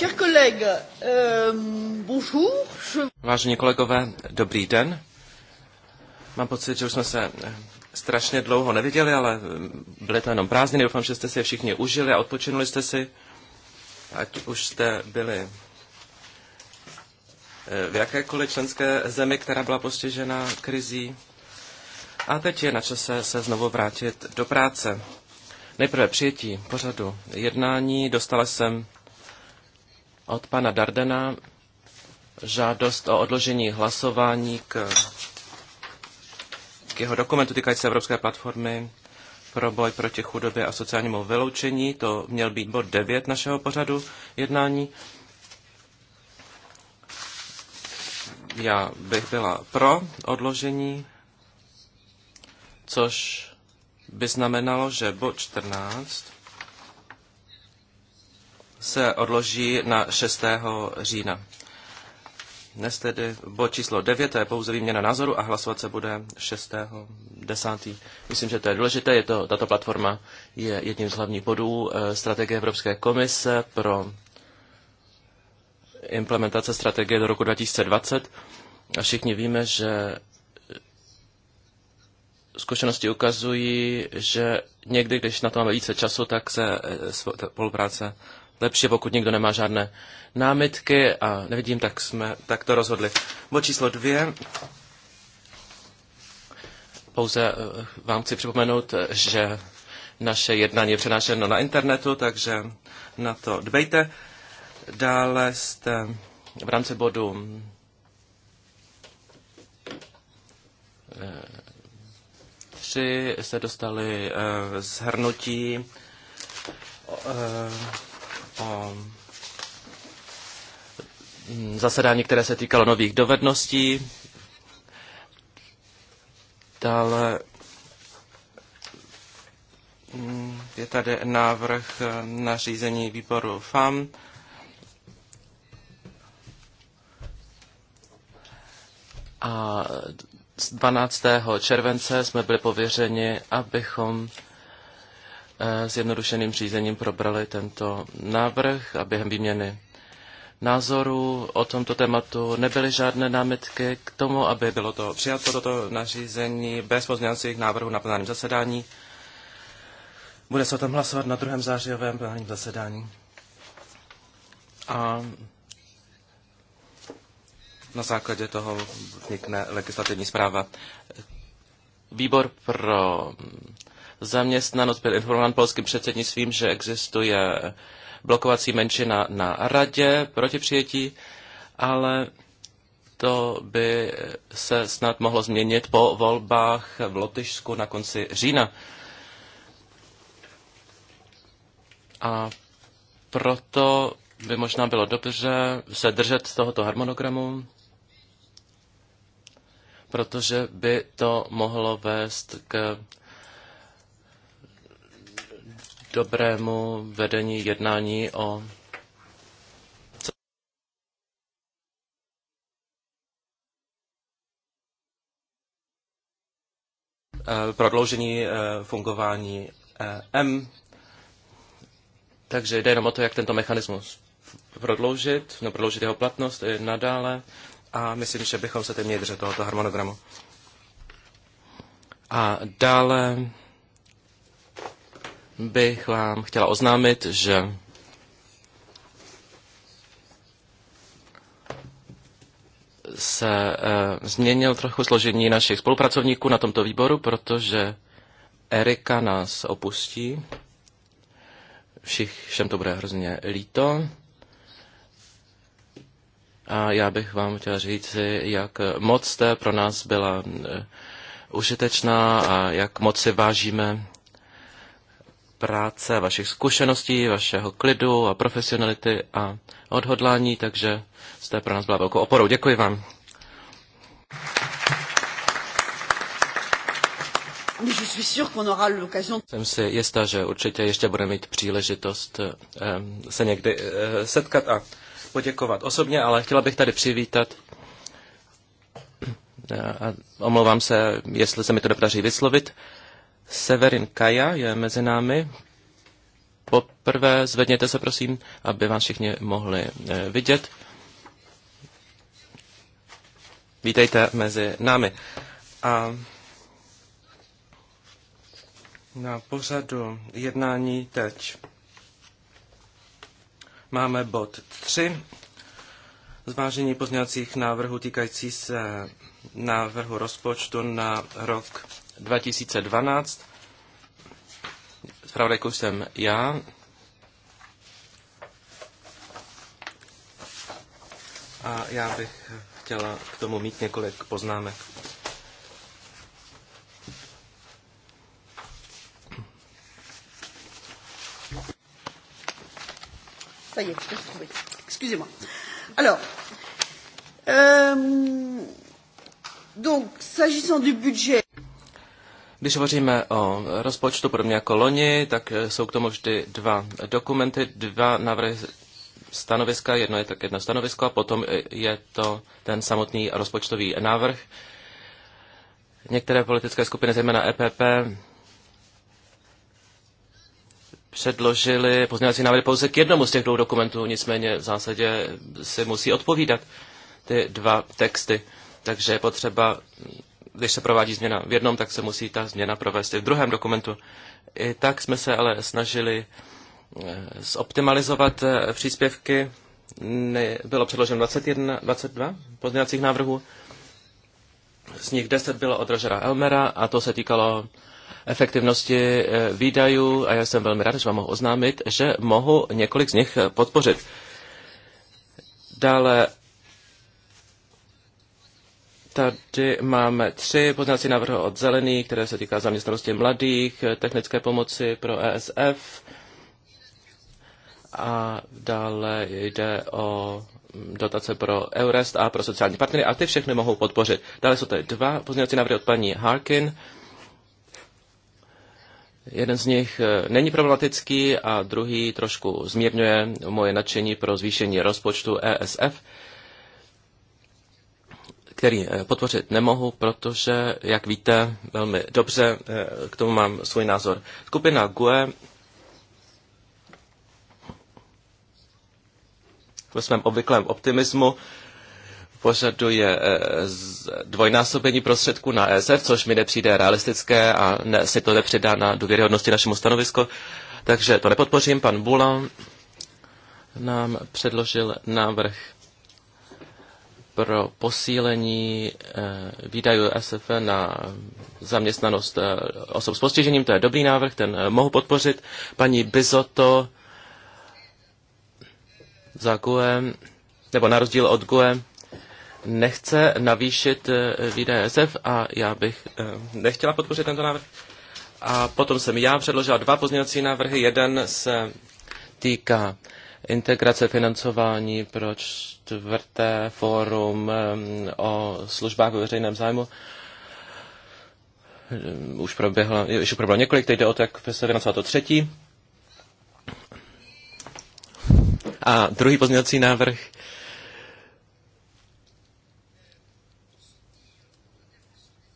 Euh, Vážení kolegové, dobrý den. Mám pocit, že už jsme se eh, strašně dlouho neviděli, ale eh, byly to jenom prázdniny. Doufám, že jste si je všichni užili a odpočinuli jste si. Ať už jste byli eh, v jakékoliv členské zemi, která byla postižena krizí. A teď je na čase se znovu vrátit do práce. Nejprve přijetí pořadu jednání. Dostala jsem od pana Dardena žádost o odložení hlasování k, k jeho dokumentu týkající Evropské platformy pro boj proti chudobě a sociálnímu vyloučení. To měl být bod 9 našeho pořadu jednání. Já bych byla pro odložení, což by znamenalo, že bod 14 se odloží na 6. října. Dnes tedy bod číslo 9, to je pouze výměna názoru a hlasovat se bude 6. 10. Myslím, že to je důležité. Je to, tato platforma je jedním z hlavních bodů eh, strategie Evropské komise pro implementace strategie do roku 2020. A všichni víme, že zkušenosti ukazují, že někdy, když na to máme více času, tak se eh, spolupráce lepší, pokud nikdo nemá žádné námitky a nevidím, tak jsme tak to rozhodli. Bod číslo dvě. Pouze eh, vám chci připomenout, že naše jednání je přenášeno na internetu, takže na to dbejte. Dále jste v rámci bodu eh, tři se dostali zhrnutí eh, o mm, zasedání, které se týkalo nových dovedností. Dále mm, je tady návrh na řízení výboru FAM. A 12. července jsme byli pověřeni, abychom Eh, zjednodušeným řízením probrali tento návrh a během výměny názorů o tomto tématu nebyly žádné námitky k tomu, aby bylo to přijato toto nařízení bez pozměňovacích návrhů na plenárním zasedání. Bude se o tom hlasovat na druhém zářijovém plenárním zasedání. A na základě toho vznikne legislativní zpráva. Výbor pro zaměstnanost, byl informován polským předsednictvím, že existuje blokovací menšina na radě proti přijetí, ale to by se snad mohlo změnit po volbách v Lotyšsku na konci října. A proto by možná bylo dobře se držet tohoto harmonogramu, protože by to mohlo vést k dobrému vedení jednání o eh, prodloužení eh, fungování eh, M. Takže jde jenom o to, jak tento mechanismus prodloužit, no prodloužit jeho platnost i nadále a myslím, že bychom se teď měli držet tohoto harmonogramu. A dále bych vám chtěla oznámit, že se e, změnil trochu složení našich spolupracovníků na tomto výboru, protože Erika nás opustí. Všich, všem to bude hrozně líto. A já bych vám chtěl říct, jak moc jste pro nás byla eh, užitečná a jak moc si vážíme práce, vašich zkušeností, vašeho klidu a profesionality a odhodlání, takže jste pro nás byla velkou oporou. Děkuji vám. Jsem si jistá, že určitě ještě budeme mít příležitost ehm, se někdy eh, setkat a poděkovat osobně, ale chtěla bych tady přivítat eh, a omlouvám se, jestli se mi to nepodaří vyslovit, Severin Kaja je mezi námi. Poprvé zvedněte se, prosím, aby vás všichni mohli eh, vidět. Vítejte mezi námi. A na pořadu jednání teď máme bod 3. Zvážení pozměňovacích návrhů týkající se návrhu rozpočtu na rok 2012. Zpravodajkou jsem já. A já bych chtěla k tomu mít několik poznámek. Ça y est, je trouvé. Excusez-moi. Alors, euh, donc, s'agissant du budget. Když hovoříme o rozpočtu, podobně jako loni, tak eh, jsou k tomu vždy dva dokumenty, dva návrhy stanoviska, jedno je tak jedno stanovisko a potom eh, je to ten samotný rozpočtový návrh. Některé politické skupiny, zejména EPP, předložili pozměňovací návrhy pouze k jednomu z těch dvou dokumentů, nicméně v zásadě si musí odpovídat ty dva texty. Takže je potřeba když se provádí změna v jednom, tak se musí ta změna provést i v druhém dokumentu. I tak jsme se ale snažili eh, zoptimalizovat eh, příspěvky. Bylo předloženo 21, 22 pozměňovacích návrhů. Z nich 10 bylo od Rožera Elmera a to se týkalo efektivnosti eh, výdajů a já jsem velmi rád, že vám mohu oznámit, že mohu několik z nich podpořit. Dále Tady máme tři poznací návrhy od zelených, které se týká zaměstnanosti mladých, technické pomoci pro ESF a dále jde o dotace pro Eurest a pro sociální partnery a ty všechny mohou podpořit. Dále jsou tady dva pozměňovací návrhy od paní Harkin. Jeden z nich eh, není problematický a druhý trošku zmírňuje moje nadšení pro zvýšení rozpočtu ESF který eh, podpořit nemohu, protože, jak víte, velmi dobře eh, k tomu mám svůj názor. Skupina GUE ve svém obvyklém optimismu požaduje eh, dvojnásobení prostředků na ESF, což mi nepřijde realistické a ne, si to nepřidá na důvěryhodnosti našemu stanovisku. Takže to nepodpořím. Pan Bula nám předložil návrh pro posílení eh, výdajů SF na zaměstnanost eh, osob s postižením. To je dobrý návrh, ten eh, mohu podpořit. Paní Bizoto za GUE, nebo na rozdíl od GUE, nechce navýšit výdaje SF a já bych nechtěla podpořit tento návrh. A potom jsem já předložila dva pozměňovací návrhy. Jeden se týká integrace financování pro čtvrté fórum o službách ve veřejném zájmu už proběhlo, ještě proběhlo několik, teď jde o to, jak se vynacoval to třetí. A druhý pozměňovací návrh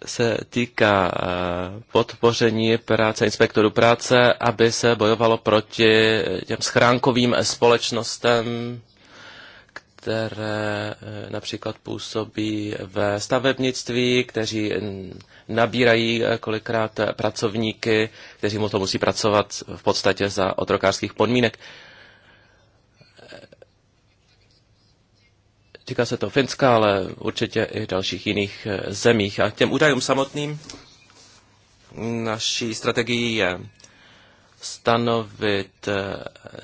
se týká eh, podpoření práce inspektorů práce, aby se bojovalo proti těm schránkovým společnostem, které eh, například působí ve stavebnictví, kteří mm, nabírají eh, kolikrát eh, pracovníky, kteří mu to musí pracovat v podstatě za otrokářských podmínek. Týká se to Finska, ale určitě i dalších jiných zemích. A těm údajům samotným naší strategií je stanovit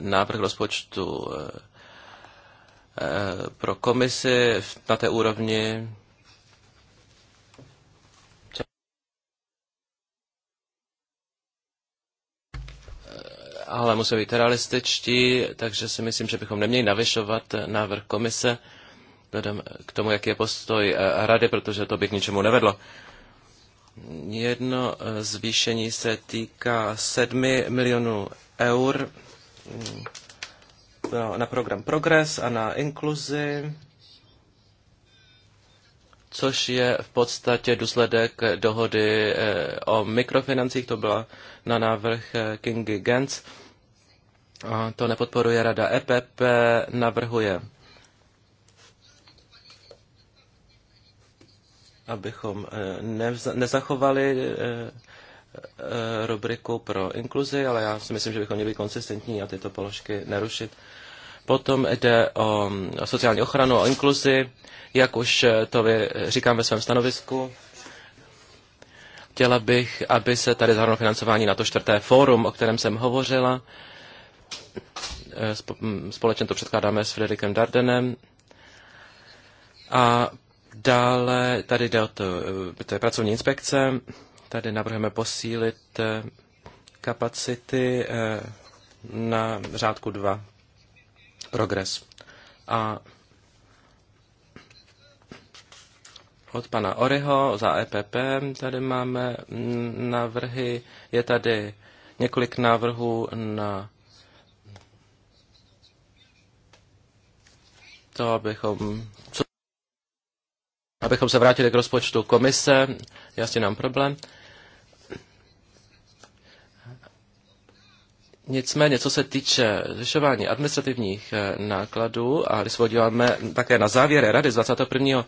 návrh rozpočtu Eh, pro komisi na té úrovni eh, ale musí být realističtí, takže si myslím, že bychom neměli navyšovat návrh komise k tomu, jaký je postoj eh, rady, protože to by k ničemu nevedlo. Jedno zvýšení se týká 7 milionů eur hmm na program Progress a na inkluzi, což je v podstatě důsledek dohody eh, o mikrofinancích, to byla na návrh eh, Kingy Gens. A to nepodporuje rada EPP, navrhuje, abychom eh, nezachovali rubriku pro inkluzi, ale já si myslím, že bychom měli být konsistentní a tyto položky nerušit. Potom jde o sociální ochranu, o inkluzi, jak už to vy, říkám ve svém stanovisku. Chtěla bych, aby se tady zahrnulo financování na to čtvrté fórum, o kterém jsem hovořila. E, společně to předkládáme s Frederikem Dardenem. A dále tady jde o to, e, to je pracovní inspekce. Tady navrhujeme posílit e, kapacity na řádku 2 progres. A od pana Oryho za EPP tady máme návrhy. Je tady několik návrhů na to, abychom, abychom se vrátili k rozpočtu komise. Jasně nám problém. Nicméně, co se týče zvyšování administrativních eh, nákladů, a když se podíváme také na závěry rady z 21.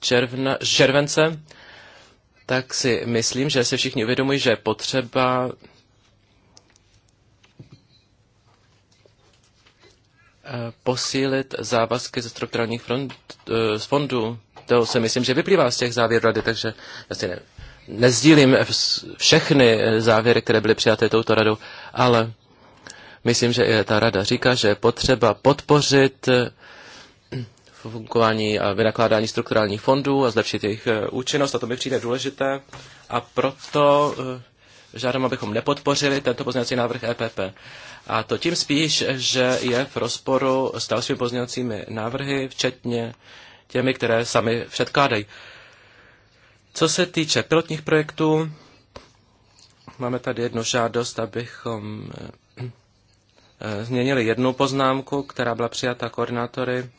Června, července, tak si myslím, že se všichni uvědomují, že je potřeba eh, posílit závazky ze strukturálních eh, fondů. To se myslím, že vyplývá z těch závěrů rady, takže já vlastně si ne, nezdílím všechny závěry, které byly přijaté touto radou, ale Myslím, že i ta rada říká, že je potřeba podpořit eh, fungování a vynakládání strukturálních fondů a zlepšit jejich eh, účinnost, a to mi přijde důležité. A proto eh, žádám, abychom nepodpořili tento pozměňovací návrh EPP. A to tím spíš, že je v rozporu s dalšími pozměňovacími návrhy, včetně těmi, které sami předkládají. Co se týče pilotních projektů, máme tady jednu žádost, abychom změnili jednu poznámku, která byla přijata koordinátory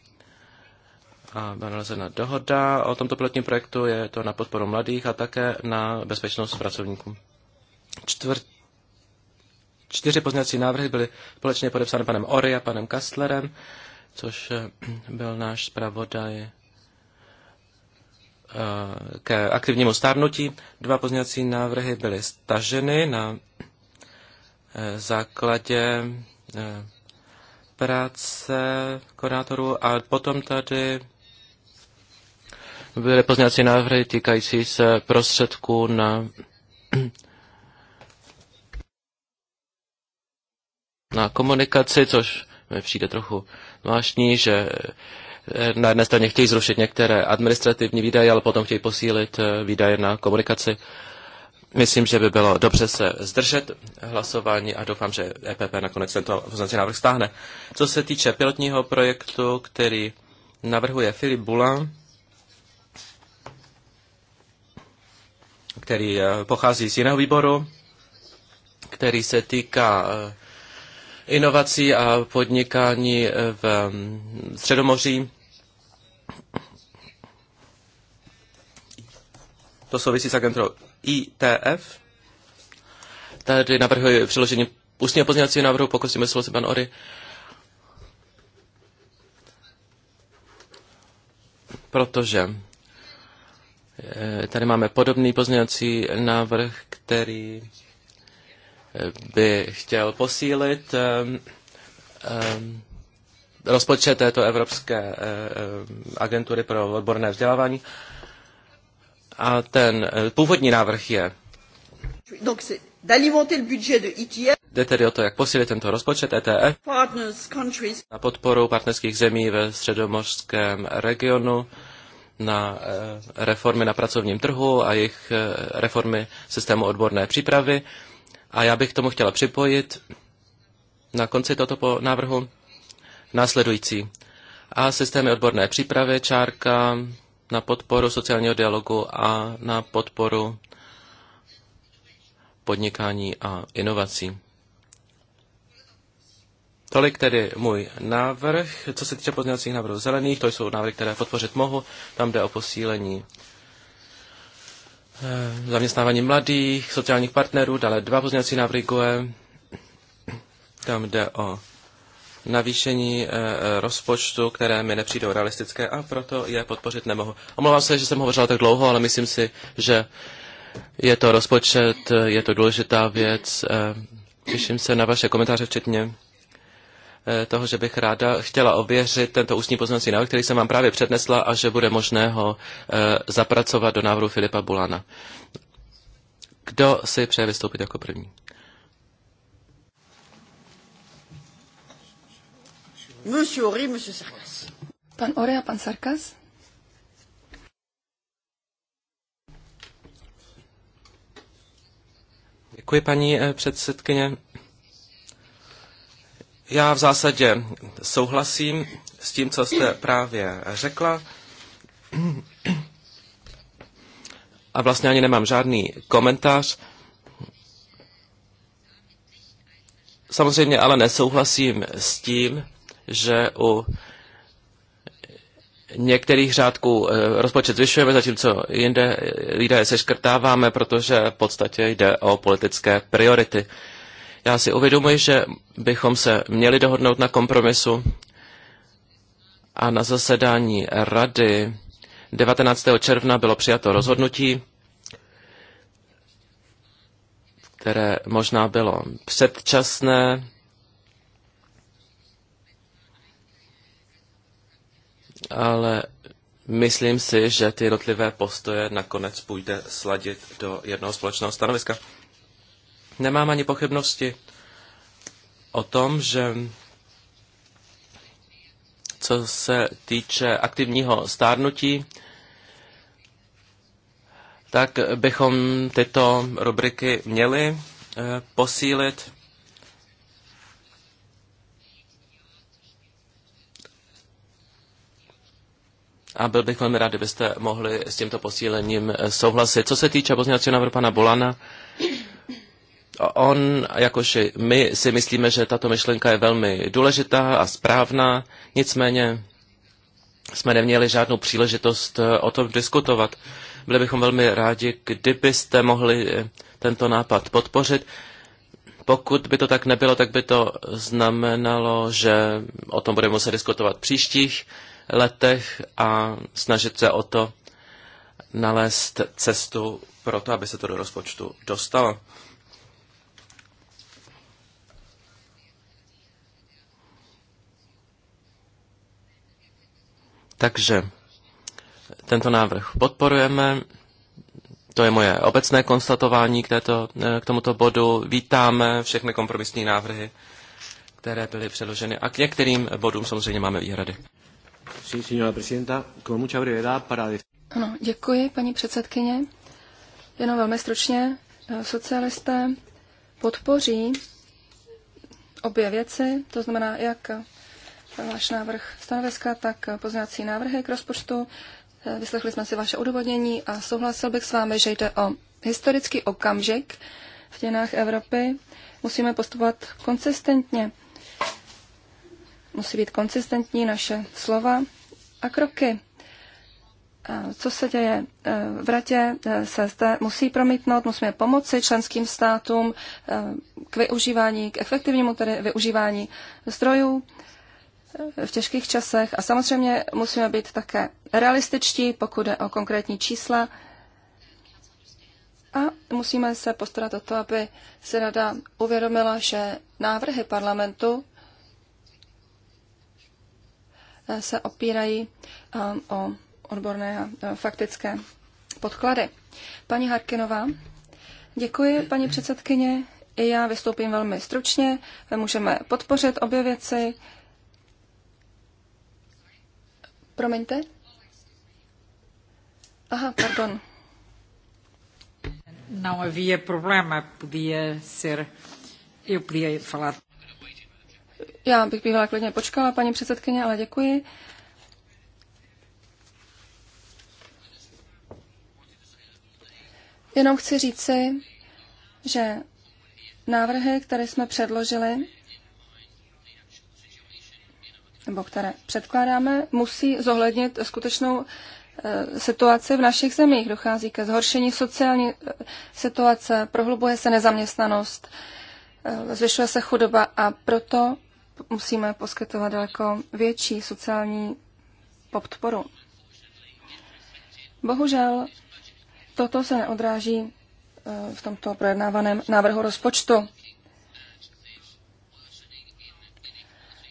a byla nalezena dohoda. O tomto pilotním projektu je to na podporu mladých a také na bezpečnost pracovníků. Čtvrt, čtyři pozměňovací návrhy byly společně podepsány panem Ory a panem Kastlerem, což eh, byl náš zpravodaj eh, ke aktivnímu stárnutí. Dva pozměňovací návrhy byly staženy na eh, základě Eh, práce koordinátorů a potom tady byly pozměňovací návrhy týkající se prostředků na na komunikaci, což mi přijde trochu zvláštní, že eh, na jedné straně chtějí zrušit některé administrativní výdaje, ale potom chtějí posílit eh, výdaje na komunikaci. Myslím, že by bylo dobře se zdržet hlasování a doufám, že EPP nakonec tento poznací návrh stáhne. Co se týče pilotního projektu, který navrhuje Filip Bula, který eh, pochází z jiného výboru, který se týká eh, inovací a podnikání eh, v mm, Středomoří. To souvisí s agenturou ITF. Tady navrhuji přiložení ústního pozměňovacího návrhu, myslel si pan Ory. Protože eh, tady máme podobný pozměňovací návrh, který eh, by chtěl posílit um, um, rozpočet této Evropské agentury pro odborné vzdělávání. Uh, a ten eh, původní návrh je e Jde tedy o to, jak posílit tento rozpočet ETF na podporu partnerských zemí ve středomořském regionu, na eh, reformy na pracovním trhu a jejich eh, reformy systému odborné přípravy. A já bych k tomu chtěla připojit na konci tohoto návrhu následující. A systémy odborné přípravy, čárka, na podporu sociálního dialogu a na podporu podnikání a inovací. Tolik tedy můj návrh. Co se týče pozměňovacích návrhů zelených, to jsou návrhy, které podpořit mohu. Tam jde o posílení eh, zaměstnávání mladých, sociálních partnerů, dále dva pozměňovací návrhy GUE, Tam jde o navýšení eh, eh, rozpočtu, které mi nepřijdou realistické a proto je podpořit nemohu. Omlouvám se, že jsem hovořila tak dlouho, ale myslím si, že je to rozpočet, eh, je to důležitá věc. Těším se na vaše komentáře, včetně toho, že bych ráda chtěla ověřit tento ústní poznací návrh, který jsem vám právě přednesla a že bude možné ho zapracovat do návrhu Filipa Bulana. Kdo si přeje vystoupit jako první? Monsieur Horry, Monsieur Sarkas. Pan Ore a pan Sarkas. Děkuji, paní eh, předsedkyně. Já v zásadě souhlasím s tím, co jste právě řekla. A vlastně ani nemám žádný komentář. Samozřejmě ale nesouhlasím s tím, že u některých řádků eh, rozpočet zvyšujeme, zatímco jinde výdaje škrtáváme, protože v podstatě jde o politické priority. Já si uvědomuji, že bychom se měli dohodnout na kompromisu a na zasedání rady 19. června bylo přijato rozhodnutí, které možná bylo předčasné, ale myslím si, že ty jednotlivé postoje nakonec půjde sladit do jednoho společného stanoviska. Nemám ani pochybnosti o tom, že co se týče aktivního stárnutí, tak bychom tyto rubriky měli eh, posílit. a byl bych velmi rád, kdybyste mohli s tímto posílením eh, souhlasit. Co se týče pozměňovacího návrhu pana Bolana, on, jakož my si myslíme, že tato myšlenka je velmi důležitá a správná, nicméně jsme neměli žádnou příležitost eh, o tom diskutovat. Byli bychom velmi rádi, kdybyste mohli eh, tento nápad podpořit. Pokud by to tak nebylo, tak by to znamenalo, že o tom budeme muset diskutovat příštích letech a snažit se o to nalézt cestu pro to, aby se to do rozpočtu dostalo. Takže tento návrh podporujeme. To je moje obecné konstatování k, této, eh, k tomuto bodu. Vítáme všechny kompromisní návrhy, které byly předloženy a k některým bodům samozřejmě máme výhrady. Sí, señora presidenta, con mucha brevedad para... Ano, děkuji, paní předsedkyně. Jenom velmi stručně. Socialisté podpoří obě věci, to znamená jak váš návrh stanoviska, tak pozměňovací návrhy k rozpočtu. Vyslechli jsme si vaše odůvodnění a souhlasil bych s vámi, že jde o historický okamžik v dějinách Evropy. Musíme postupovat konsistentně. Musí být konsistentní naše slova a kroky. Co se děje e, v radě, e, se zde musí promítnout, musíme pomoci členským státům e, k využívání, k efektivnímu tedy využívání zdrojů v těžkých časech a samozřejmě musíme být také realističtí, pokud jde o konkrétní čísla a musíme se postarat o to, aby se rada uvědomila, že návrhy parlamentu Eh, se opírají eh, o odborné a eh, faktické podklady. Paní Harkinová, děkuji, paní předsedkyně. I já vystoupím velmi stručně. Můžeme podpořit obě věci. Promiňte. Aha, pardon. Não havia problema, podia ser. Eu podia falar. Já bych bývala klidně počkala, paní předsedkyně, ale děkuji. Jenom chci říci, že návrhy, které jsme předložili, nebo které předkládáme, musí zohlednit skutečnou eh, situaci v našich zemích. Dochází ke zhoršení sociální eh, situace, prohlubuje se nezaměstnanost, eh, zvyšuje se chudoba a proto musíme poskytovat daleko větší sociální podporu. Bohužel toto se neodráží e, v tomto projednávaném návrhu rozpočtu,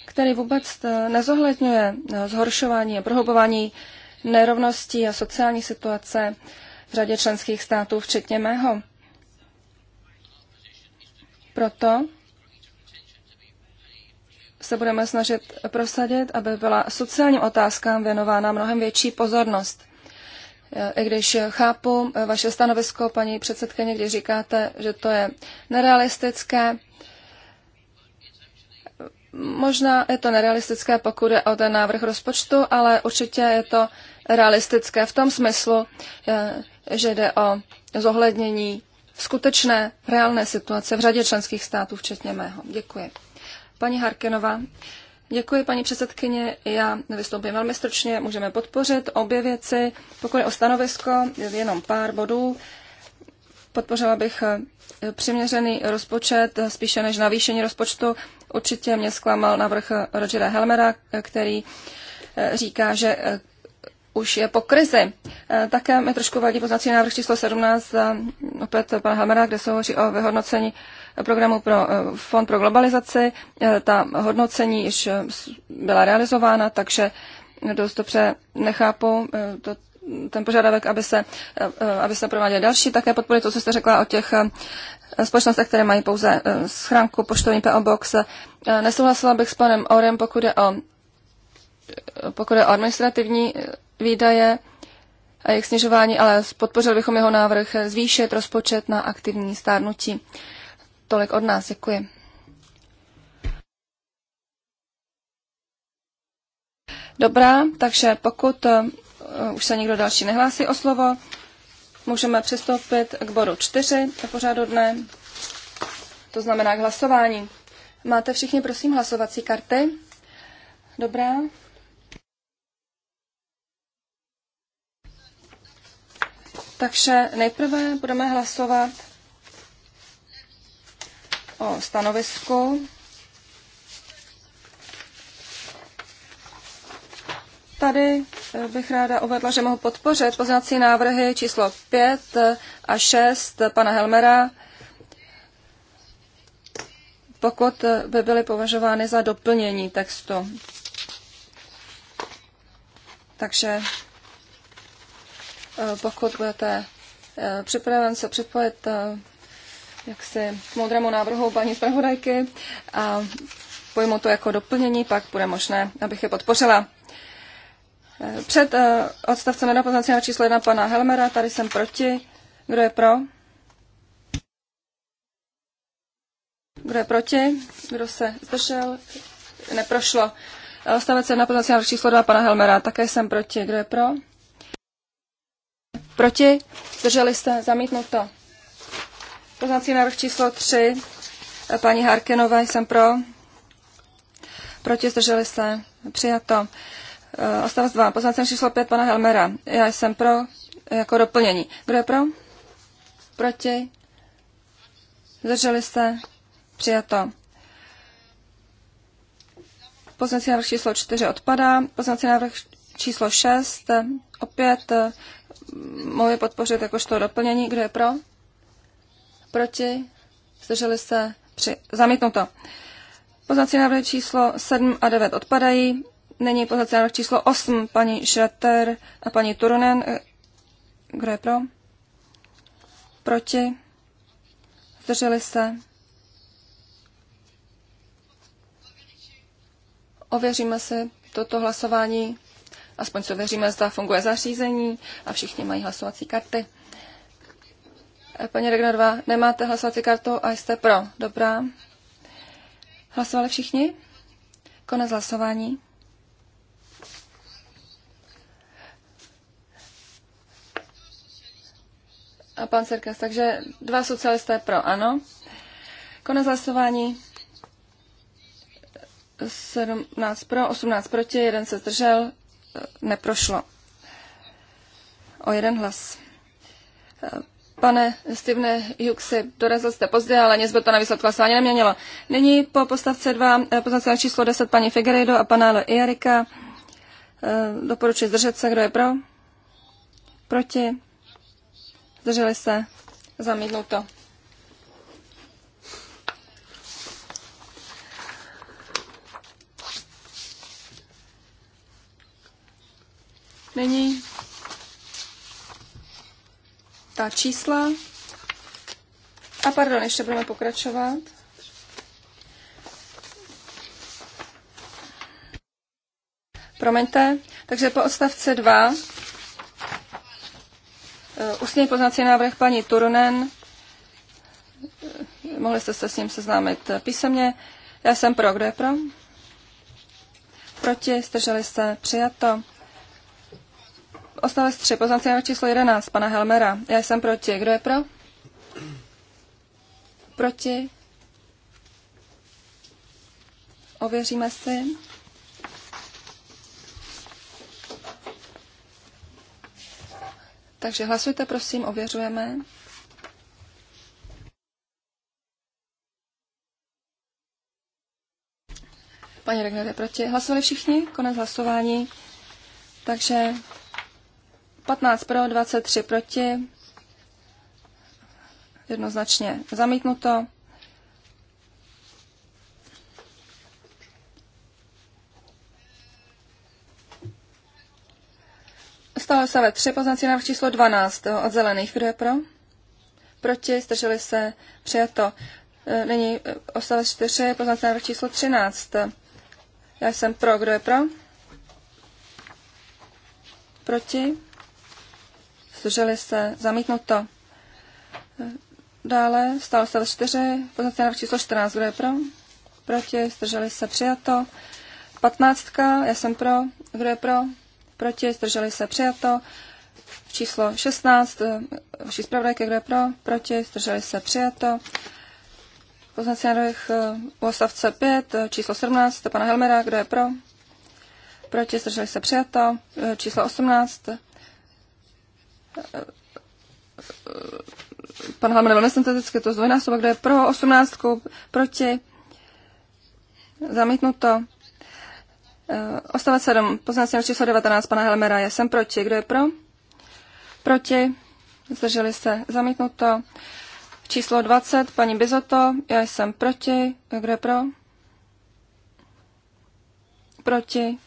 který vůbec e, nezohledňuje e, zhoršování a prohlubování nerovností a sociální situace v řadě členských států, včetně mého. Proto se budeme snažit prosadit, aby byla sociálním otázkám věnována mnohem větší pozornost. I když chápu vaše stanovisko, paní předsedkyně, když říkáte, že to je nerealistické, možná je to nerealistické, pokud je o ten návrh rozpočtu, ale určitě je to realistické v tom smyslu, že jde o zohlednění skutečné, reálné situace v řadě členských států, včetně mého. Děkuji. Paní Harkenová, děkuji paní předsedkyně, já vystoupím velmi stručně, můžeme podpořit obě věci. Pokud je o stanovisko, jenom pár bodů. Podpořila bych eh, přiměřený rozpočet, eh, spíše než navýšení rozpočtu. Určitě mě zklamal návrh eh, Rogera Helmera, který říká, že už je po krizi. Také mi trošku vadí poznací návrh číslo 17, opět pana Helmera, kde se hovoří o vyhodnocení programu pro eh, Fond pro globalizaci. Eh, Ta hodnocení již eh, byla realizována, takže dost dobře nechápu to, ten požadavek, aby se, aby se prováděly další také podpory. To, co jste řekla o těch společnostech, které mají pouze schránku, poštovní PO Box. Nesouhlasila bych s panem Orem, pokud je o, pokud je o administrativní výdaje a jejich snižování, ale podpořil bychom jeho návrh zvýšit rozpočet na aktivní stárnutí. Tolik od nás, děkuji. Dobrá, takže pokud eh, už se nikdo další nehlásí o slovo, můžeme přistoupit k bodu 4 na pořádu dne, to znamená k hlasování. Máte všichni, prosím, hlasovací karty? Dobrá. Takže nejprve budeme hlasovat o stanovisku. Tady eh, bych ráda uvedla, že mohu podpořit poznací návrhy číslo 5 eh, a 6 eh, pana Helmera, pokud by byly považovány za doplnění textu. Takže pokud budete připraven se připojit se k moudrému návrhu paní zpravodajky a pojmu to jako doplnění, pak bude možné, abych je podpořila. Eh, před eh, odstavcem na poznacího číslo 1 pana Helmera, tady jsem proti. Kdo je pro? Kdo je proti? Kdo se zdržel? Neprošlo. Eh, odstavec 1 poznací návrh číslo 2 pana Helmera, také jsem proti. Kdo je pro? Proti? Zdrželi jste? Zamítnuto. Poznací návrh číslo 3. Paní Harkinové jsem pro. Proti zdrželi se. Přijato. Eh, ostavec 2. Poznací číslo 5 pana Helmera. Já jsem pro jako doplnění. Kdo je pro? Proti? Zdrželi se? Přijato. Poznací návrh číslo 4 odpadá. Poznací návrh číslo 6 opět eh, mohu je podpořit jakožto doplnění. Kdo je pro? proti, zdrželi se, při, zamítnuto. Poznací návrhy číslo 7 a 9 odpadají. Není poznací návrh číslo 8, paní Šreter a paní Turunen. Eh, kdo je pro? Proti? Zdrželi se? Ověříme si toto hlasování. Aspoň co věříme, zda funguje zařízení a všichni mají hlasovací karty. Paní Regnerová, nemáte hlasovací kartu a jste pro. Dobrá. Hlasovali všichni? Konec hlasování. A pan Serkas, takže dva socialisté pro, ano. Konec hlasování. 17 pro, 18 proti, jeden se zdržel, neprošlo. O jeden hlas. Pane Stivne Juxi, dorazil jste pozdě, ale nic by to na výsledku ani neměnilo. Nyní po postavce 2, eh, postavce číslo 10, paní Figueiredo a pana Le Iarika. Eh, doporučuji zdržet se, kdo je pro? Proti? Zdrželi se? Zamítnuto. Nyní ta čísla. A pardon, ještě budeme pokračovat. Promiňte. Takže po odstavce 2 eh, ústní poznací návrh paní Turunen. Eh, mohli jste se s ním seznámit písemně. Já jsem pro. Kdo je pro? Proti? Zdrželi se? Přijato. Odstavec 3, poznací návrh číslo 11, pana Helmera. Já jsem proti. Kdo je pro? Proti. Ověříme si. Takže hlasujte, prosím, ověřujeme. Paní Regner je proti. Hlasovali všichni? Konec hlasování. Takže 15 pro, 23 proti. Jednoznačně zamítnuto. Stále se ve tři poznací návrh číslo 12 od zelených. Kdo je pro? Proti, strželi se, přijato. E, nyní e, Ostalo 4, poznací návrh číslo 13. Já jsem pro, kdo je pro? Proti? zdrželi se, to. Dále stál se 4, pozice na číslo 14, kdo je pro? Proti, zdrželi se, přijato. 15, já jsem pro, kdo je pro? Proti, zdrželi se, přijato. Číslo 16, vaší zpravodajky, kdo je pro? Proti, zdrželi se, přijato. Poznací návrh eh, odstavce 5, eh, číslo 17, pana Helmera, kdo je pro? Proti, zdrželi se, přijato. Eh, číslo 18, pan Halman velmi syntetické, to zdvojnásobek, kde je pro osmnáctku, proti, zamítnuto. Eh, ostavec 7, poznací číslo 19 pana Helmera já jsem proti. Kdo je pro? Proti. Zdrželi se. Zamítnuto. Číslo 20, paní Bizoto, já jsem proti. Kdo je pro? Proti.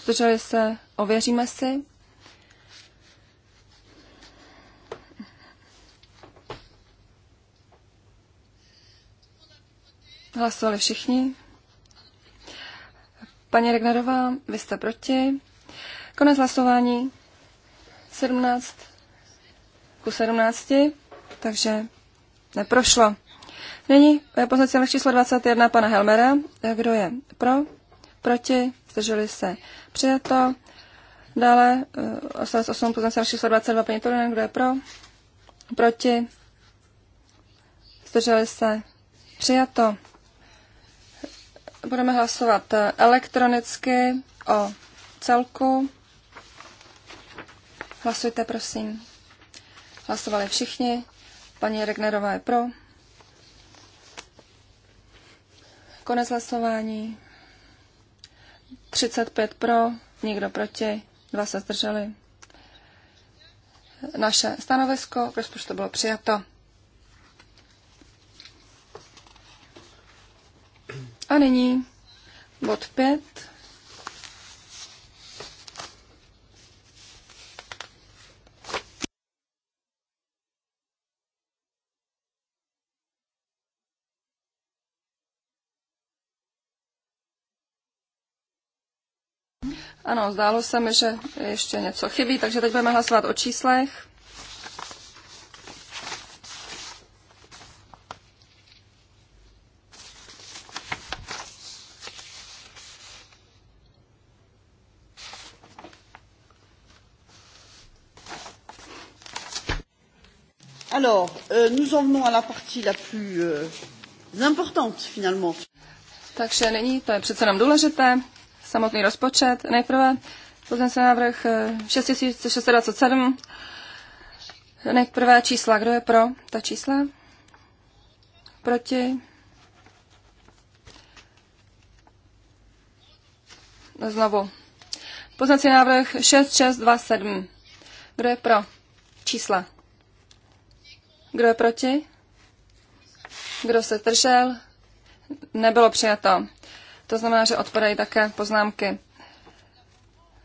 Zdrželi se. Ověříme si. Hlasovali všichni. Paní Regnerová, vy jste proti. Konec hlasování 17 ku 17, takže neprošlo. Nyní eh, pozice číslo 21 pana Helmera. Eh, kdo je pro? Proti? Zdrželi se? Přijato. Dále 88 eh, pozice číslo 22 paní Turinen. Kdo je pro? Proti? Zdrželi se? Přijato. Budeme hlasovat elektronicky o celku. Hlasujte, prosím. Hlasovali všichni. Paní Regnerová je pro. Konec hlasování. 35 pro, nikdo proti, dva se zdrželi. Naše stanovisko k rozpočtu bylo přijato. A nyní bod 5. Ano, zdálo se mi, že ještě něco chybí, takže teď budeme hlasovat o číslech. Alors, euh, nous en venons à la partie la plus euh, importante, finalement. Takže nyní to je přece nám důležité, samotný rozpočet. Nejprve pozměňovací návrh 6627. Eh, Nejprve čísla. Kdo je pro ta čísla? Proti? Znovu. Poznací návrh 6627. Kdo je pro? Čísla. Kdo je proti? Kdo se držel? Nebylo přijato. To znamená, že odpadají také poznámky.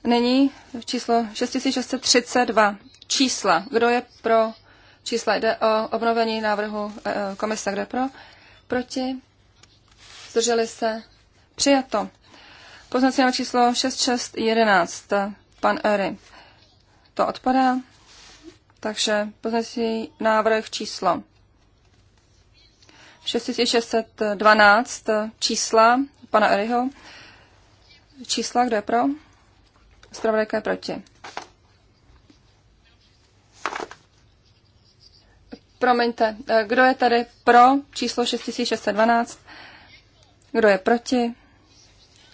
Nyní číslo 6632. Čísla. Kdo je pro čísla? Jde o obnovení návrhu eh, eh, komise. Kdo je pro? Proti? Zdrželi se? Přijato. Poznací číslo 6611. Pan Ery. To odpadá. Takže pozměňovací návrh číslo 6612 čísla pana Eriho. Čísla, kdo je pro? Zpravodajka je proti. Promiňte, kdo je tady pro číslo 6612? Kdo je proti?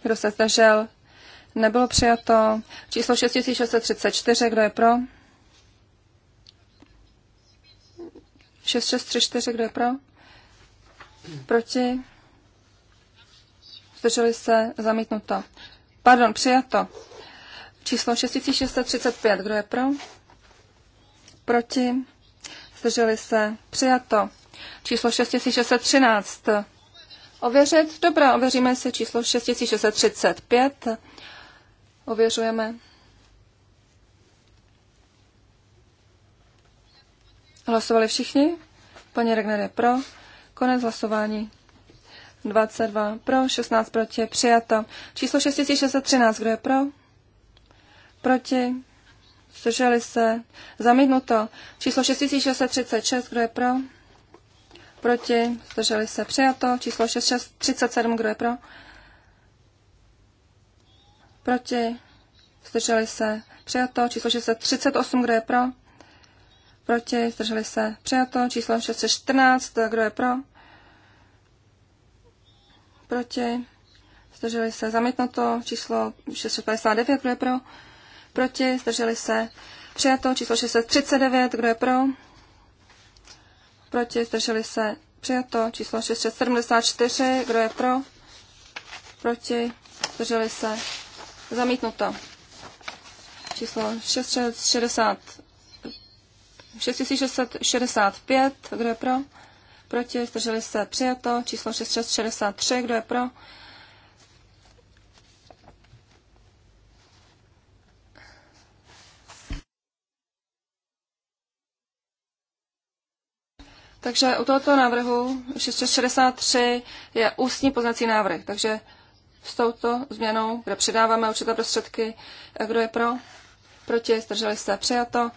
Kdo se zdržel? Nebylo přijato. Číslo 6634, kdo je pro? 6634, kdo je pro? Proti? Zdrželi se? Zamítnuto. Pardon, přijato. Číslo 6635, kdo je pro? Proti? Zdrželi se? Přijato. Číslo 6613. Ověřit? Dobrá, ověříme si číslo 6635. Ověřujeme. Hlasovali všichni? Paní Regner je pro. Konec hlasování. 22 pro, 16 proti, přijato. Číslo 6613, kdo je pro? Proti. Zdrželi se. Zamítnuto. Číslo 6636, kdo je pro? Proti. Zdrželi se. Přijato. Číslo 6637, kdo je pro? Proti. Zdrželi se. Přijato. Číslo 638, kdo je pro? proti, zdrželi se, přijato. Číslo 614, kdo je pro, proti, zdrželi se, zamítnuto. Číslo 659, kdo je pro, proti, zdrželi se, přijato. Číslo 639, kdo je pro, proti, zdrželi se, přijato. Číslo 674, kdo je pro, proti, zdrželi se, zamítnuto. Číslo 660 6665, kdo je pro? Proti, zdrželi se, přijato. Číslo 6663, kdo je pro? Takže u tohoto návrhu 663 je ústní poznací návrh. Takže s touto změnou, kde přidáváme určité prostředky, kdo je pro, proti, zdrželi se, přijato.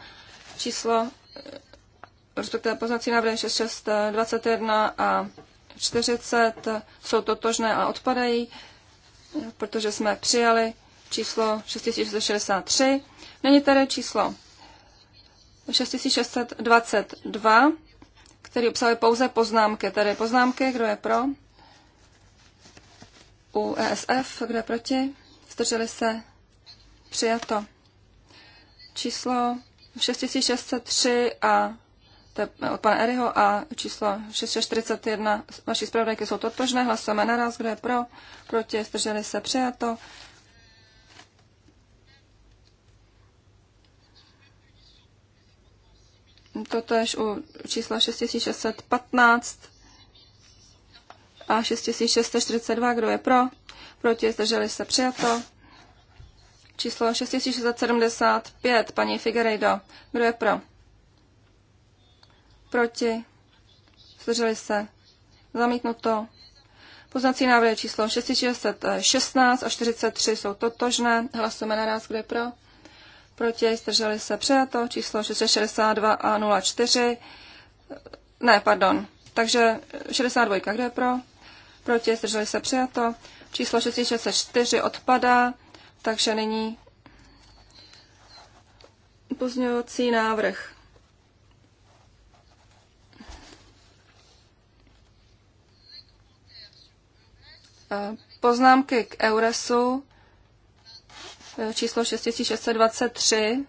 Číslo respektive poznací návrhy 66, 21 a 40 jsou totožné a odpadají, protože jsme přijali číslo 6663. Není tady číslo 6622, který obsahuje pouze poznámky. Tady poznámky, kdo je pro? U ESF, kdo je proti? Zdrželi se? Přijato. Číslo 6603 a to je od pana Eriho a číslo 641 vaší zpravodajky jsou totožné. Hlasujeme naraz, kdo je pro, proti, zdrželi se, přijato. Toto Totež u čísla 6615 a 6642, kdo je pro, proti, zdrželi se, přijato. Číslo 6675, paní Figueiredo. Kdo je pro? Proti? Zdrželi se? Zamítnuto. Poznací návrhy číslo 6616 a 43 jsou totožné. Hlasujeme naraz, kdo je pro. Proti zdrželi se přijato číslo 662 a 04. Ne, pardon. Takže 62, kdo je pro? Proti zdrželi se přijato. Číslo 664 odpadá. Takže nyní pozměňovací návrh. Poznámky k Euresu eh, číslo 6623.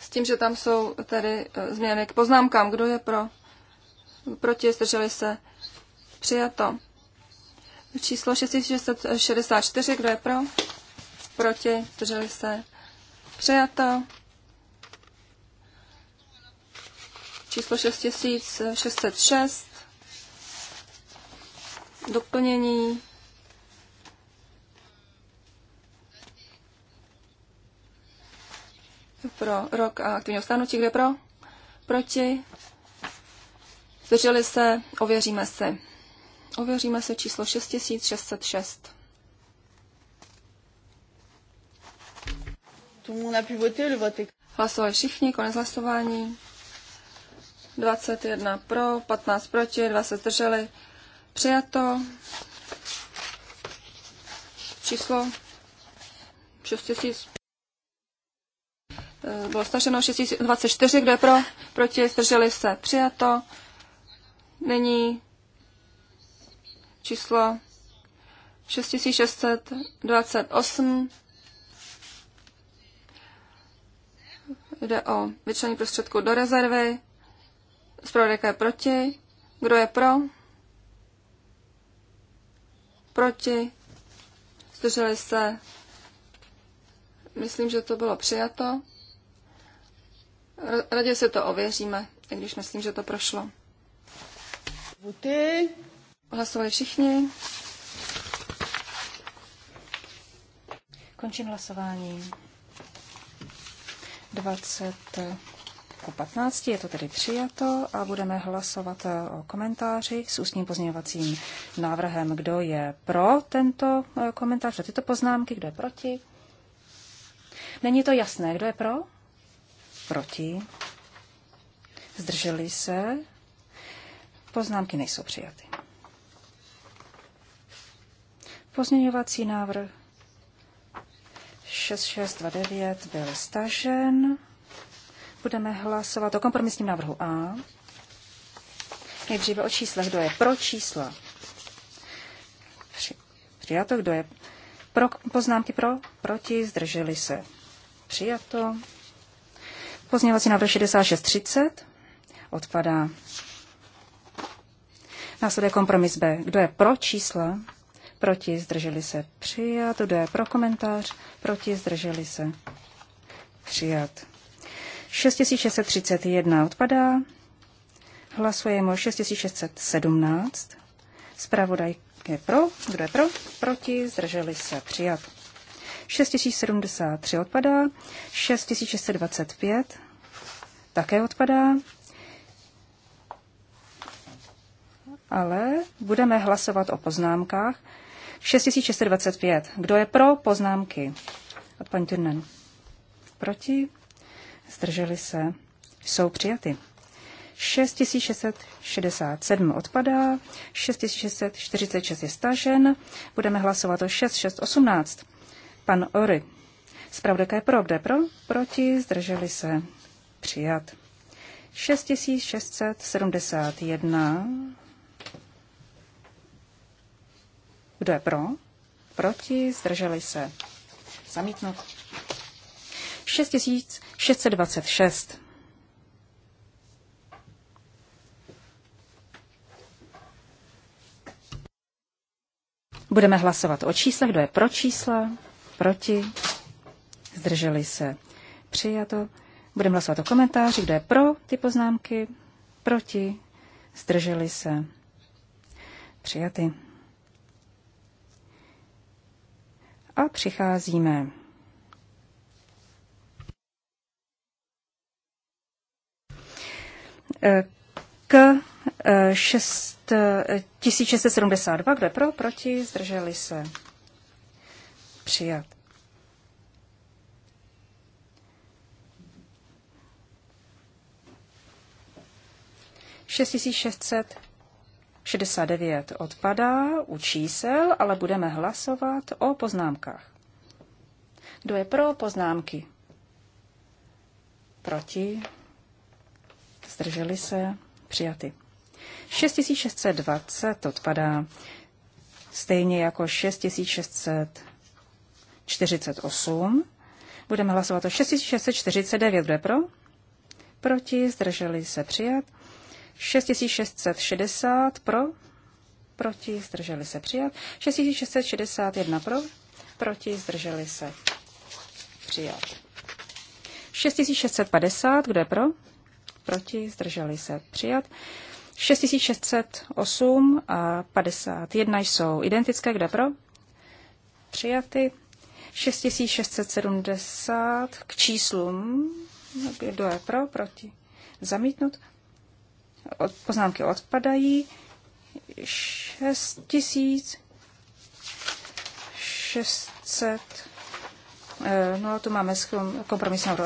S tím, že tam jsou tedy eh, změny k poznámkám. Kdo je pro? proti, zdrželi se, přijato. Číslo 664, kdo je pro, proti, zdrželi se, přijato. Číslo 6606, doplnění. pro rok a aktivního stárnutí, kde pro, proti, Zdrželi se, ověříme si. Ověříme se číslo 6606. Hlasovali všichni, konec hlasování. 21 pro, 15 proti, 2 se zdrželi. Přijato. Číslo 6000. Eh, bylo staženo 6024, kdo je pro, proti, zdrželi se. Přijato. Není číslo 6628. Jde o vyčlení prostředků do rezervy. Zpravodajka je proti. Kdo je pro? Proti. Zdrželi se. Myslím, že to bylo přijato. Raději se to ověříme, i když myslím, že to prošlo. Buty. Hlasovali všichni. Končím hlasování. 20 ku 15, je to tedy přijato a budeme hlasovat o komentáři s ústním pozměňovacím návrhem. Kdo je pro tento komentář, pro tyto poznámky, kdo je proti? Není to jasné, kdo je pro? Proti. Zdrželi se? Poznámky nejsou přijaty. Pozměňovací návrh 6629 byl stažen. Budeme hlasovat o kompromisním návrhu A. Nejdříve o číslech. Kdo je pro čísla? Při, přijato. Kdo je pro poznámky pro? Proti. Zdrželi se. Přijato. Pozměňovací návrh 6630 odpadá. Následuje kompromis B. Kdo je pro čísla? Proti zdrželi se přijat. Kdo je pro komentář? Proti zdrželi se přijat. 6631 odpadá. Hlasujeme o 6617. Zpravodaj je pro. Kdo je pro? Proti zdrželi se přijat. 6073 odpadá. 6625 také odpadá. ale budeme hlasovat o poznámkách. 6625. Kdo je pro poznámky? Od paní Turnen. Proti? Zdrželi se. Jsou přijaty. 6667 odpadá, 6646 je stažen, budeme hlasovat o 6618. Pan Ory. Spravodajka je pro, kde pro? Proti, zdrželi se. Přijat. 6671 Kdo je pro? Proti? Zdrželi se? Zamítnout. 6626. Budeme hlasovat o číslech. Kdo je pro čísla? Proti? Zdrželi se? Přijato. Budeme hlasovat o komentáři. Kdo je pro ty poznámky? Proti? Zdrželi se? Přijaty. a přicházíme. E, k 6672, e, e, kdo je pro, proti, zdrželi se. Přijat. Šest tisíc šestset 69 odpadá u čísel, ale budeme hlasovat o poznámkách. Kdo je pro poznámky? Proti? Zdrželi se? Přijaty. 6620 odpadá, stejně jako 6648. Budeme hlasovat o 6649. Kdo je pro? Proti? Zdrželi se? Přijat. 6660 pro, proti, zdrželi se přijat. 6661 pro, proti, zdrželi se přijat. 6650, kdo je pro? Proti, zdrželi se přijat. 6608 a 51 jsou identické, kde pro? Přijaty. 6670 k číslům, kdo je pro, proti, zamítnut poznámky odpadají. 6600. Eh, no a tu máme kompromis na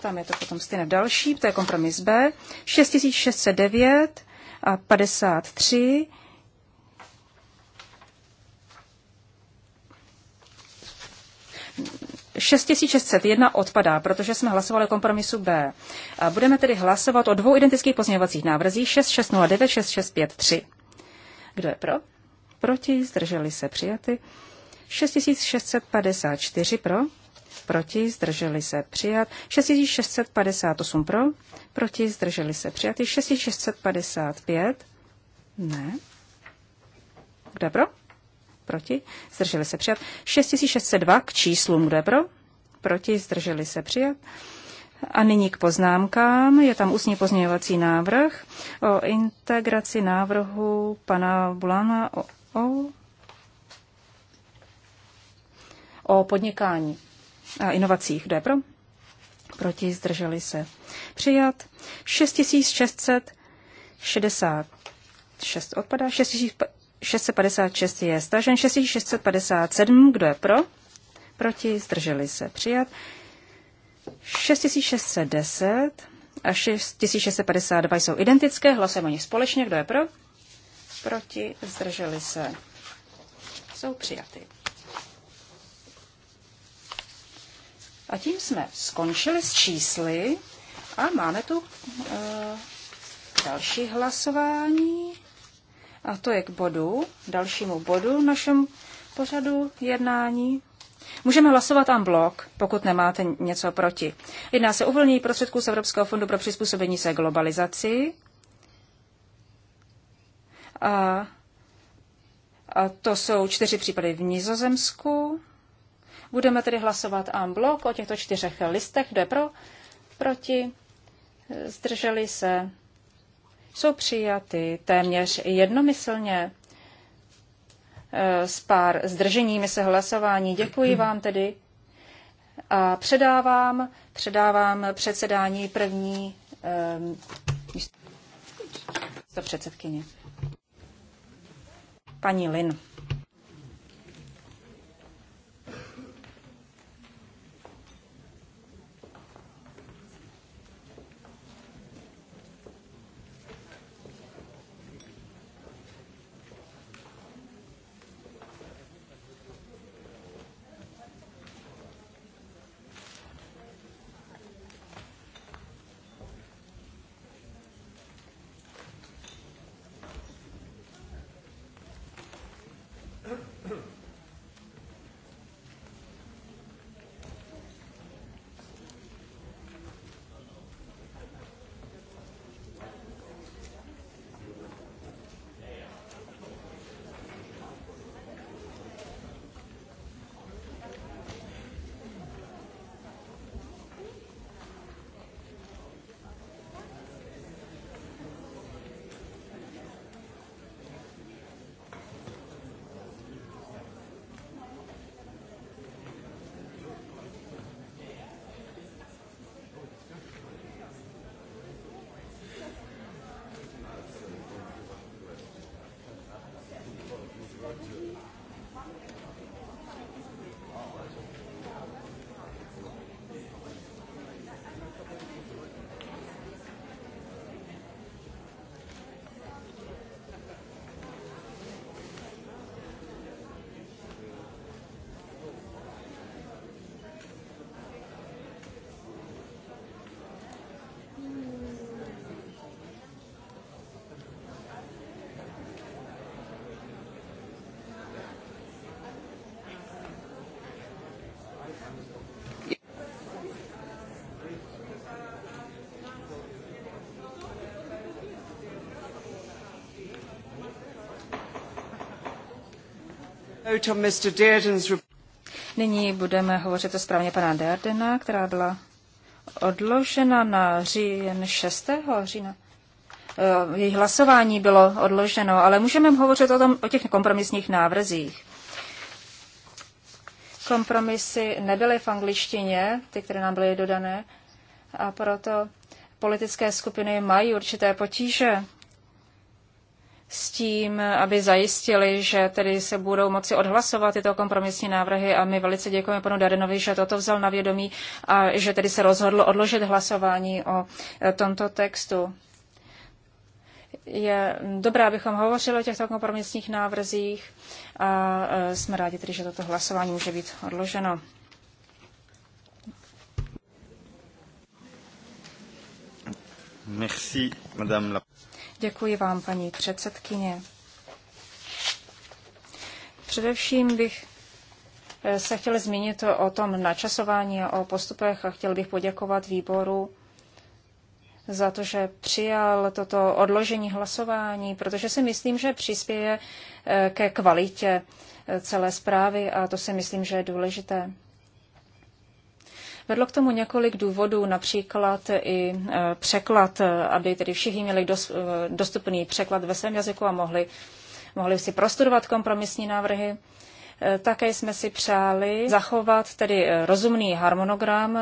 Tam je to potom stejné další, to je kompromis B. 6609 a 53 6601 odpadá, protože jsme hlasovali o kompromisu B. A budeme tedy hlasovat o dvou identických pozměňovacích návrzích 6609 6653. Kdo je pro? Proti, zdrželi se přijaty. 6654 pro, proti, zdrželi se přijat. 6658 pro, proti, zdrželi se přijaty. 6655, ne. Kdo je pro? Proti? Zdrželi se přijat. 6602 k číslům. Kdo je pro? Proti? Zdrželi se přijat. A nyní k poznámkám. Je tam ústní pozměňovací návrh o integraci návrhu pana Bulana o, o, o podnikání a inovacích. Kdo je pro? Proti? Zdrželi se přijat. 6660 6 odpadá, 6 656 je stažen, 6657, kdo je pro? Proti, zdrželi se přijat. 6610 a 6652 jsou identické, hlasujeme o nich společně, kdo je pro? Proti, zdrželi se. Jsou přijaty. A tím jsme skončili s čísly a máme tu uh, další hlasování. A to je k bodu, dalšímu bodu našem pořadu jednání. Můžeme hlasovat en blok, pokud nemáte něco proti. Jedná se uvolnění prostředků z Evropského fondu pro přizpůsobení se globalizaci. A, a to jsou čtyři případy v Nizozemsku. Budeme tedy hlasovat en blok o těchto čtyřech listech. Kdo je pro? Proti? Zdrželi se? jsou přijaty téměř jednomyslně eh, s pár zdrženími se hlasování. Děkuji vám tedy a předávám, předávám předsedání první ehm, místo předsedkyně. Paní Lin. Nyní budeme hovořit o správně pana Dardena, která byla odložena na říjen 6. října. Eh, její hlasování bylo odloženo, ale můžeme hovořit o, tom, o těch kompromisních návrzích. Kompromisy nebyly v angličtině, ty, které nám byly dodané, a proto politické skupiny mají určité potíže s tím, aby zajistili, že tedy se budou moci odhlasovat tyto kompromisní návrhy a my velice děkujeme panu Darenovi, že toto vzal na vědomí a že tedy se rozhodl odložit hlasování o e, tomto textu. Je dobré, abychom hovořili o těchto kompromisních návrzích a e, jsme rádi tedy, že toto hlasování může být odloženo. Merci, madame la... Děkuji vám, paní předsedkyně. Především bych eh, se chtěl zmínit o tom načasování a o postupech a chtěl bych poděkovat výboru za to, že přijal toto odložení hlasování, protože si myslím, že přispěje eh, ke kvalitě eh, celé zprávy a to si myslím, že je důležité. Vedlo k tomu několik důvodů, například i e, překlad, e, aby tedy všichni měli e, dostupný překlad ve svém jazyku a mohli, mohli si prostudovat kompromisní návrhy. Také jsme si přáli zachovat tedy rozumný harmonogram,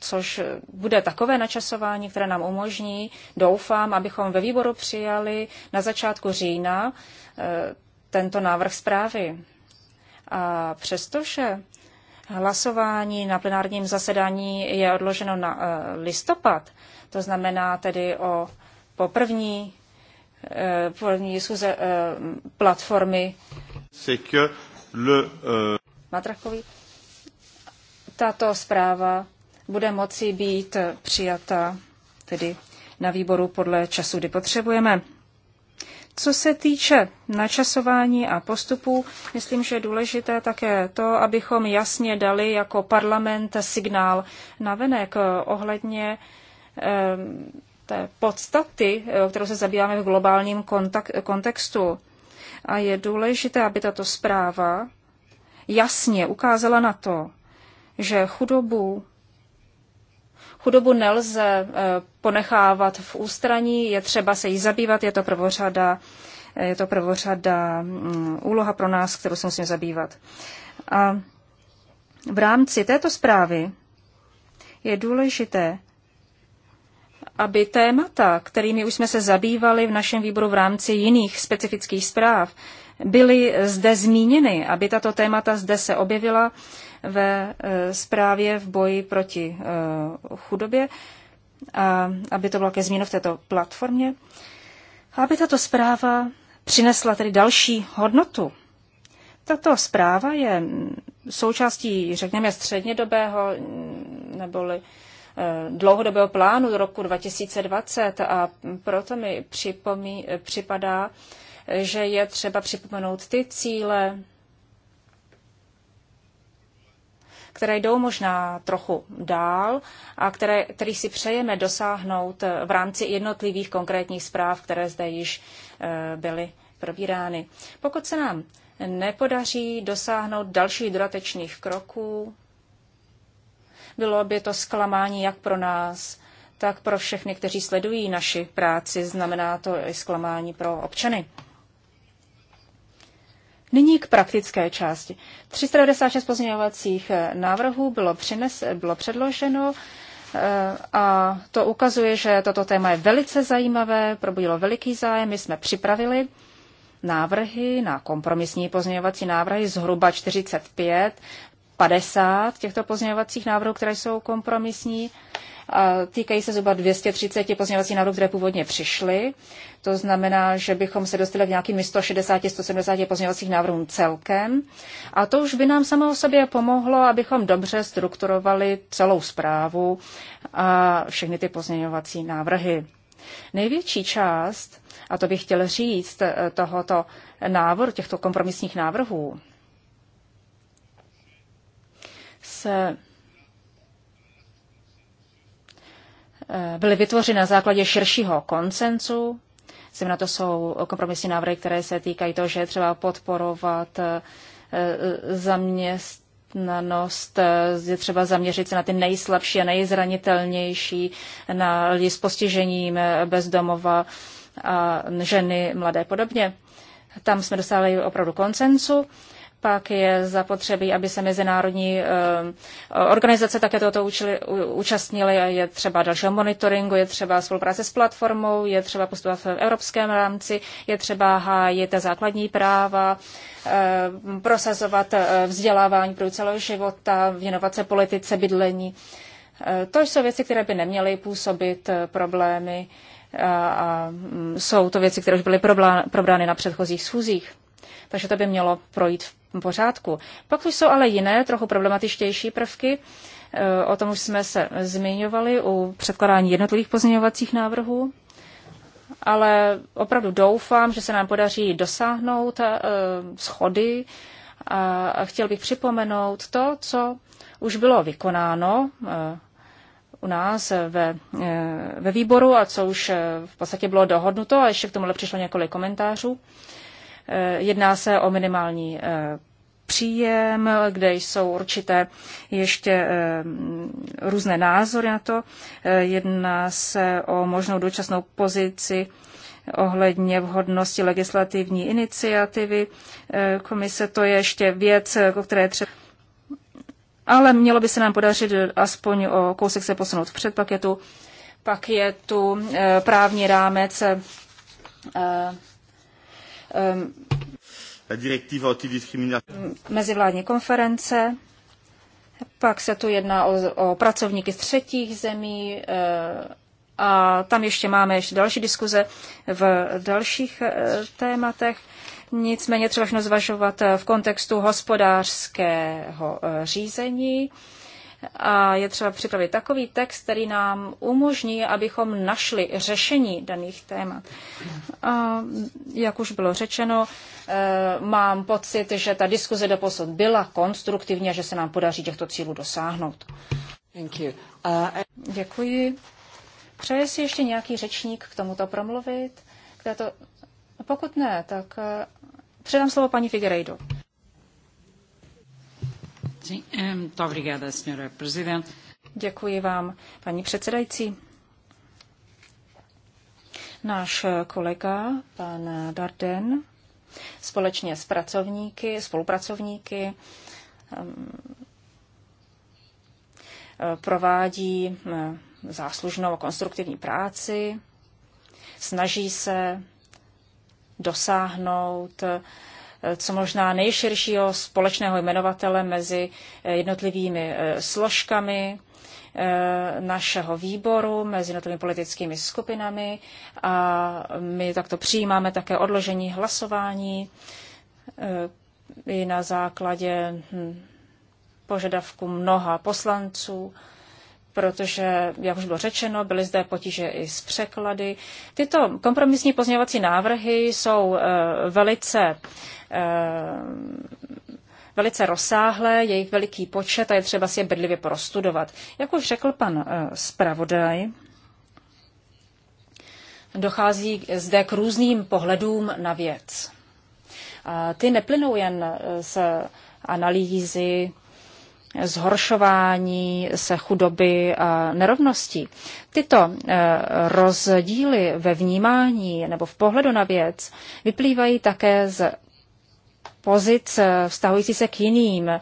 což bude takové načasování, které nám umožní, doufám, abychom ve výboru přijali na začátku října tento návrh zprávy. A přestože Hlasování na plenárním zasedání je odloženo na eh, listopad, to znamená tedy o poprvní první eh, schůze eh, platformy Matrakový. Tato zpráva bude moci být přijata tedy na výboru podle času, kdy potřebujeme. Co se týče načasování a postupů, myslím, že je důležité také to, abychom jasně dali jako parlament signál navenek ohledně té podstaty, eh, kterou se zabýváme v globálním kontextu. A je důležité, aby tato zpráva jasně ukázala na to, že chudobu Chudobu nelze eh, ponechávat v ústraní, je třeba se jí zabývat, je to prvořada, eh, je to prvořada mm, úloha pro nás, kterou se musíme zabývat. A v rámci této zprávy je důležité, aby témata, kterými už jsme se zabývali v našem výboru v rámci jiných specifických zpráv, byly zde zmíněny, aby tato témata zde se objevila ve e, zprávě v boji proti e, chudobě, a aby to bylo ke změnu v této platformě. Aby tato zpráva přinesla tedy další hodnotu. Tato zpráva je součástí, řekněme, střednědobého neboli e, dlouhodobého plánu do roku 2020 a proto mi připomí, připadá, že je třeba připomenout ty cíle, které jdou možná trochu dál a které, který si přejeme dosáhnout v rámci jednotlivých konkrétních zpráv, které zde již eh, byly probírány. Pokud se nám nepodaří dosáhnout dalších dodatečných kroků, bylo by to zklamání jak pro nás, tak pro všechny, kteří sledují naši práci. Znamená to i zklamání pro občany. Nyní k praktické části. 396 pozměňovacích eh, návrhů bylo, přines, eh, bylo předloženo eh, a to ukazuje, že toto téma je velice zajímavé, probudilo veliký zájem. My jsme připravili návrhy na kompromisní pozměňovací návrhy zhruba 45, 50 těchto pozměňovacích návrhů, které jsou kompromisní týkají se zhruba 230 pozměňovací návrhů, které původně přišly. To znamená, že bychom se dostali k nějakým 160-170 pozměňovacích návrhům celkem. A to už by nám samo o sobě pomohlo, abychom dobře strukturovali celou zprávu a všechny ty pozměňovací návrhy. Největší část, a to bych chtěl říct, eh, tohoto návrhu, těchto kompromisních návrhů, se byly vytvořeny na základě širšího koncensu. Znamená, to jsou kompromisní návrhy, které se týkají toho, že je třeba podporovat eh, zaměstnanost, eh, je třeba zaměřit se na ty nejslabší a nejzranitelnější, na lidi s postižením, eh, bezdomova, a ženy, mladé podobně. Tam jsme dostali opravdu koncensu. Pak je zapotřebí, aby se mezinárodní eh, organizace také toto učili, účastnily. Je třeba dalšího monitoringu, je třeba spolupráce s platformou, je třeba postupovat v evropském rámci, je třeba hájit základní práva, eh, prosazovat eh, vzdělávání pro celého života, věnovat se politice, bydlení. To jsou věci, které by neměly působit problémy a mm, jsou to věci, které už byly probrány na předchozích schůzích. Takže to by mělo projít pořádku. Pak už jsou ale jiné, trochu problematičtější prvky. E, o tom už jsme se zmiňovali u předkládání jednotlivých pozměňovacích návrhů. Ale opravdu doufám, že se nám podaří dosáhnout e, schody. A chtěl bych připomenout to, co už bylo vykonáno e, u nás ve, ve výboru a co už v podstatě bylo dohodnuto a ještě k tomuhle přišlo několik komentářů. Eh, jedná se o minimální eh, příjem, kde jsou určité ještě eh, různé názory na to. Jedná se o možnou dočasnou pozici ohledně vhodnosti legislativní iniciativy. Komise to je ještě věc, o které třeba ale mělo by se nám podařit aspoň o kousek se posunout před pak je tu, pak je tu právní rámec Ehm, mezivládní konference, pak se tu jedná o, o pracovníky z třetích zemí eh, a tam ještě máme ještě další diskuze v dalších eh, tématech. Nicméně třeba všechno zvažovat eh, v kontextu hospodářského řízení. A je třeba připravit takový text, který nám umožní, abychom našli řešení daných témat. A jak už bylo řečeno, eh, mám pocit, že ta diskuze do posud byla konstruktivní a že se nám podaří těchto cílů dosáhnout. Uh, Děkuji. Přeje si ještě nějaký řečník k tomuto promluvit? K této... Pokud ne, tak eh, předám slovo paní Figueiredo. Děkuji vám, paní předsedající. Náš kolega, pan Darden, společně s pracovníky, spolupracovníky, provádí záslužnou a konstruktivní práci, snaží se dosáhnout co možná nejširšího společného jmenovatele mezi eh, jednotlivými eh, složkami eh, našeho výboru mezi jednotlivými politickými skupinami a my takto přijímáme také odložení hlasování i na základě hm, požadavku mnoha poslanců protože, jak už bylo řečeno, byly zde potíže i s překlady. Tyto kompromisní pozměňovací návrhy jsou eh, velice eh, velice rozsáhlé, jejich veliký počet a je třeba si je bedlivě prostudovat. Jak už řekl pan eh, zpravodaj, dochází zde k různým pohledům na věc. A ty neplynou jen z analýzy zhoršování se chudoby a nerovností. Tyto eh, rozdíly ve vnímání nebo v pohledu na věc vyplývají také z pozic eh, vztahující se k jiným eh,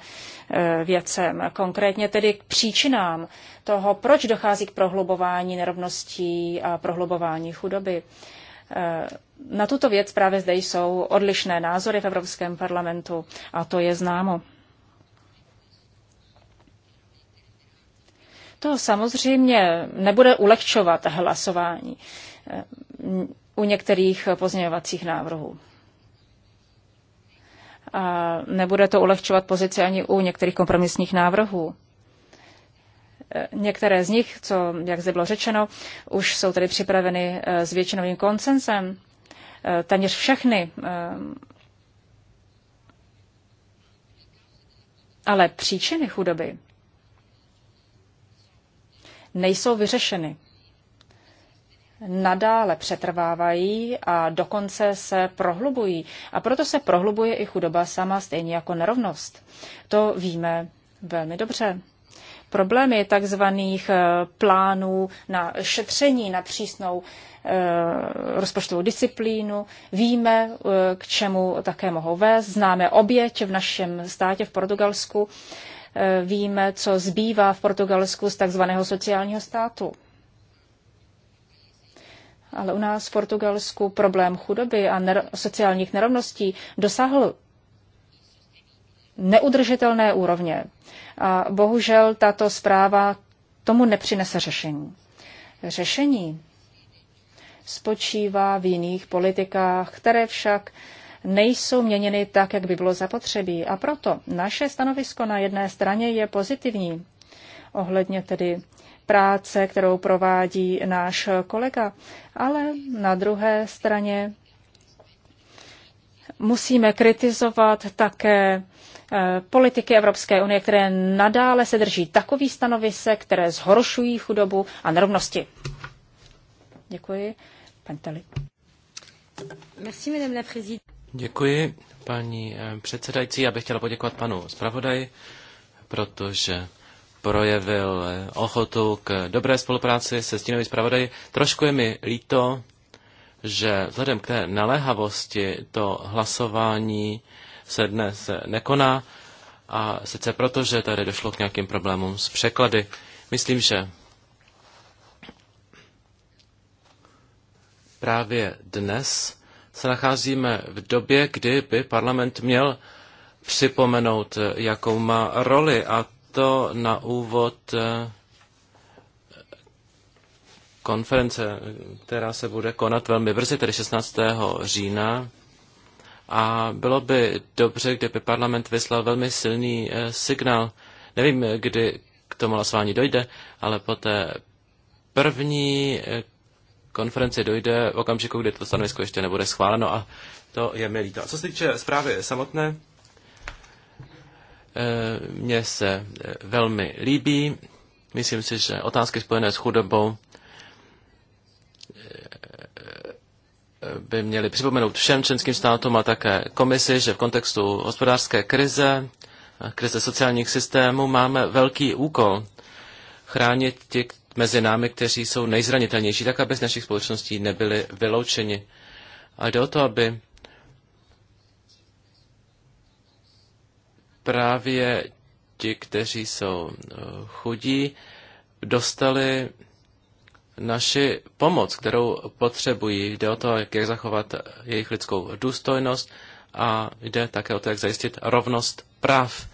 věcem, konkrétně tedy k příčinám toho, proč dochází k prohlubování nerovností a prohlubování chudoby. Na tuto věc právě zde jsou odlišné názory v Evropském parlamentu a to je známo. To samozřejmě nebude ulehčovat hlasování eh, u některých pozměňovacích návrhů. A nebude to ulehčovat pozici ani u některých kompromisních návrhů. Eh, některé z nich, co, jak zde bylo řečeno, už jsou tedy připraveny eh, s většinovým koncensem. Téměř všechny ale příčiny chudoby nejsou vyřešeny. Nadále přetrvávají a dokonce se prohlubují. A proto se prohlubuje i chudoba sama, stejně jako nerovnost. To víme velmi dobře problémy takzvaných eh, plánů na šetření, na přísnou eh, rozpočtovou disciplínu. Víme, eh, k čemu také mohou vést. Známe oběť v našem státě v Portugalsku víme, co zbývá v Portugalsku z takzvaného sociálního státu. Ale u nás v Portugalsku problém chudoby a ner- sociálních nerovností dosáhl neudržitelné úrovně. A bohužel tato zpráva tomu nepřinese řešení. Řešení spočívá v jiných politikách, které však nejsou měněny tak, jak by bylo zapotřebí. A proto naše stanovisko na jedné straně je pozitivní ohledně tedy práce, kterou provádí náš kolega, ale na druhé straně musíme kritizovat také eh, politiky Evropské unie, které nadále se drží takový stanovisek, které zhoršují chudobu a nerovnosti. Děkuji. Pantali. Merci, madame la présidente. Děkuji, paní eh, předsedající. Já bych chtěla poděkovat panu zpravodaji, protože projevil eh, ochotu k dobré spolupráci se stínovým zpravodaji. Trošku je mi líto, že vzhledem k té naléhavosti to hlasování se dnes nekoná, a sice proto, že tady došlo k nějakým problémům s překlady. Myslím, že právě dnes se nacházíme v době, kdy by parlament měl připomenout, jakou má roli a to na úvod eh, konference, která se bude konat velmi brzy, tedy 16. října. A bylo by dobře, kdyby parlament vyslal velmi silný eh, signál. Nevím, kdy k tomu hlasování dojde, ale poté první eh, konferenci dojde v okamžiku, kdy to stanovisko ještě nebude schváleno a to je mi líto. A co se týče zprávy samotné, eh, mně se eh, velmi líbí. Myslím si, že otázky spojené s chudobou eh, by měly připomenout všem členským státům a také komisi, že v kontextu hospodářské krize, krize sociálních systémů máme velký úkol chránit ti, mezi námi, kteří jsou nejzranitelnější, tak aby z našich společností nebyli vyloučeni. A jde o to, aby právě ti, kteří jsou eh, chudí, dostali naši pomoc, kterou potřebují. Jde o to, jak zachovat jejich lidskou důstojnost a jde také o to, jak zajistit rovnost práv,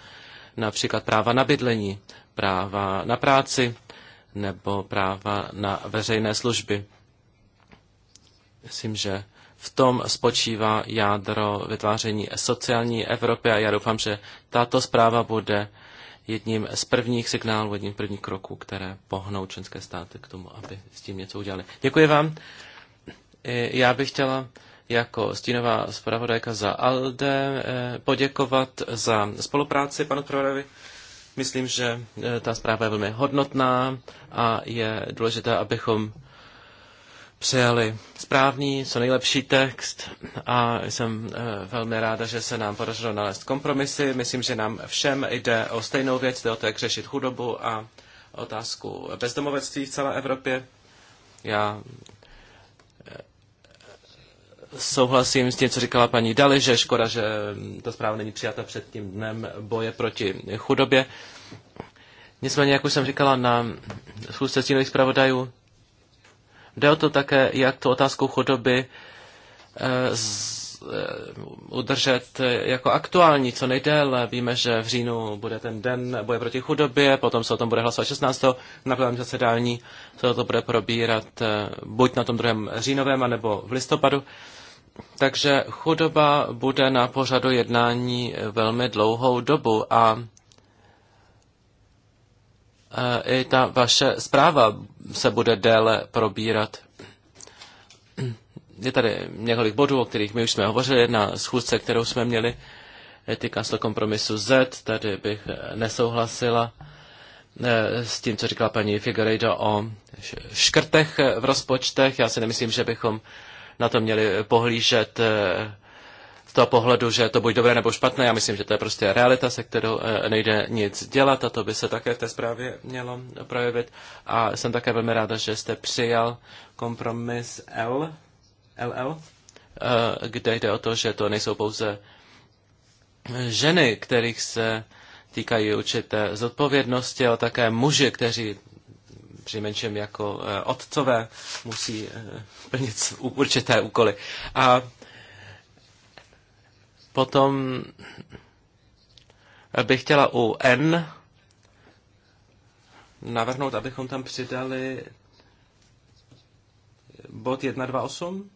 například práva na bydlení, práva na práci, nebo práva na veřejné služby. Myslím, že v tom spočívá jádro vytváření sociální Evropy a já doufám, že tato zpráva bude jedním z prvních signálů, jedním z prvních kroků, které pohnou členské státy k tomu, aby s tím něco udělali. Děkuji vám. Já bych chtěla jako stínová zpravodajka za ALDE eh, poděkovat za spolupráci panu zpravodajovi. Myslím, že eh, ta zpráva je velmi hodnotná a je důležité, abychom přijali správný, co nejlepší text a jsem eh, velmi ráda, že se nám podařilo nalézt kompromisy. Myslím, že nám všem jde o stejnou věc, jde o to, jak řešit chudobu a otázku bezdomovectví v celé Evropě. Já souhlasím s tím, co říkala paní Dali, že škoda, že ta zpráva není přijata před tím dnem boje proti chudobě. Nicméně, jak už jsem říkala na schůzce stínových zpravodajů, jde o to také, jak tu otázku chudoby eh, eh, udržet jako aktuální co nejdéle. Víme, že v říjnu bude ten den boje proti chudobě, potom se o tom bude hlasovat 16. na plném zasedání se to bude probírat eh, buď na tom druhém říjnovém, anebo v listopadu. Takže chudoba bude na pořadu jednání velmi dlouhou dobu a e, i ta vaše zpráva se bude déle probírat. Je tady několik bodů, o kterých my už jsme hovořili na schůzce, kterou jsme měli. E, týká se kompromisu Z, tady bych nesouhlasila e, s tím, co říkala paní Figueiredo o škrtech v rozpočtech. Já si nemyslím, že bychom na to měli pohlížet eh, z toho pohledu, že to buď dobré nebo špatné. Já myslím, že to je prostě realita, se kterou eh, nejde nic dělat a to by se také v té zprávě mělo projevit. A jsem také velmi ráda, že jste přijal kompromis L, LL, eh, kde jde o to, že to nejsou pouze ženy, kterých se týkají určité zodpovědnosti, ale také muži, kteří přinejmenším jako eh, otcové musí eh, plnit určité úkoly. A potom bych chtěla u N navrhnout, abychom tam přidali bod 128.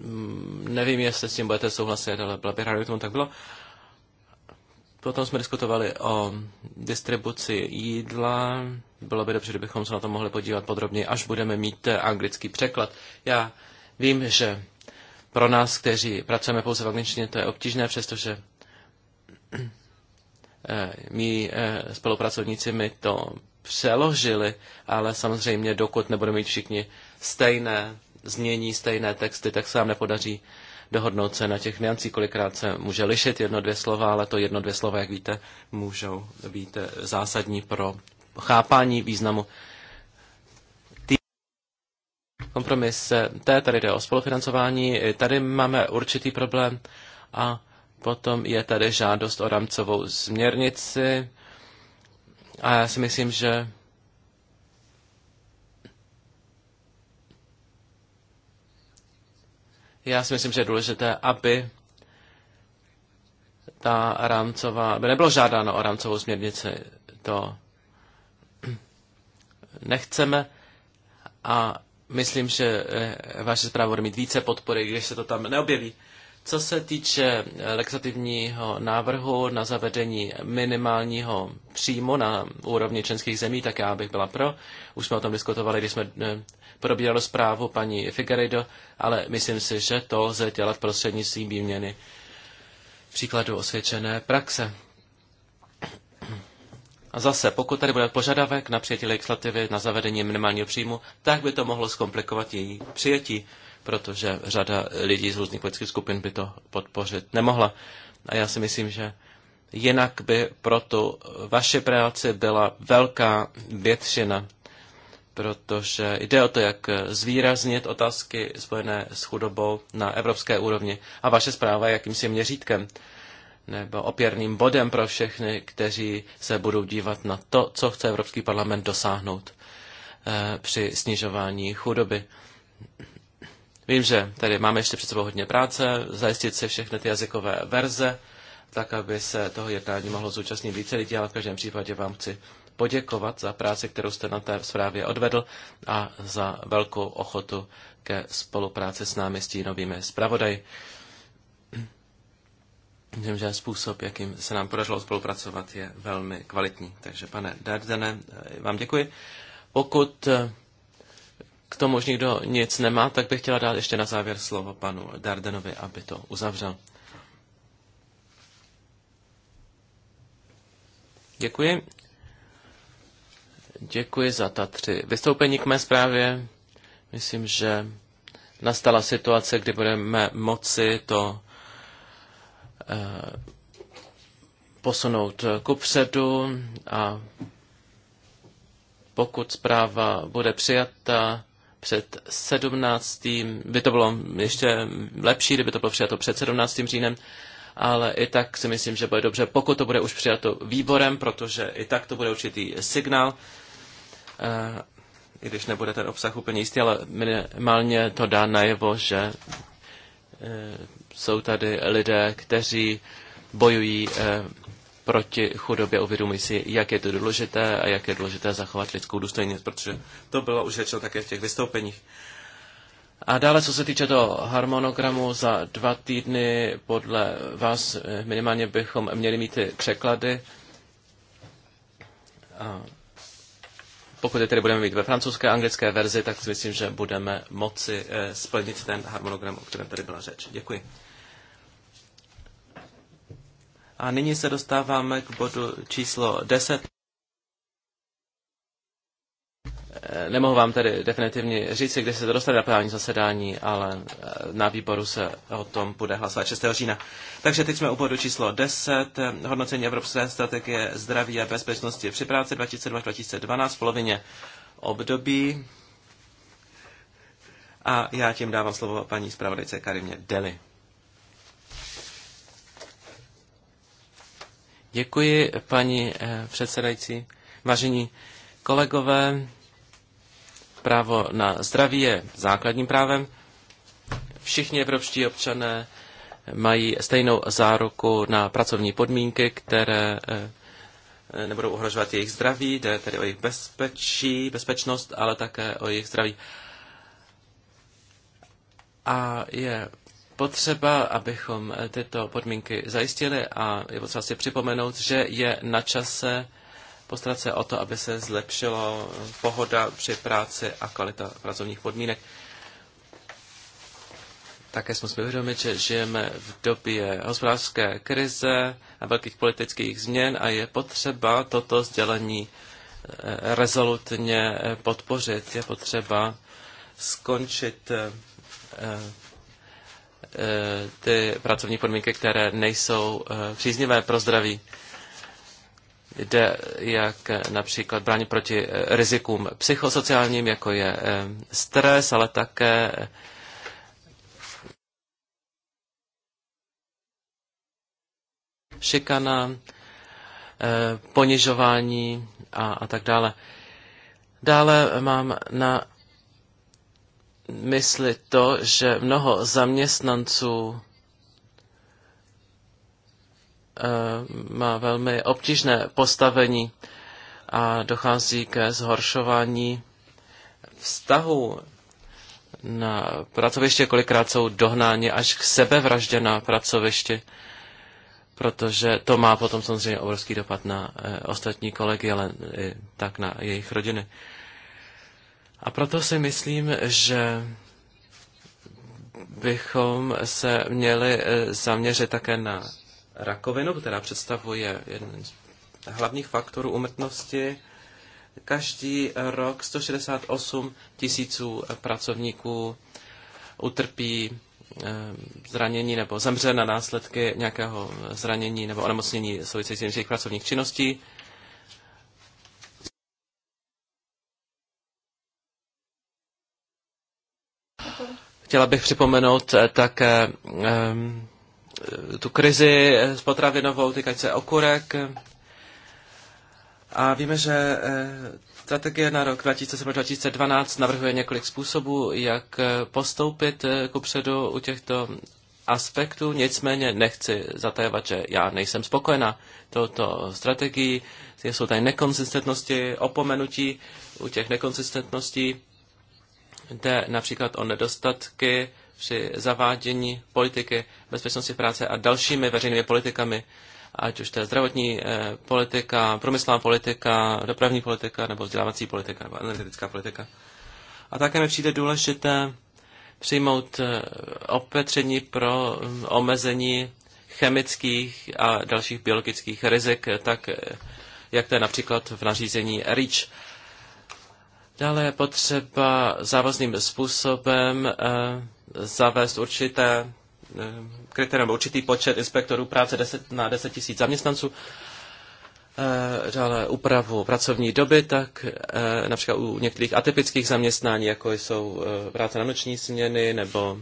Mm, nevím, jestli s tím budete souhlasit, ale byla by ráda, tomu tak bylo. Potom jsme diskutovali o distribuci jídla, bylo by dobře, kdybychom se na to mohli podívat podrobněji, až budeme mít eh, anglický překlad. Já vím, že pro nás, kteří pracujeme pouze v angličtině, to je obtížné, přestože eh, mý eh, spolupracovníci mi to přeložili, ale samozřejmě dokud nebudeme mít všichni stejné znění, stejné texty, tak se nám nepodaří dohodnout se na těch niancích, Kolikrát se může lišit jedno, dvě slova, ale to jedno, dvě slova, jak víte, můžou být zásadní pro chápání významu. Kompromis T, tady jde o spolufinancování, tady máme určitý problém a potom je tady žádost o rámcovou směrnici a já si myslím, že já si myslím, že je důležité, aby ta rámcová, by nebylo žádáno o rámcovou směrnici, to nechceme a myslím, že eh, vaše zpráva bude mít více podpory, když se to tam neobjeví. Co se týče eh, legislativního návrhu na zavedení minimálního příjmu na úrovni členských zemí, tak já bych byla pro. Už jsme o tom diskutovali, když jsme eh, probírali zprávu paní Figueiredo, ale myslím si, že to lze dělat prostřednictvím výměny příkladu osvědčené praxe. A zase, pokud tady bude požadavek na přijetí legislativy na zavedení minimálního příjmu, tak by to mohlo zkomplikovat její přijetí, protože řada lidí z různých politických skupin by to podpořit nemohla. A já si myslím, že jinak by pro tu vaši práci byla velká většina, protože jde o to, jak zvýraznit otázky spojené s chudobou na evropské úrovni a vaše zpráva je jakýmsi měřítkem nebo opěrným bodem pro všechny, kteří se budou dívat na to, co chce Evropský parlament dosáhnout eh, při snižování chudoby. Vím, že tady máme ještě před sebou hodně práce, zajistit si všechny ty jazykové verze, tak aby se toho jednání mohlo zúčastnit více lidí, ale v každém případě vám chci poděkovat za práci, kterou jste na té zprávě odvedl a za velkou ochotu ke spolupráci s námi stínovými zpravodaji. Myslím, že způsob, jakým se nám podařilo spolupracovat, je velmi kvalitní. Takže, pane Dardene, eh, vám děkuji. Pokud eh, k tomu už nikdo nic nemá, tak bych chtěla dát ještě na závěr slovo panu Dardenovi, aby to uzavřel. Děkuji. Děkuji za ta tři vystoupení k mé zprávě. Myslím, že nastala situace, kdy budeme moci to Eh, posunout ku předu a pokud zpráva bude přijata před 17. by to bylo ještě lepší, kdyby to bylo přijato před 17. říjnem, ale i tak si myslím, že bude dobře, pokud to bude už přijato výborem, protože i tak to bude určitý signál, eh, i když nebude ten obsah úplně jistý, ale minimálně to dá najevo, že eh, jsou tady lidé, kteří bojují eh, proti chudobě, uvědomují si, jak je to důležité a jak je důležité zachovat lidskou důstojnost, protože to bylo už řečeno také v těch vystoupeních. A dále, co se týče toho harmonogramu, za dva týdny podle vás eh, minimálně bychom měli mít ty překlady. A pokud je tedy budeme mít ve francouzské a anglické verzi, tak si myslím, že budeme moci eh, splnit ten harmonogram, o kterém tady byla řeč. Děkuji. A nyní se dostáváme k bodu číslo 10. Eh, nemohu vám tedy definitivně říct, kdy se to dostane na plenární zasedání, ale eh, na výboru se o tom bude hlasovat 6. října. Takže teď jsme u bodu číslo 10, hodnocení Evropské strategie zdraví a bezpečnosti při práci 2007-2012 v polovině období. A já tím dávám slovo paní zpravodajce Karimě Deli. Děkuji, paní eh, předsedající. Vážení kolegové, Právo na zdraví je základním právem. Všichni evropští občané mají stejnou záruku na pracovní podmínky, které eh, nebudou ohrožovat jejich zdraví, jde tedy o jejich bezpečí, bezpečnost, ale také o jejich zdraví. A je potřeba, abychom tyto podmínky zajistili a je potřeba si připomenout, že je na čase postarat se o to, aby se zlepšilo pohoda při práci a kvalita pracovních podmínek. Také jsme si uvědomit, že žijeme v době hospodářské krize a velkých politických změn a je potřeba toto sdělení eh, rezolutně eh, podpořit. Je potřeba skončit eh, ty pracovní podmínky, které nejsou příznivé pro zdraví jde jak například bránit proti eh, rizikům psychosociálním, jako je eh, stres, ale také eh, šikana, ponižování a, a tak dále. Dále mám na mysli to, že mnoho zaměstnanců Eh, má velmi obtížné postavení a dochází ke zhoršování vztahu na pracoviště. Kolikrát jsou dohnáni až k sebevraždě na pracovišti, protože to má potom samozřejmě obrovský dopad na eh, ostatní kolegy, ale i tak na jejich rodiny. A proto si myslím, že bychom se měli eh, zaměřit také na rakovinu, která představuje jeden z hlavních faktorů umrtnosti. Každý rok 168 tisíců pracovníků utrpí eh, zranění nebo zemře na následky nějakého zranění nebo onemocnění související s jejich pracovních činností. Chtěla bych připomenout eh, také um, Eh, tu krizi eh, s potravinovou týkající okurek. A víme, že eh, strategie na rok 2007-2012 navrhuje několik způsobů, jak postoupit kupředu u těchto aspektů, nicméně nechci zatajovat, že já nejsem spokojená touto strategií. Jsou tady nekonsistentnosti, opomenutí u těch nekonsistentností. Jde například o nedostatky při zavádění politiky bezpečnosti práce a dalšími veřejnými politikami, ať už to je zdravotní eh, politika, průmyslová politika, dopravní politika, nebo vzdělávací politika, nebo energetická politika. A také mi přijde důležité přijmout eh, opatření pro mm, omezení chemických a dalších biologických rizik, tak eh, jak to je například v nařízení REACH. Dále je potřeba závazným způsobem eh, zavést určité eh, kritérium, určitý počet inspektorů práce 10 na 10 tisíc zaměstnanců, eh, dále úpravu pracovní doby, tak například u některých atypických zaměstnání, jako jsou práce na noční směny nebo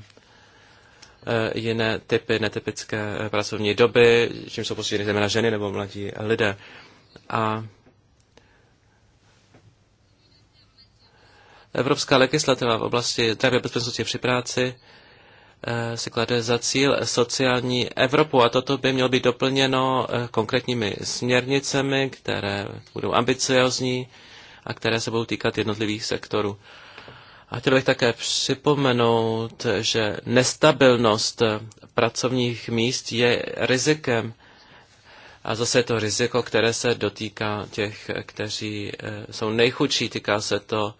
jiné typy netypické pracovní doby, čím jsou postiženy zejména ženy nebo mladí lidé. A Evropská legislativa v oblasti zdraví a bezpečnosti při práci eh, si klade za cíl sociální Evropu a toto by mělo být doplněno eh, konkrétními směrnicemi, které budou ambiciozní a které se budou týkat jednotlivých sektorů. A chtěl bych také připomenout, že nestabilnost eh, pracovních míst je rizikem. A zase je to riziko, které se dotýká těch, kteří jsou nejchudší. Týká se to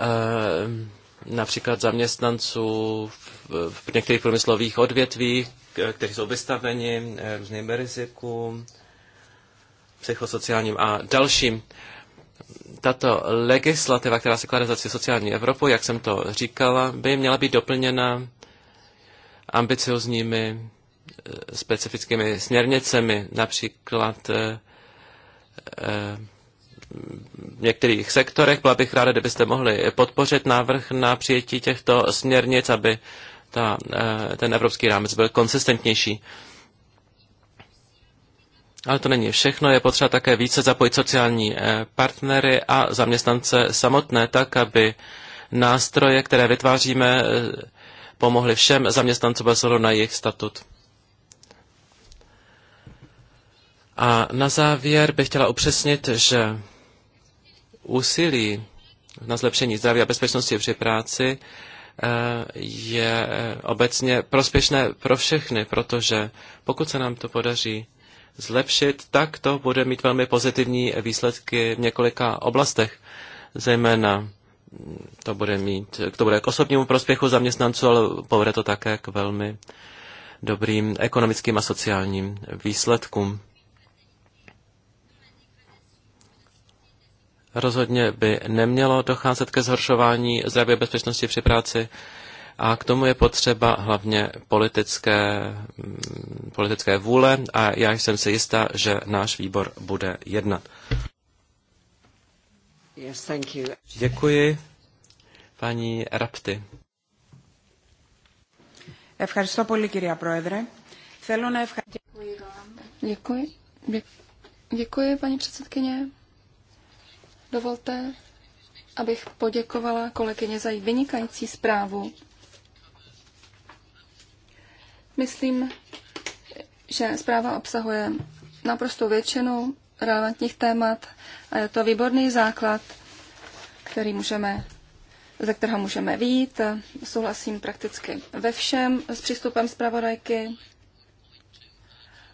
Eh, například zaměstnanců v některých průmyslových odvětvích, kteří jsou vystaveni eh, různým rizikům, psychosociálním a dalším. Tato legislativa, která se klade za sociální Evropu, jak jsem to říkala, by měla být doplněna ambiciozními eh, specifickými směrnicemi, například v některých sektorech. Byla bych ráda, kdybyste mohli podpořit návrh na přijetí těchto směrnic, aby ta, eh, ten evropský rámec byl konsistentnější. Ale to není všechno, je potřeba také více zapojit sociální eh, partnery a zaměstnance samotné, tak aby nástroje, které vytváříme, eh, pomohly všem zaměstnancům bez na jejich statut. A na závěr bych chtěla upřesnit, že úsilí na zlepšení zdraví a bezpečnosti při práci eh, je eh, obecně prospěšné pro všechny, protože pokud se nám to podaří zlepšit, tak to bude mít velmi pozitivní výsledky v několika oblastech. Zejména mm, to bude mít, to bude k osobnímu prospěchu zaměstnanců, ale povede to také k velmi dobrým ekonomickým a sociálním výsledkům. Rozhodně by nemělo docházet ke zhoršování zdraví a bezpečnosti při práci a k tomu je potřeba hlavně politické, mm, politické vůle a já jsem si jistá, že náš výbor bude jednat. Yes, thank you. Děkuji, paní Rapty. Ευχαριστώ πολύ, κυρία Πρόεδρε. Θέλω να ευχαριστήσω. Děkuji. Děkuji, paní předsedkyně. Dovolte, abych poděkovala kolegyně za její vynikající zprávu. Myslím, že zpráva obsahuje naprosto většinu relevantních témat a je to výborný základ, který můžeme, ze kterého můžeme výjít. Souhlasím prakticky ve všem s přístupem zpravodajky.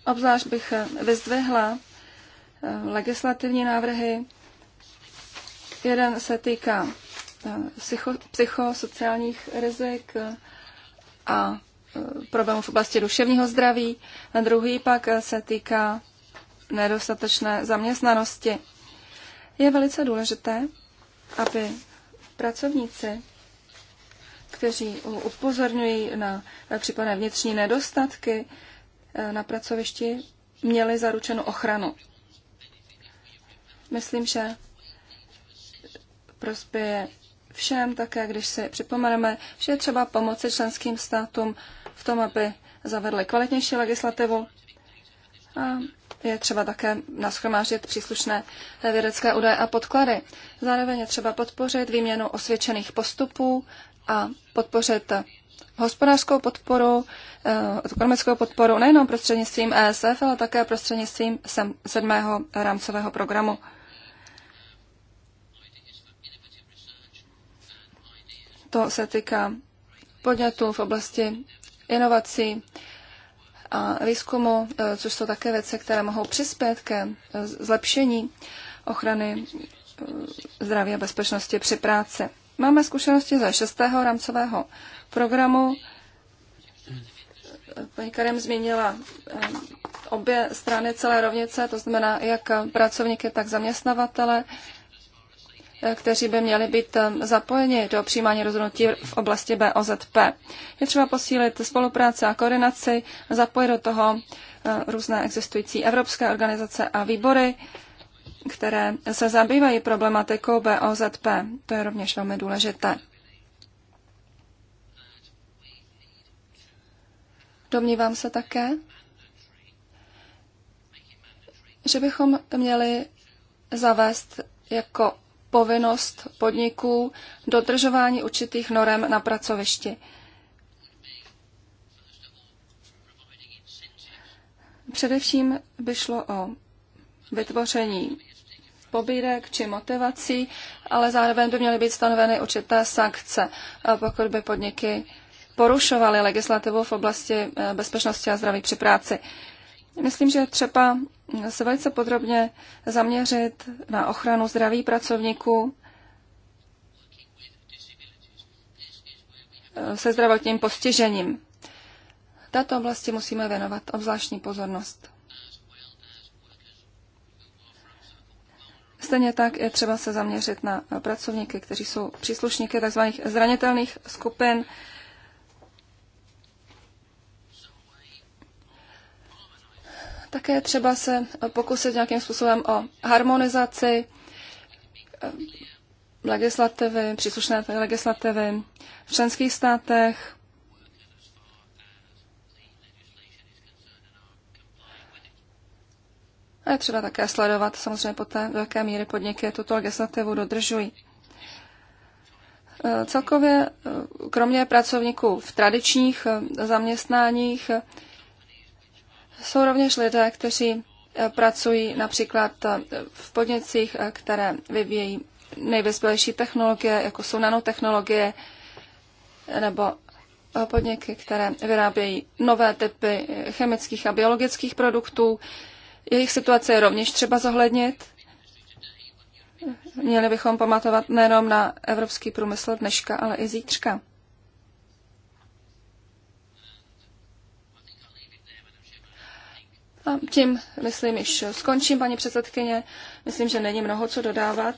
Obzvlášť bych vyzdvihla eh, legislativní návrhy, Jeden se týká eh, psycho, psychosociálních rizik eh, a eh, problémů v oblasti duševního zdraví. A druhý pak se týká nedostatečné zaměstnanosti. Je velice důležité, aby pracovníci, kteří upozorňují na případné vnitřní nedostatky na pracovišti, měli zaručenou ochranu. Myslím, že prospěje všem, také když si připomeneme, že je třeba pomoci členským státům v tom, aby zavedli kvalitnější legislativu. A je třeba také naschromážit příslušné vědecké údaje a podklady. Zároveň je třeba podpořit výměnu osvědčených postupů a podpořit hospodářskou podporu, eh, ekonomickou podporu nejenom prostřednictvím ESF, ale také prostřednictvím sedmého rámcového programu. To se týká podnětů v oblasti inovací a výzkumu, e, což jsou také věci, které mohou přispět ke e, zlepšení ochrany e, zdraví a bezpečnosti při práci. Máme zkušenosti ze šestého rámcového programu. Paní Karim zmínila obě strany celé rovnice, to znamená jak pracovníky, tak zaměstnavatele kteří by měli být eh, zapojeni do přijímání rozhodnutí v oblasti BOZP. Je třeba posílit spolupráci a koordinaci, zapojit do toho eh, různé existující evropské organizace a výbory, které se zabývají problematikou BOZP. To je rovněž velmi důležité. Domnívám se také, že bychom měli zavést jako povinnost podniků dodržování určitých norem na pracovišti. Především by šlo o vytvoření pobídek či motivací, ale zároveň by měly být stanoveny určité sankce, pokud by podniky porušovaly legislativu v oblasti eh, bezpečnosti a zdraví při práci. Myslím, že třeba se velice podrobně zaměřit na ochranu zdraví pracovníků se zdravotním postižením. Této oblasti musíme věnovat obzvláštní pozornost. Stejně tak je třeba se zaměřit na pracovníky, kteří jsou příslušníky tzv. zranitelných skupin, Také třeba se eh, pokusit nějakým způsobem o harmonizaci eh, legislativy, příslušné legislativy v členských státech, A je třeba také sledovat samozřejmě poté, do jaké míry podniky tuto legislativu dodržují. Eh, celkově, kromě pracovníků v tradičních zaměstnáních, jsou rovněž lidé, kteří e, pracují například e, v podnicích, e, které vyvíjí nejvyspělejší technologie, jako jsou nanotechnologie, nebo podniky, které vyrábějí nové typy chemických a biologických produktů. Jejich situace je rovněž třeba zohlednit. Měli bychom pamatovat nejenom na evropský průmysl dneška, ale i zítřka. A tím, myslím, již skončím, paní předsedkyně. Myslím, že není mnoho co dodávat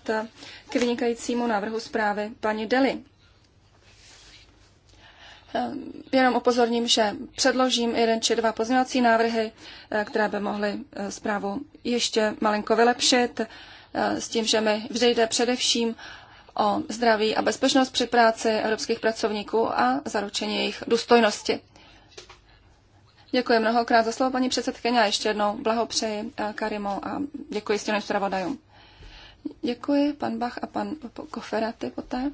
k vynikajícímu návrhu zprávy paní Deli. Ehm, jenom upozorním, že předložím jeden či dva pozměňovací návrhy, eh, které by mohly eh, zprávu ještě malinko vylepšit, eh, s tím, že mi vždy jde především o zdraví a bezpečnost při práci evropských pracovníků a zaručení jejich důstojnosti. Děkuji mnohokrát za slovo, paní předsedkyně, a ještě jednou blahopřeji eh, Karimu a děkuji stěným zpravodajům. Děkuji, pan Bach a pan Koferaty poté.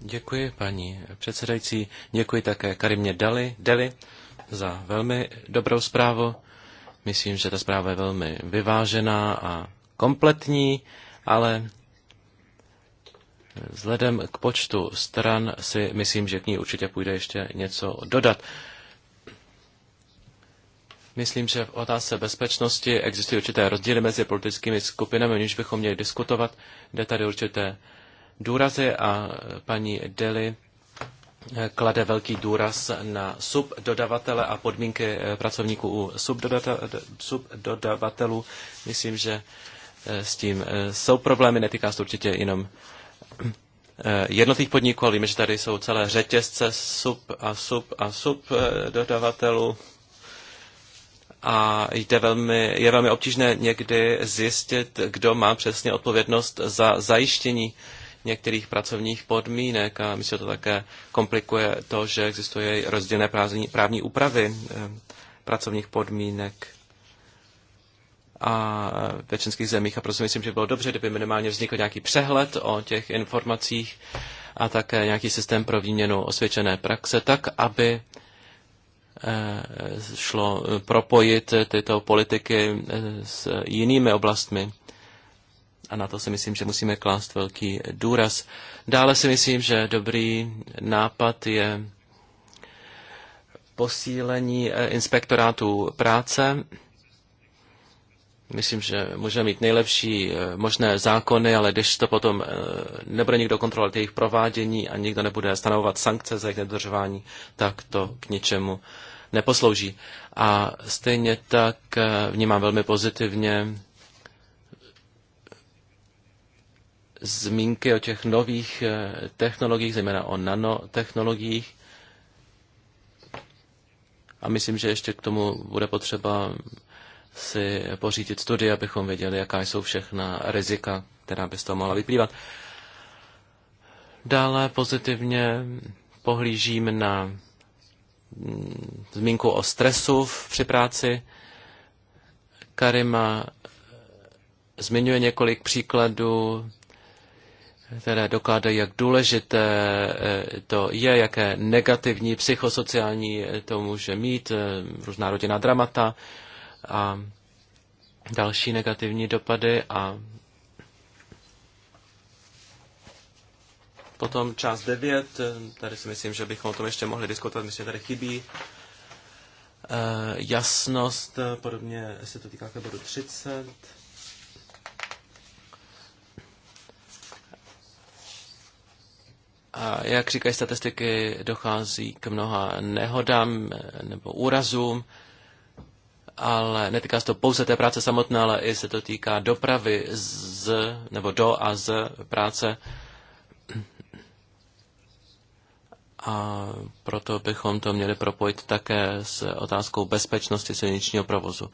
Děkuji, paní předsedající. Děkuji také Karimě Dali, Deli za velmi dobrou zprávu. Myslím, že ta zpráva je velmi vyvážená a kompletní, ale Vzhledem k počtu stran si myslím, že k ní určitě půjde ještě něco dodat. Myslím, že v otázce bezpečnosti existují určité rozdíly mezi politickými skupinami, o bychom měli diskutovat. Jde tady určité důrazy a paní Deli klade velký důraz na subdodavatele a podmínky pracovníků u subdodavatelů. Myslím, že s tím jsou problémy, netýká se určitě jenom Eh, jednotlivých podniků, ale víme, že tady jsou celé řetězce sub a sub a sub eh, dodavatelů a jde velmi, je velmi obtížné někdy zjistit, kdo má přesně odpovědnost za zajištění některých pracovních podmínek a myslím, že to také komplikuje to, že existuje rozdílné právní, právní úpravy eh, pracovních podmínek a e, ve členských zemích. A proto si myslím, že bylo dobře, kdyby minimálně vznikl nějaký přehled o těch informacích a také nějaký systém pro výměnu osvědčené praxe, tak aby e, šlo propojit tyto politiky e, s jinými oblastmi. A na to si myslím, že musíme klást velký důraz. Dále si myslím, že dobrý nápad je posílení inspektorátů práce Myslím, že můžeme mít nejlepší eh, možné zákony, ale když to potom eh, nebude nikdo kontrolovat jejich provádění a nikdo nebude stanovovat sankce za jejich nedodržování, tak to k ničemu neposlouží. A stejně tak eh, vnímám velmi pozitivně zmínky o těch nových technologiích, zejména o nanotechnologiích. A myslím, že ještě k tomu bude potřeba si pořídit studie, abychom věděli, jaká jsou všechna rizika, která by z toho mohla vyplývat. Dále pozitivně pohlížím na mm, zmínku o stresu při práci. Karima zmiňuje několik příkladů, které dokládají, jak důležité eh, to je, jaké negativní psychosociální to může mít, eh, různá rodinná dramata, a další negativní dopady a potom část 9, tady si myslím, že bychom o tom ještě mohli diskutovat, myslím, že tady chybí eh, jasnost, podobně se to týká ke bodu 30. A jak říkají statistiky, dochází k mnoha nehodám nebo úrazům ale netýká se to pouze té práce samotné, ale i se to týká dopravy z, nebo do a z práce. A proto bychom to měli propojit také s otázkou bezpečnosti silničního provozu.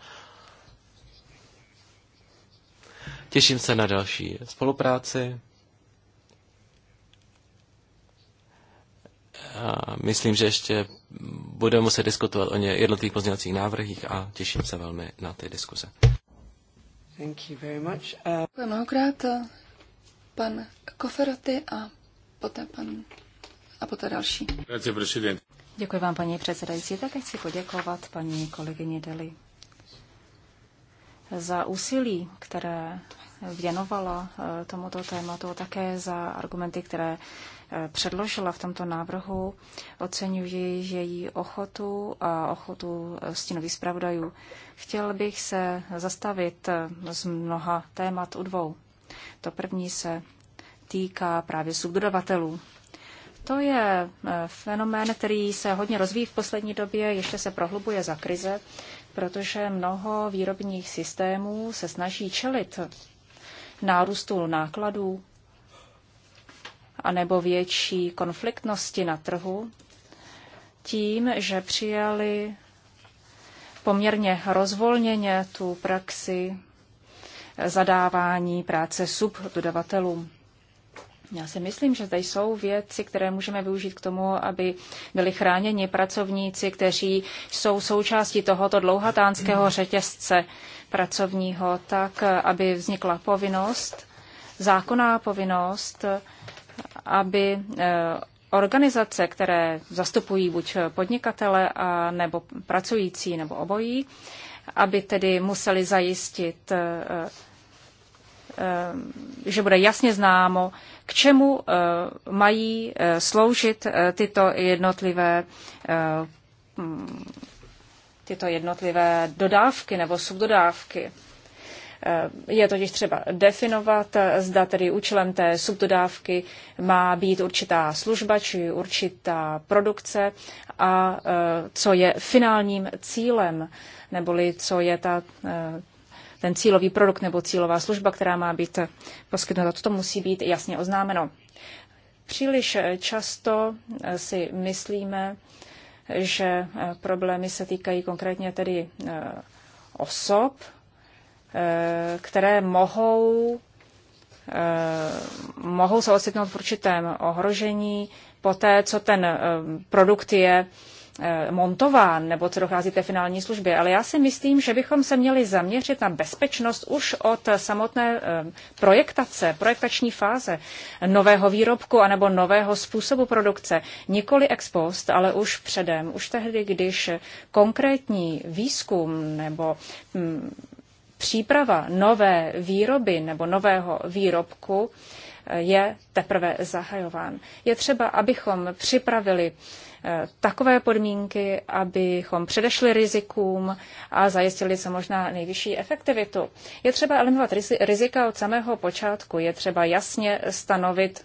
Těším se na další spolupráci. A myslím, že ještě budeme muset diskutovat o jednotlivých pozměňovacích návrhích a těším se velmi na ty diskuze. Thank you very much. Uh... Mnohokrát eh, pan Koferoty a poté pan a poté další. Děkuji vám, paní předsedající. Také chci poděkovat paní kolegyni Deli za úsilí, které věnovala eh, tomuto tématu, také za argumenty, které předložila v tomto návrhu. Oceňuji její ochotu a ochotu stínových zpravodajů. Chtěl bych se zastavit z mnoha témat u dvou. To první se týká právě subdodavatelů. To je eh, fenomén, který se hodně rozvíjí v poslední době, ještě se prohlubuje za krize, protože mnoho výrobních systémů se snaží čelit nárůstu nákladů anebo větší konfliktnosti na trhu tím, že přijali poměrně rozvolněně tu praxi zadávání práce subdodavatelům. Já si myslím, že zde jsou věci, které můžeme využít k tomu, aby byli chráněni pracovníci, kteří jsou součástí tohoto dlouhatánského řetězce pracovního, tak aby vznikla povinnost, zákonná povinnost aby eh, organizace, které zastupují buď podnikatele a, nebo pracující nebo obojí, aby tedy museli zajistit, eh, eh, že bude jasně známo, k čemu mají sloužit tyto jednotlivé mm, tyto jednotlivé dodávky nebo subdodávky. Eh, je totiž třeba definovat, eh, zda tedy účelem té subdodávky má být určitá služba či určitá produkce a eh, co je finálním cílem, neboli co je ta, ten cílový produkt nebo cílová služba, která má být poskytnuta. To musí být jasně oznámeno. Příliš často si myslíme, že problémy se týkají konkrétně tedy osob, Eh, které mohou, eh, mohou se ocitnout v určitém ohrožení poté, co ten eh, produkt je montován nebo co dochází té finální službě. Ale já si myslím, že bychom se měli zaměřit na bezpečnost už od samotné projektace, projektační fáze nového výrobku anebo nového způsobu produkce. Nikoli ex post, ale už předem, už tehdy, když konkrétní výzkum nebo hm, příprava nové výroby nebo nového výrobku eh, je teprve zahajován. Je třeba, abychom připravili eh, takové podmínky, abychom předešli rizikům a zajistili co možná nejvyšší efektivitu. Je třeba eliminovat rizika od samého počátku, je třeba jasně stanovit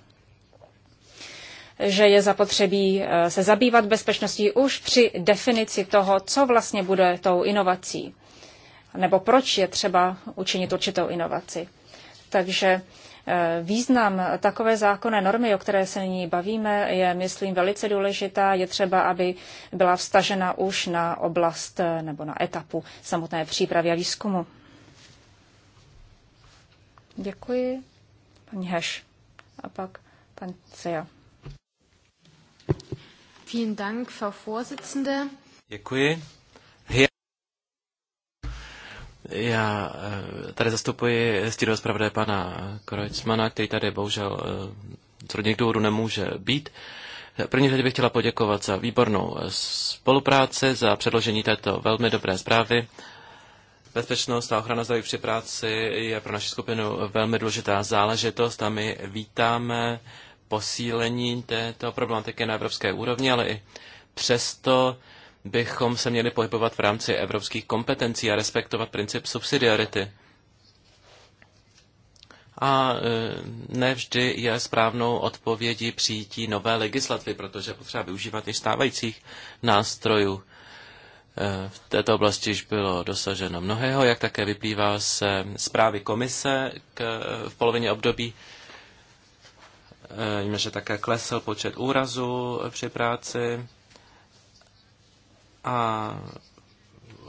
že je zapotřebí eh, se zabývat bezpečností už při definici toho, co vlastně bude tou inovací nebo proč je třeba učinit určitou inovaci. Takže eh, Význam takové zákonné normy, o které se nyní bavíme, je, myslím, velice důležitá. Je třeba, aby byla vstažena už na oblast eh, nebo na etapu samotné přípravy a výzkumu. Děkuji. Paní Heš. A pak pan Cia. Vielen Dank, Frau Vorsitzende. Děkuji, já eh, tady zastupuji stílého zpravodé pana Krojcmana, který tady bohužel eh, z rodinných důvodů nemůže být. první řadě bych chtěla poděkovat za výbornou eh, spolupráci, za předložení této velmi dobré zprávy. Bezpečnost a ochrana zdraví při práci je pro naši skupinu velmi důležitá záležitost a my vítáme posílení této problematiky na evropské úrovni, ale i přesto bychom se měli pohybovat v rámci evropských kompetencí a respektovat princip subsidiarity. A e, nevždy je správnou odpovědí přijítí nové legislativy, protože potřeba využívat i stávajících nástrojů. E, v této oblasti již bylo dosaženo mnohého, jak také vyplývá z zprávy komise k, v polovině období. E, víme, že také klesl počet úrazů při práci a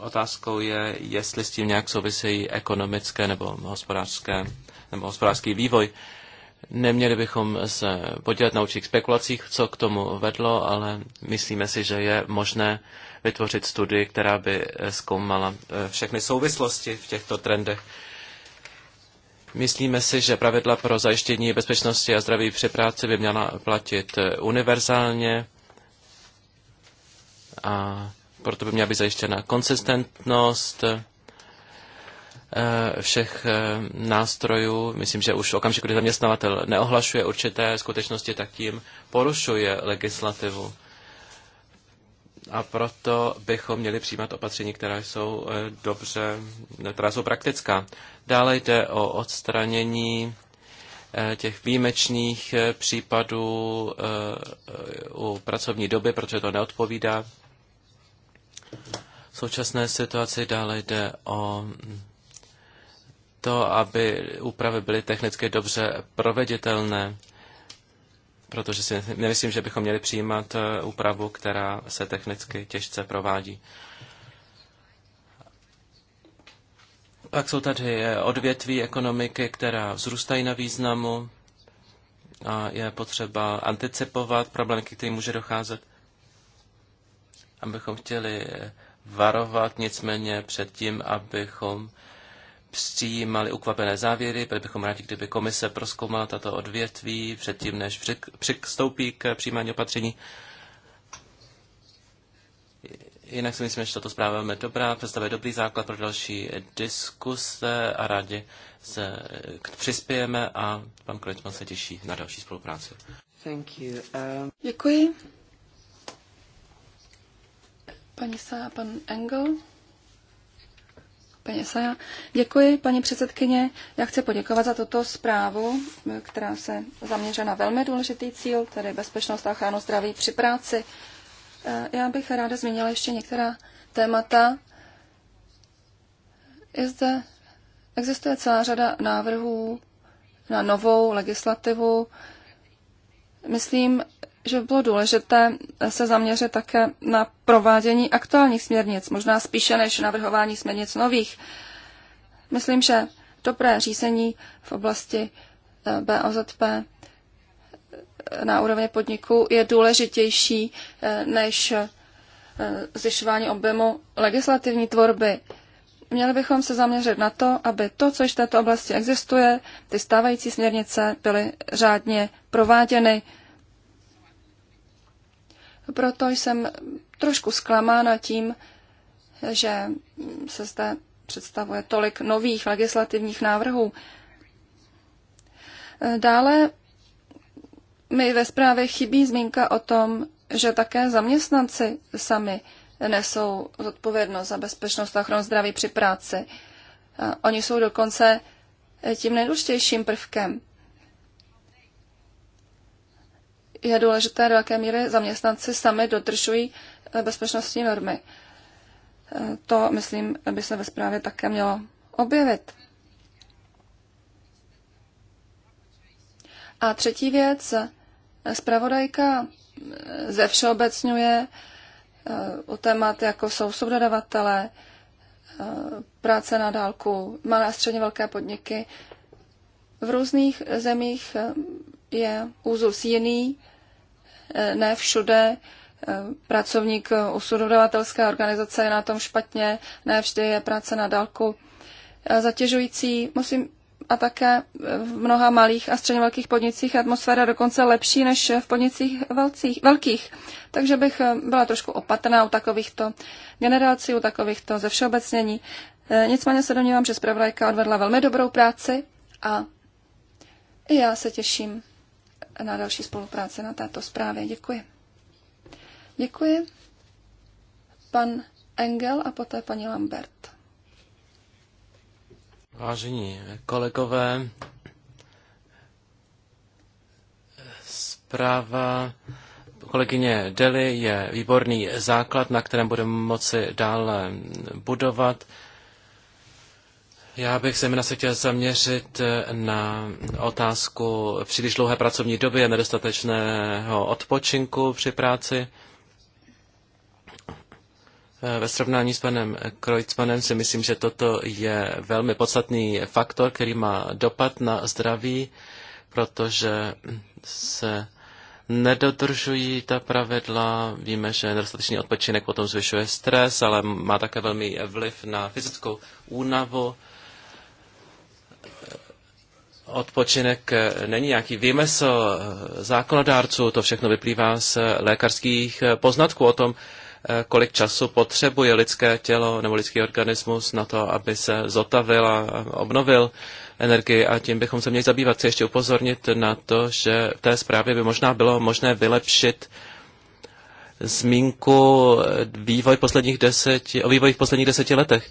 otázkou je, jestli s tím nějak souvisejí ekonomické nebo hospodářské nebo hospodářský vývoj. Neměli bychom se podělat na určitých spekulacích, co k tomu vedlo, ale myslíme si, že je možné vytvořit studii, která by zkoumala eh, všechny souvislosti v těchto trendech. Myslíme si, že pravidla pro zajištění bezpečnosti a zdraví při práci by měla platit eh, univerzálně a proto by měla být zajištěna konsistentnost eh, všech eh, nástrojů. Myslím, že už v okamžiku, kdy zaměstnavatel neohlašuje určité skutečnosti, tak tím porušuje legislativu. A proto bychom měli přijímat opatření, která jsou eh, dobře, která jsou praktická. Dále jde o odstranění těch výjimečných případů u pracovní doby, protože to neodpovídá v současné situaci dále jde o to, aby úpravy byly technicky dobře proveditelné, protože si nemyslím, že bychom měli přijímat eh, úpravu, která se technicky těžce provádí. Pak jsou tady eh, odvětví ekonomiky, která vzrůstají na významu a je potřeba anticipovat problémy, které může docházet abychom chtěli varovat nicméně před tím, abychom přijímali ukvapené závěry, protože bychom rádi, kdyby komise proskoumala tato odvětví předtím, než přistoupí k přijímání opatření. Jinak si myslím, že tato zpráva je dobrá, představuje dobrý základ pro další diskuse a rádi se přispějeme a pan Krojčman se těší na další spolupráci. Thank you. Um... Děkuji. Paní Saja, pan Engel. Paní Saja. Děkuji, paní předsedkyně. Já chci poděkovat za tuto zprávu, která se zaměřuje na velmi důležitý cíl, tedy bezpečnost a ochranu zdraví při práci. Eh, já bych ráda zmínila ještě některá témata. Je zde, existuje celá řada návrhů na novou legislativu. Myslím, že by bylo důležité se zaměřit také na provádění aktuálních směrnic, možná spíše než navrhování směrnic nových. Myslím, že dobré řízení v oblasti eh, BOZP eh, na úrovni podniku je důležitější eh, než zvyšování objemu legislativní tvorby. Měli bychom se zaměřit na to, aby to, co již v této oblasti existuje, ty stávající směrnice byly řádně prováděny proto jsem trošku zklamána tím, že se zde představuje tolik nových legislativních návrhů. Dále mi ve zprávě chybí zmínka o tom, že také zaměstnanci sami nesou zodpovědnost za bezpečnost a ochranu zdraví při práci. Oni jsou dokonce tím nejdůležitějším prvkem. je důležité, do jaké míry zaměstnanci sami dodržují eh, bezpečnostní normy. Eh, to, myslím, by se ve zprávě také mělo objevit. A třetí věc, eh, zpravodajka všeobecňuje o témat, jako jsou subdodavatele, práce na dálku, malé a středně velké podniky. V různých zemích je úzus jiný ne všude eh, pracovník usudovatelské eh, organizace je na tom špatně, ne vždy je práce na dálku eh, zatěžující. Musím a také v mnoha malých a středně velkých podnicích atmosféra dokonce lepší než v podnicích velcích, velkých. Takže bych byla trošku opatrná u takovýchto generací, u takovýchto ze všeobecnění. Nicméně se domnívám, že zpravodajka odvedla velmi dobrou práci a i já se těším na další spolupráci na této zprávě. Děkuji. Děkuji. Pan Engel a poté paní Lambert. Vážení kolegové, zpráva kolegyně Deli je výborný základ, na kterém budeme moci dále budovat. Já bych se se chtěl zaměřit eh, na otázku příliš dlouhé pracovní doby a nedostatečného odpočinku při práci. Eh, ve srovnání s panem Kreutzmanem si myslím, že toto je velmi podstatný faktor, který má dopad na zdraví, protože se nedodržují ta pravidla. Víme, že nedostatečný odpočinek potom zvyšuje stres, ale má také velmi vliv na fyzickou únavu odpočinek eh, není nějaký výmysl eh, zákonodárců, to všechno vyplývá z eh, lékařských poznatků o tom, kolik času potřebuje lidské tělo nebo lidský organismus na to, aby se zotavil a obnovil energii a tím bychom se měli zabývat. se ještě upozornit na to, že v té zprávě by možná bylo možné vylepšit zmínku vývoj posledních deseti, o vývoji v posledních deseti letech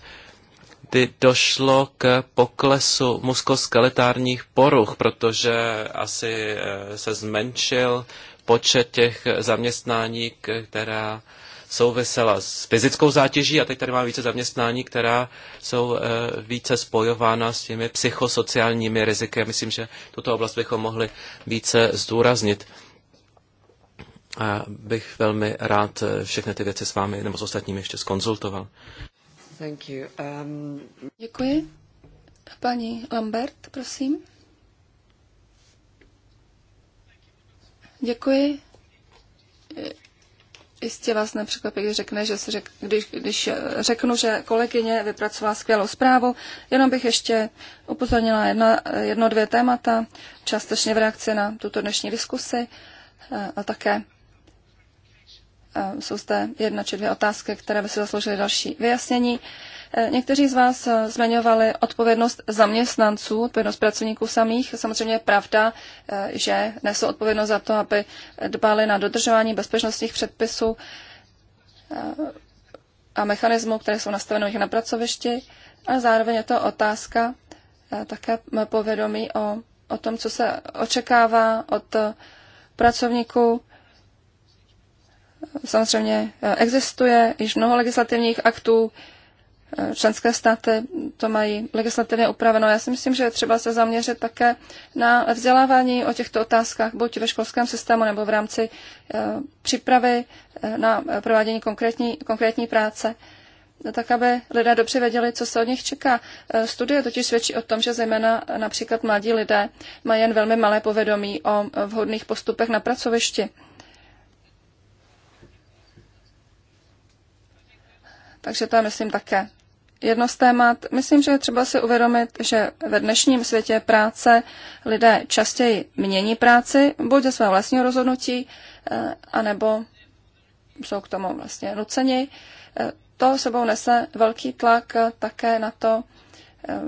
kdy došlo k poklesu muskoskeletárních poruch, protože asi eh, se zmenšil počet těch zaměstnání, která souvisela s fyzickou zátěží a teď tady má více zaměstnání, která jsou eh, více spojována s těmi psychosociálními riziky. Myslím, že tuto oblast bychom mohli více zdůraznit. A bych velmi rád eh, všechny ty věci s vámi nebo s ostatními ještě skonzultoval. Thank you. Um... Děkuji. Paní Lambert, prosím. Děkuji. Jistě vás nepřekvapí, když, řekne, že se řek, když, když řeknu, že kolegyně vypracovala skvělou zprávu. Jenom bych ještě upozornila jedna, jedno, dvě témata, částečně v reakci na tuto dnešní diskusi eh, a také jsou zde jedna či dvě otázky, které by si zasloužily další vyjasnění. E, někteří z vás e, zmiňovali odpovědnost zaměstnanců, odpovědnost pracovníků samých. Samozřejmě je pravda, e, že nesou odpovědnost za to, aby dbali na dodržování bezpečnostních předpisů a mechanismů, které jsou nastaveny jich na pracovišti, a zároveň je to otázka také povědomí o, o tom, co se očekává od pracovníků samozřejmě eh, existuje již mnoho legislativních aktů, eh, členské státy to mají legislativně upraveno. Já si myslím, že je třeba se zaměřit také na vzdělávání o těchto otázkách, buď ve školském systému nebo v rámci eh, přípravy na provádění konkrétní, konkrétní práce tak aby lidé dobře věděli, co se od nich čeká. Studie totiž svědčí o tom, že zejména například mladí lidé mají jen velmi malé povědomí o vhodných postupech na pracovišti. Takže to je, myslím, také jedno z témat. Myslím, že je třeba si uvědomit, že ve dnešním světě práce lidé častěji mění práci, buď ze svého vlastního rozhodnutí, eh, anebo jsou k tomu vlastně nuceni. Eh, to sebou nese velký tlak také na to eh,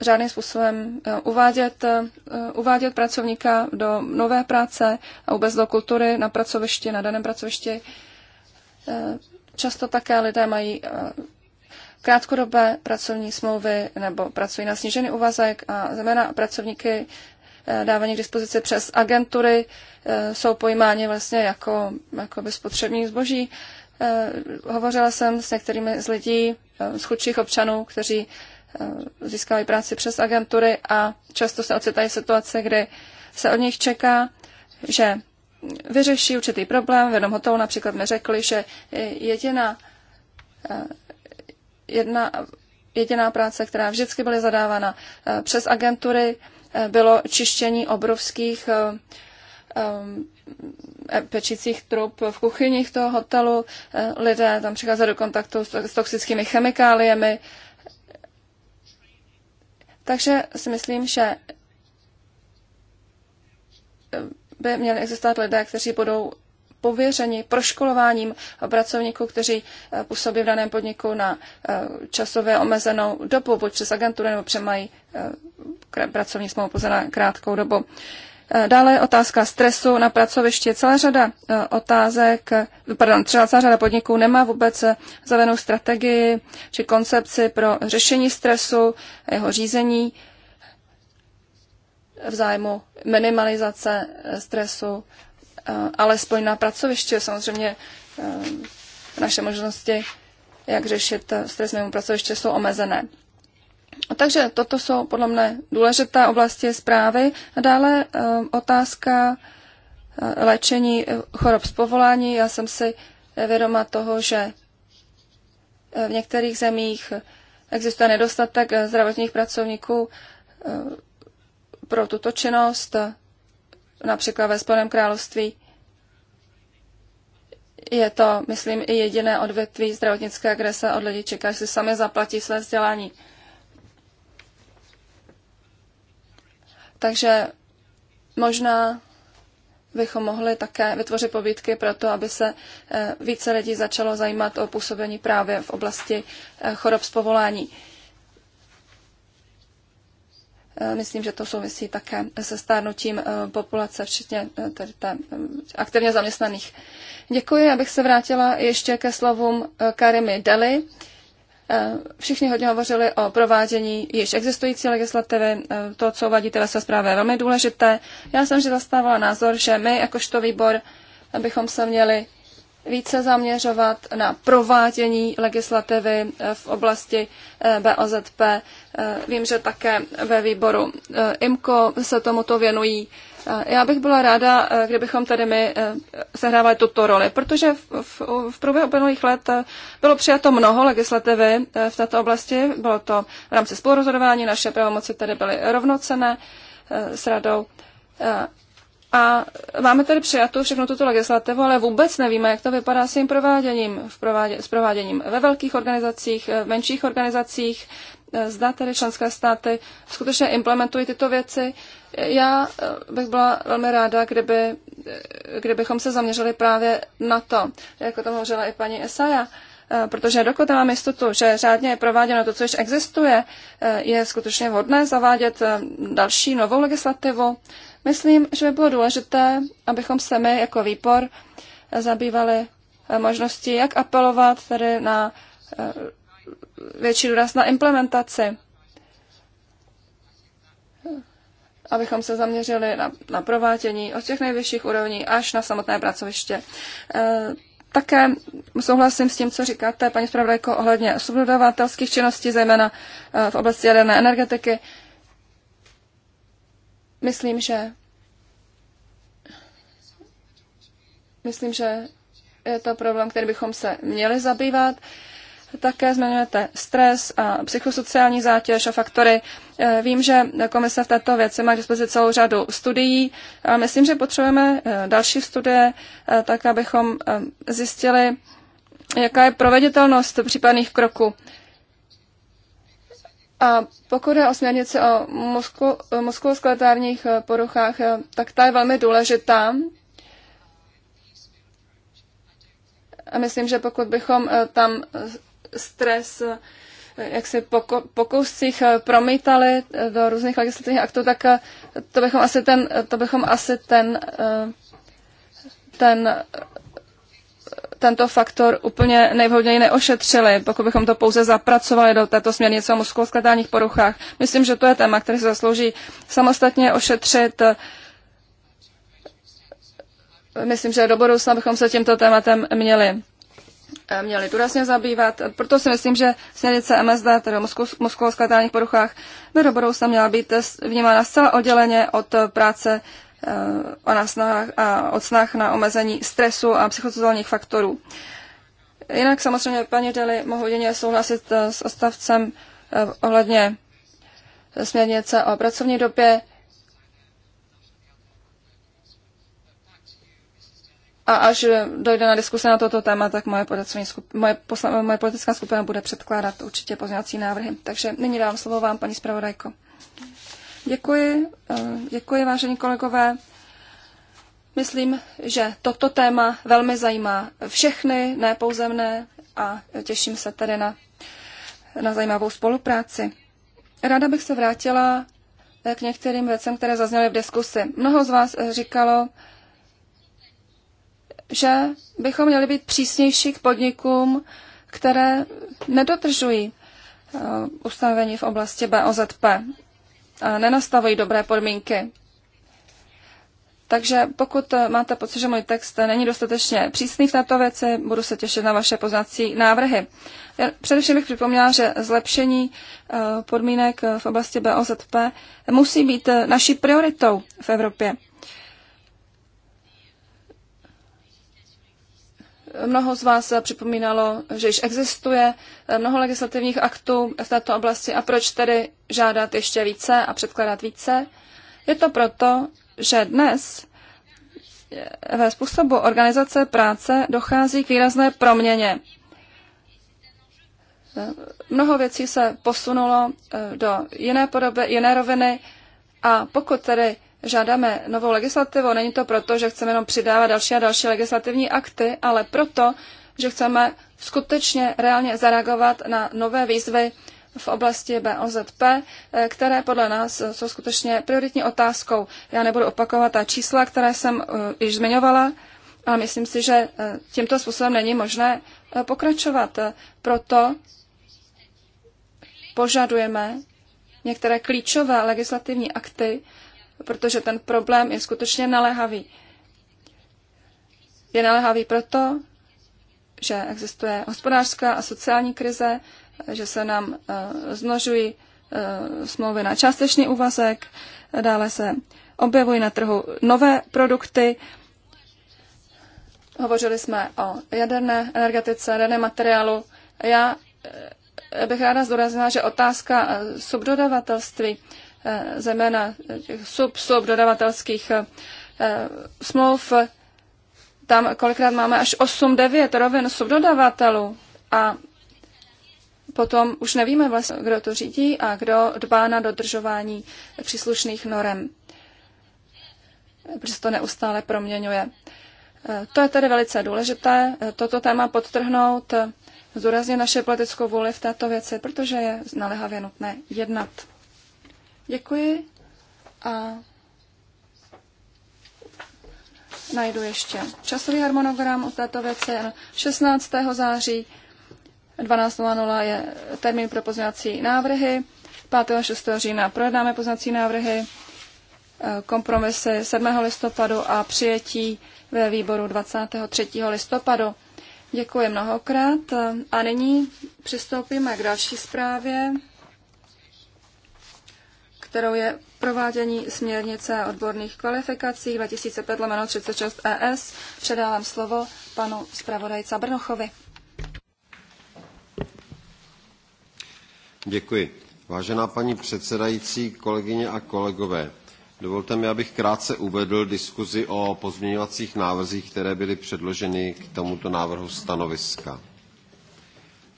řádným způsobem uvádět, uvádět pracovníka do nové práce a vůbec do kultury na pracovišti, na daném pracovišti Často také lidé mají eh, krátkodobé pracovní smlouvy nebo pracují na snížený úvazek a zejména pracovníky eh, dávaní k dispozici přes agentury eh, jsou pojímáni vlastně jako, jako bezpotřební zboží. Hovořila jsem s některými z lidí, z chudších občanů, kteří získávají práci přes agentury a často se ocitají situace, kdy se od nich čeká, že vyřeší určitý problém. V jednom hotelu například mi řekli, že jediná, eh, jedna, jediná práce, která vždycky byla zadávána eh, přes agentury, eh, bylo čištění obrovských pečících trub v kuchyních toho hotelu. Lidé tam přicházeli do kontaktu s toxickými chemikáliemi. Takže si myslím, že by měli existovat lidé, kteří budou pověřeni proškolováním pracovníků, kteří eh, působí v daném podniku na eh, časově omezenou dobu, buď přes agenturu nebo přemají eh, pracovní smlouvu pouze na krátkou dobu. Dále otázka stresu na pracovišti. Celá řada otázek, pardon, třeba celá řada podniků nemá vůbec zelenou strategii či koncepci pro řešení stresu, jeho řízení v zájmu minimalizace eh, stresu, eh, alespoň na pracovišti. Samozřejmě eh, naše možnosti, jak řešit stres mimo pracoviště, jsou omezené. Takže toto jsou podle mne důležité oblasti zprávy. A dále otázka léčení chorob z povolání. Já jsem si vědoma toho, že v některých zemích existuje nedostatek zdravotních pracovníků pro tuto činnost, například ve Spojeném království. Je to, myslím, i jediné odvětví zdravotnické, kde se od lidí čeká, že si sami zaplatí své vzdělání. Takže možná bychom mohli také vytvořit pobídky pro to, aby se eh, více lidí začalo zajímat o působení právě v oblasti eh, chorob z povolání. Eh, myslím, že to souvisí také se stárnutím eh, populace, včetně eh, tedy té aktivně zaměstnaných. Děkuji, abych se vrátila ještě ke slovům Karimy Deli. Všichni hodně hovořili o provádění již existující legislativy. To, co vadí ve své zprávě, je velmi důležité. Já jsem že zastávala názor, že my, jakožto výbor, abychom se měli více zaměřovat na provádění legislativy eh, v oblasti eh, BOZP. Eh, vím, že také ve výboru IMCO se tomuto věnují. Já bych byla ráda, kdybychom tady my sehrávali tuto roli, protože v, v, v průběhu minulých let bylo přijato mnoho legislativy v této oblasti. Bylo to v rámci spolurozhodování, naše pravomoci tady byly rovnocené s radou. A máme tedy přijatou všechno tuto legislativu, ale vůbec nevíme, jak to vypadá s jejím prováděním, v provádě, s prováděním ve velkých organizacích, eh, v menších organizacích, eh, zda tedy členské státy skutečně implementují tyto věci. Já eh, bych byla velmi ráda, kdyby, kdybychom se zaměřili právě na to, jako to hovořila i paní Esaja, protože dokud mám jistotu, že řádně je prováděno to, co již existuje, je skutečně vhodné zavádět další novou legislativu Myslím, že by bylo důležité, abychom se my jako výbor zabývali eh, možností, jak apelovat tedy na eh, větší důraz na implementaci, abychom se zaměřili na, na provádění od těch nejvyšších úrovní až na samotné pracoviště. Eh, Také souhlasím s tím, co říkáte, paní zpravodajko, ohledně subdodavatelských činností, zejména v oblasti jaderné energetiky. Myslím, že myslím, že je to problém, který bychom se měli zabývat. Také zmiňujete stres a psychosociální zátěž a faktory. Eh, vím, že komise v této věci má k dispozici celou řadu studií, ale myslím, že potřebujeme eh, další studie, eh, tak abychom zjistili, jaká je proveditelnost případných kroků. A pokud je o směrnici o muskuloskletárních eh, poruchách, eh, tak ta je velmi důležitá. A myslím, že pokud bychom eh, tam stres jak se pokouscích promítali do různých legislativních aktů, tak to bychom asi ten, to bychom asi ten, ten tento faktor úplně nejvhodněji neošetřili, pokud bychom to pouze zapracovali do této směrnice o muskuloskladálních poruchách. Myslím, že to je téma, které se zaslouží samostatně ošetřit. Myslím, že do budoucna bychom se tímto tématem měli eh, měli důrazně zabývat. Proto si myslím, že směrnice MSD, tedy o muskuloskletálních poruchách, by do budoucna měla být vnímána zcela odděleně od práce o snahách a o snah na omezení stresu a psychosociálních faktorů. Jinak samozřejmě, paní Deli, mohu jedině souhlasit eh, s ostavcem eh, ohledně směrnice o pracovní době. A až dojde na diskuse na toto téma, tak moje, moje, posla- moje politická skupina bude předkládat určitě pozměňovací návrhy. Takže nyní dávám slovo vám, paní zpravodajko. Děkuji, eh, děkuji vážení kolegové. Myslím, že toto téma velmi zajímá všechny, ne pouze mne, a těším se tedy na, na zajímavou spolupráci. Ráda bych se vrátila eh, k některým věcem, které zazněly v diskusi. Mnoho z vás eh, říkalo, že bychom měli být přísnější k podnikům, které nedodržují ustanovení v oblasti BOZP nenastavují dobré podmínky. Takže pokud máte pocit, že můj text není dostatečně přísný v této věci, budu se těšit na vaše poznací návrhy. Především bych připomněla, že zlepšení eh, podmínek v oblasti BOZP musí být eh, naší prioritou v Evropě. Mnoho z vás připomínalo, že již existuje mnoho legislativních aktů v této oblasti a proč tedy žádat ještě více a předkládat více? Je to proto, že dnes ve způsobu organizace práce dochází k výrazné proměně. Mnoho věcí se posunulo do jiné podoby, jiné roviny a pokud tedy žádáme novou legislativu, není to proto, že chceme jenom přidávat další a další legislativní akty, ale proto, že chceme skutečně reálně zareagovat na nové výzvy v oblasti BOZP, eh, které podle nás jsou skutečně prioritní otázkou. Já nebudu opakovat ta čísla, které jsem eh, již zmiňovala, ale myslím si, že eh, tímto způsobem není možné pokračovat. Proto požadujeme některé klíčové legislativní akty, protože ten problém je skutečně naléhavý. Je naléhavý proto, že existuje hospodářská a sociální krize, že se nám eh, znožují eh, smlouvy na částečný úvazek, dále se objevují na trhu nové produkty. Hovořili jsme o jaderné energetice, jaderném materiálu. Já eh, bych ráda zdůraznila, že otázka subdodavatelství Eh, zejména sub-sub dodavatelských eh, smluv, tam kolikrát máme až 8-9 rovin subdodavatelů a potom už nevíme vlastně, kdo to řídí a kdo dbá na dodržování příslušných norem, protože to neustále proměňuje. Eh, to je tedy velice důležité, toto téma podtrhnout, zúraznit naše politickou vůli v této věci, protože je naléhavě nutné jednat. Děkuji a najdu ještě časový harmonogram o této věci. 16. září 12.00 je termín pro poznací návrhy. 5. a 6. října projednáme poznací návrhy, e, kompromisy 7. listopadu a přijetí ve výboru 23. listopadu. Děkuji mnohokrát e, a nyní přistoupíme k další zprávě kterou je provádění směrnice odborných kvalifikací 2005-36 ES. Předávám slovo panu zpravodajca Brnochovi. Děkuji. Vážená paní předsedající, kolegyně a kolegové, dovolte mi, abych krátce uvedl diskuzi o pozměňovacích návrzích, které byly předloženy k tomuto návrhu stanoviska.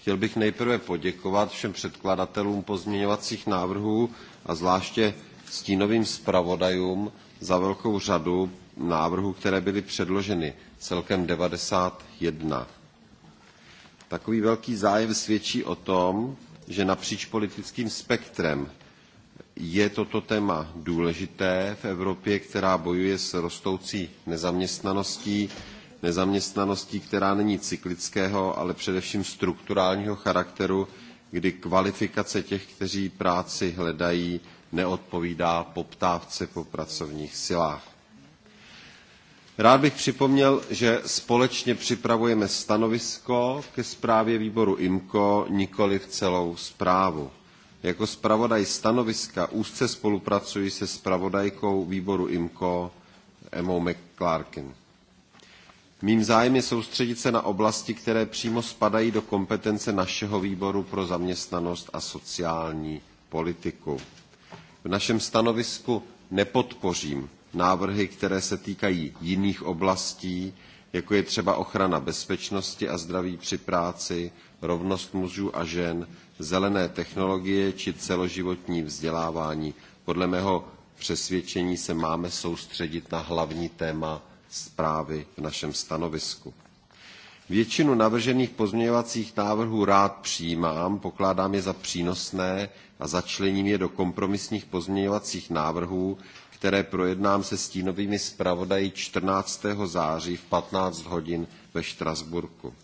Chtěl bych nejprve poděkovat všem předkladatelům pozměňovacích návrhů a zvláště stínovým zpravodajům za velkou řadu návrhů, které byly předloženy, celkem 91. Takový velký zájem svědčí o tom, že napříč politickým spektrem je toto téma důležité v Evropě, která bojuje s rostoucí nezaměstnaností, nezaměstnaností, která není cyklického, ale především strukturálního charakteru, kdy kvalifikace těch, kteří práci hledají, neodpovídá poptávce po pracovních silách. Rád bych připomněl, že společně připravujeme stanovisko ke zprávě výboru IMCO, nikoli v celou zprávu. Jako zpravodaj stanoviska úzce spolupracuji se zpravodajkou výboru IMCO Emou McClarkin. Mým zájem je soustředit se na oblasti, které přímo spadají do kompetence našeho výboru pro zaměstnanost a sociální politiku. V našem stanovisku nepodpořím návrhy, které se týkají jiných oblastí, jako je třeba ochrana bezpečnosti a zdraví při práci, rovnost mužů a žen, zelené technologie či celoživotní vzdělávání. Podle mého přesvědčení se máme soustředit na hlavní téma zprávy v našem stanovisku. Většinu navržených pozměňovacích návrhů rád přijímám, pokládám je za přínosné a začlením je do kompromisních pozměňovacích návrhů, které projednám se stínovými zpravodaji 14. září v 15 hodin ve Štrasburku.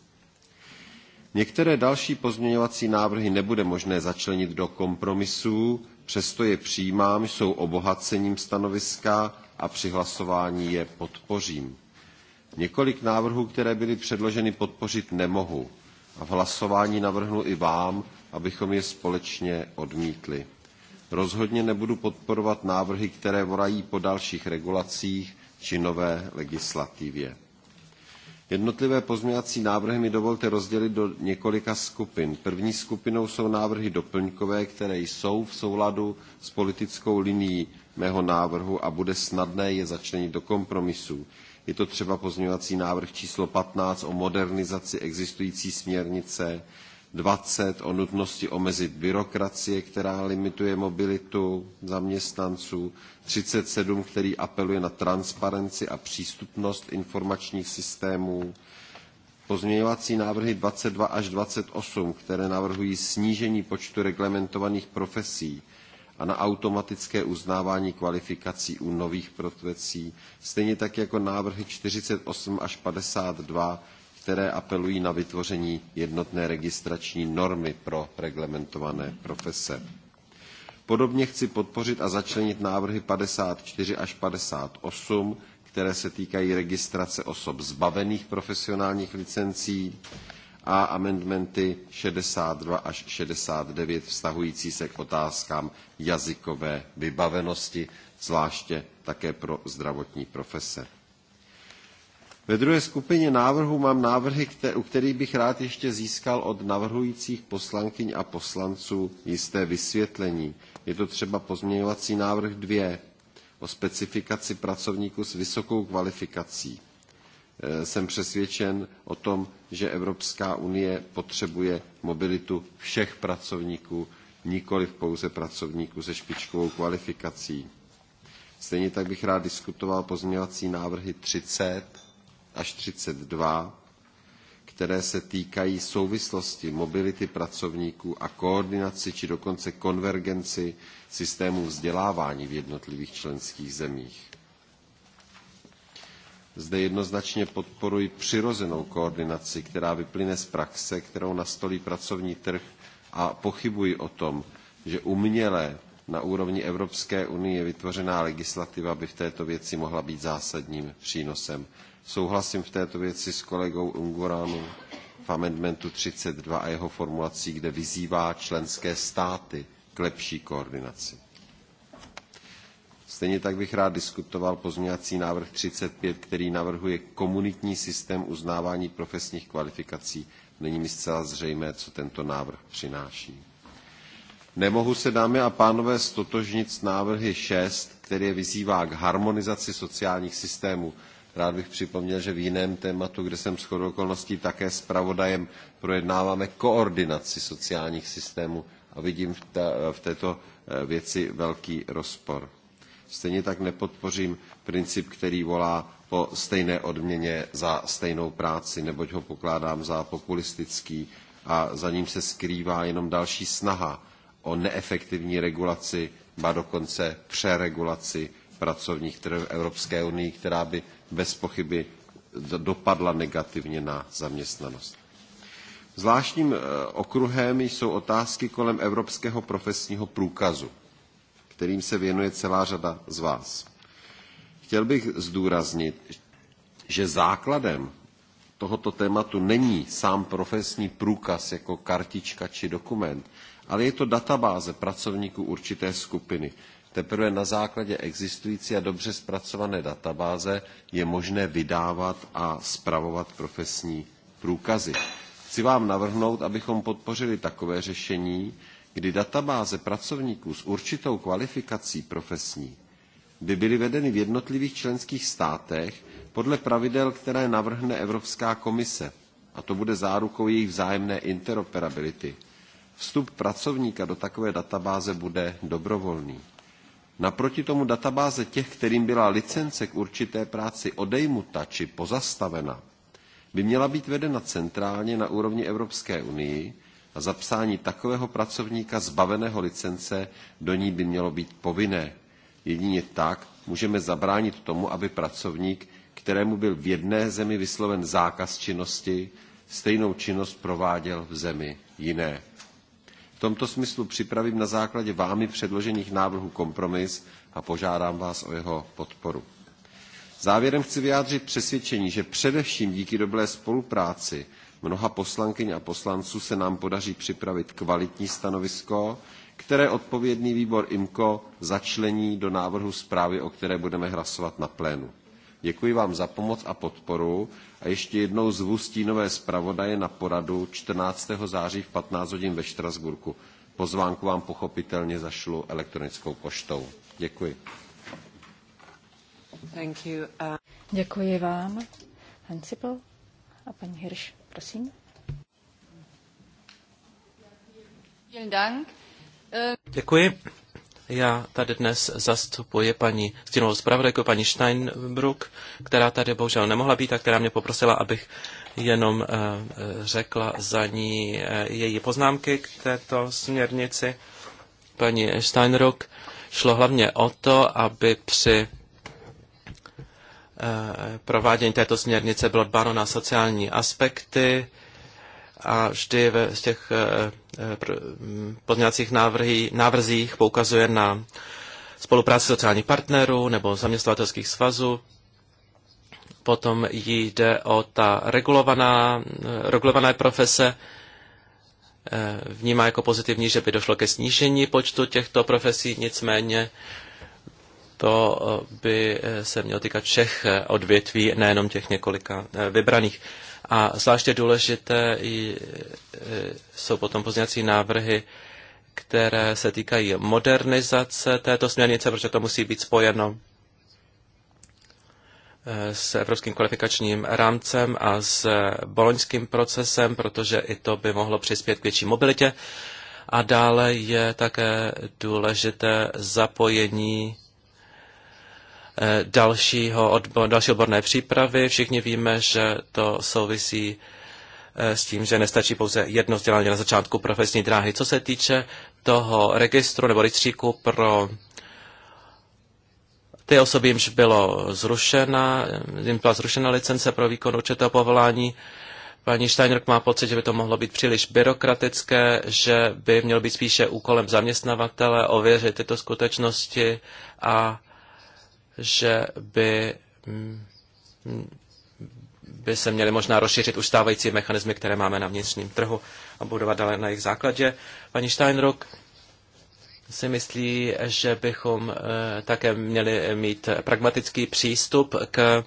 Některé další pozměňovací návrhy nebude možné začlenit do kompromisů, přesto je přijímám, jsou obohacením stanoviska a při hlasování je podpořím. Několik návrhů, které byly předloženy, podpořit nemohu a v hlasování navrhnu i vám, abychom je společně odmítli. Rozhodně nebudu podporovat návrhy, které volají po dalších regulacích či nové legislativě. Jednotlivé pozměňovací návrhy mi dovolte rozdělit do několika skupin. První skupinou jsou návrhy doplňkové, které jsou v souladu s politickou linií mého návrhu a bude snadné je začlenit do kompromisů. Je to třeba pozměňovací návrh číslo 15 o modernizaci existující směrnice, 20 o nutnosti omezit byrokracie, která limituje mobilitu zaměstnanců, 37, který apeluje na transparenci a přístupnost informačních systémů, Pozměňovací návrhy 22 až 28, které navrhují snížení počtu reglementovaných profesí, a na automatické uznávání kvalifikací u nových profesí, stejně tak jako návrhy 48 až 52, které apelují na vytvoření jednotné registrační normy pro reglementované profese. Podobně chci podpořit a začlenit návrhy 54 až 58, které se týkají registrace osob zbavených profesionálních licencí, a amendmenty 62 až 69 vztahující se k otázkám jazykové vybavenosti, zvláště také pro zdravotní profese. Ve druhé skupině návrhů mám návrhy, u kterých bych rád ještě získal od navrhujících poslankyň a poslanců jisté vysvětlení. Je to třeba pozměňovací návrh 2 o specifikaci pracovníků s vysokou kvalifikací. Eh, jsem přesvědčen o tom, že Evropská unie potřebuje mobilitu všech pracovníků, nikoli pouze pracovníků se špičkovou kvalifikací. Stejně tak bych rád diskutoval pozměňovací návrhy 30 až 32, které se týkají souvislosti mobility pracovníků a koordinaci či dokonce konvergenci systémů vzdělávání v jednotlivých členských zemích. Zde jednoznačně podporuji přirozenou koordinaci, která vyplyne z praxe, kterou nastolí pracovní trh a pochybuji o tom, že uměle na úrovni Evropské unie vytvořená legislativa by v této věci mohla být zásadním přínosem. Souhlasím v této věci s kolegou Ungoránu v amendmentu 32 a jeho formulací, kde vyzývá členské státy k lepší koordinaci. Stejně tak bych rád diskutoval pozměňovací návrh 35, který navrhuje komunitní systém uznávání profesních kvalifikací. Není mi zcela zřejmé, co tento návrh přináší. Nemohu se, dámy a pánové, stotožnit s návrhy 6, který vyzývá k harmonizaci sociálních systémů. Rád bych připomněl, že v jiném tématu, kde jsem shodou okolností také zpravodajem, projednáváme koordinaci sociálních systémů a vidím v, ta, v této eh, věci velký rozpor. Stejně tak nepodpořím princip, který volá po stejné odměně za stejnou práci, neboť ho pokládám za populistický a za ním se skrývá jenom další snaha o neefektivní regulaci, ba dokonce přeregulaci pracovních trhů Evropské unii, která by bez pochyby dopadla negativně na zaměstnanost. Zvláštním eh, okruhem jsou otázky kolem Evropského profesního průkazu kterým se věnuje celá řada z vás. Chtěl bych zdůraznit, že základem tohoto tématu není sám profesní průkaz jako kartička či dokument, ale je to databáze pracovníků určité skupiny. Teprve na základě existující a dobře zpracované databáze je možné vydávat a spravovat profesní průkazy. Chci vám navrhnout, abychom podpořili takové řešení, kdy databáze pracovníků s určitou kvalifikací profesní by byly vedeny v jednotlivých členských státech podle pravidel, které navrhne Evropská komise. A to bude zárukou jejich vzájemné interoperability. Vstup pracovníka do takové databáze bude dobrovolný. Naproti tomu databáze těch, kterým byla licence k určité práci odejmuta či pozastavena, by měla být vedena centrálně na úrovni Evropské unii a zapsání takového pracovníka zbaveného licence do ní by mělo být povinné. Jedině tak můžeme zabránit tomu, aby pracovník, kterému byl v jedné zemi vysloven zákaz činnosti, stejnou činnost prováděl v zemi jiné. V tomto smyslu připravím na základě vámi předložených návrhů kompromis a požádám vás o jeho podporu. Závěrem chci vyjádřit přesvědčení, že především díky dobré spolupráci mnoha poslankyň a poslanců se nám podaří připravit kvalitní stanovisko, které odpovědný výbor IMCO začlení do návrhu zprávy, o které budeme hlasovat na plénu. Děkuji vám za pomoc a podporu a ještě jednou zvu stínové zpravodaje na poradu 14. září v 15 hodin ve Štrasburku. Pozvánku vám pochopitelně zašlu elektronickou poštou. Děkuji. Thank you. Uh... Děkuji vám. Pan a paní Hirsch. Prosím. Děkuji. Já tady dnes zastupuji paní stínovou zpravodajku, paní Steinbruck, která tady bohužel nemohla být a která mě poprosila, abych jenom eh, řekla za ní eh, její poznámky k této směrnici. Paní Steinruck šlo hlavně o to, aby při Eh, provádění této směrnice bylo dbáno na sociální aspekty a vždy ve, z těch eh, eh, mm, pozměňovacích návrzích poukazuje na spolupráci sociálních partnerů nebo zaměstnavatelských svazů. Potom jde o ta regulovaná, regulované profese, vnímá jako pozitivní, že by došlo ke snížení počtu těchto profesí, nicméně to eh, by eh, se mělo týkat všech eh, odvětví, nejenom těch několika vybraných. A zvláště důležité jsou potom pozněcí návrhy, které se týkají modernizace této směrnice, protože to musí být spojeno s evropským kvalifikačním rámcem a s boloňským procesem, protože i to by mohlo přispět k větší mobilitě. A dále je také důležité zapojení Eh, dalšího odbo- další odborné přípravy. Všichni víme, že to souvisí eh, s tím, že nestačí pouze jedno vzdělání na začátku profesní dráhy. Co se týče toho registru nebo rejstříku pro ty osoby, jimž bylo zrušena, jim byla zrušena licence pro výkon určitého povolání, paní Steinrock má pocit, že by to mohlo být příliš byrokratické, že by mělo být spíše úkolem zaměstnavatele ověřit tyto skutečnosti a že by, mm, by se měly možná rozšířit už stávající mechanismy, které máme na vnitřním trhu a budovat dále na jejich základě. Paní Steinrock si myslí, že bychom eh, také měli mít pragmatický přístup k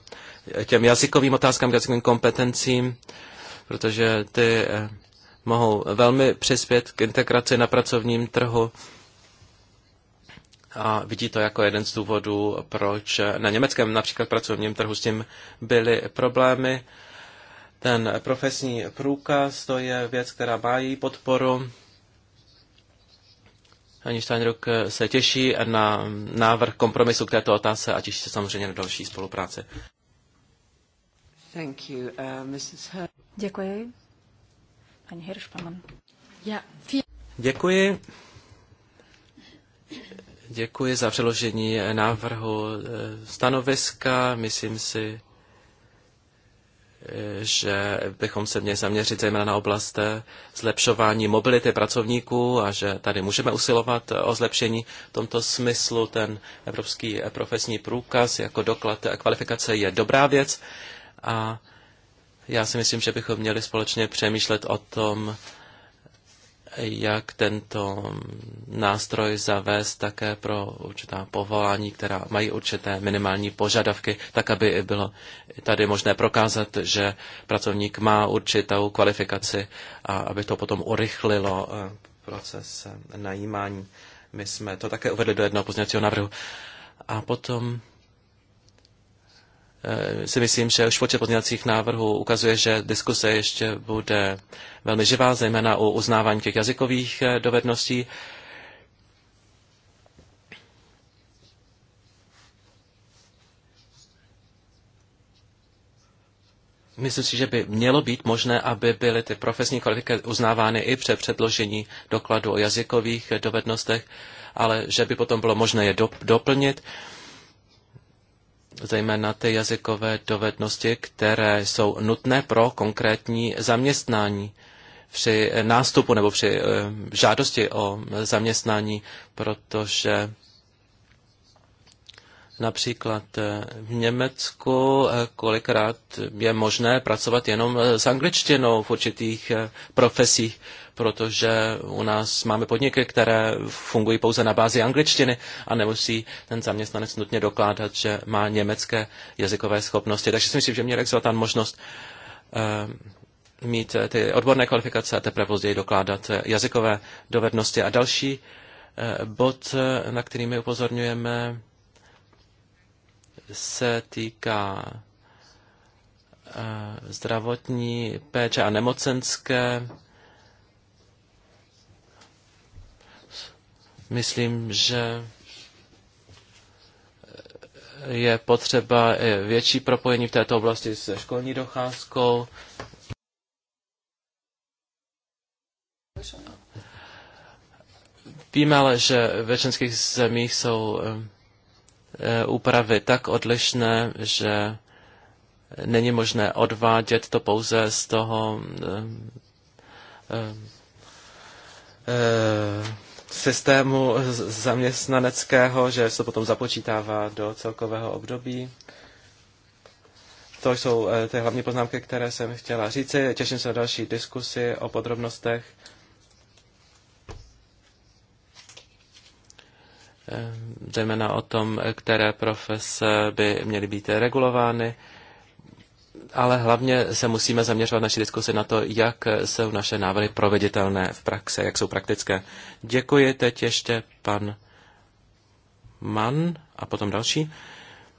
těm jazykovým otázkám, k jazykovým kompetencím, protože ty eh, mohou velmi přispět k integraci na pracovním trhu a vidí to jako jeden z důvodů, proč na německém například pracovním trhu s tím byly problémy. Ten profesní průkaz, to je věc, která má její podporu. Ani Steinruck se těší na návrh kompromisu k této otázce a těší se samozřejmě na další spolupráci. Thank you, uh, Mrs. Děkuji. Paní Hirschmann. Yeah. Děkuji. Děkuji za přeložení návrhu eh, stanoviska. Myslím si, eh, že bychom se měli zaměřit zejména na oblast eh, zlepšování mobility pracovníků a že tady můžeme usilovat o zlepšení v tomto smyslu. Ten evropský profesní průkaz jako doklad kvalifikace je dobrá věc a já si myslím, že bychom měli společně přemýšlet o tom, jak tento nástroj zavést také pro určitá povolání, která mají určité minimální požadavky, tak aby bylo tady možné prokázat, že pracovník má určitou kvalifikaci a aby to potom urychlilo eh, proces eh, najímání. My jsme to také uvedli do jednoho pozměňovacího návrhu. A potom Eh, si myslím, že už počet pozměňovacích návrhů ukazuje, že diskuse ještě bude velmi živá, zejména u uznávání těch jazykových eh, dovedností. Myslím si, že by mělo být možné, aby byly ty profesní kvalifikace uznávány i před předložení dokladu o jazykových eh, dovednostech, ale že by potom bylo možné je doplnit zejména ty jazykové dovednosti, které jsou nutné pro konkrétní zaměstnání při nástupu nebo při eh, žádosti o zaměstnání, protože Například eh, v Německu eh, kolikrát je možné pracovat jenom eh, s angličtinou v určitých profesích, protože u nás máme podniky, které fungují pouze na bázi angličtiny a nemusí ten zaměstnanec nutně dokládat, že má německé jazykové schopnosti. Takže si myslím, že měl existovat možnost mít ty odborné kvalifikace a teprve později dokládat jazykové dovednosti. A další bod, na který my upozorňujeme, se týká eh, zdravotní péče a nemocenské. Myslím, že je potřeba eh, větší propojení v této oblasti se školní docházkou. Víme ale, že ve členských zemích jsou eh, Eh, úpravy tak odlišné, že není možné odvádět to pouze z toho eh, eh, systému zaměstnaneckého, že se potom započítává do celkového období. To jsou ty hlavní poznámky, které jsem chtěla říci. Těším se na další diskusy o podrobnostech Eh, zejména o tom, které profese by měly být regulovány, ale hlavně se musíme zaměřovat naši diskusi na to, jak jsou naše návrhy proveditelné v praxi, jak jsou praktické. Děkuji teď ještě pan Mann a potom další.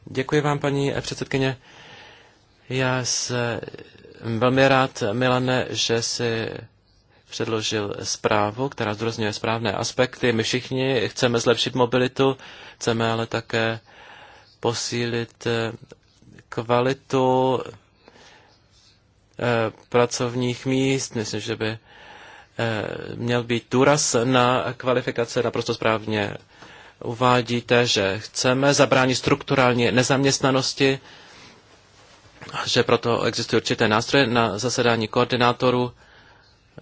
Děkuji vám, paní předsedkyně. Já jsem velmi rád, Milane, že si předložil zprávu, která zdůrazňuje správné aspekty. My všichni chceme zlepšit mobilitu, chceme ale také posílit eh, kvalitu eh, pracovních míst. Myslím, že by eh, měl být důraz na kvalifikace naprosto správně. Uvádíte, že chceme zabránit strukturální nezaměstnanosti, že proto existují určité nástroje na zasedání koordinátorů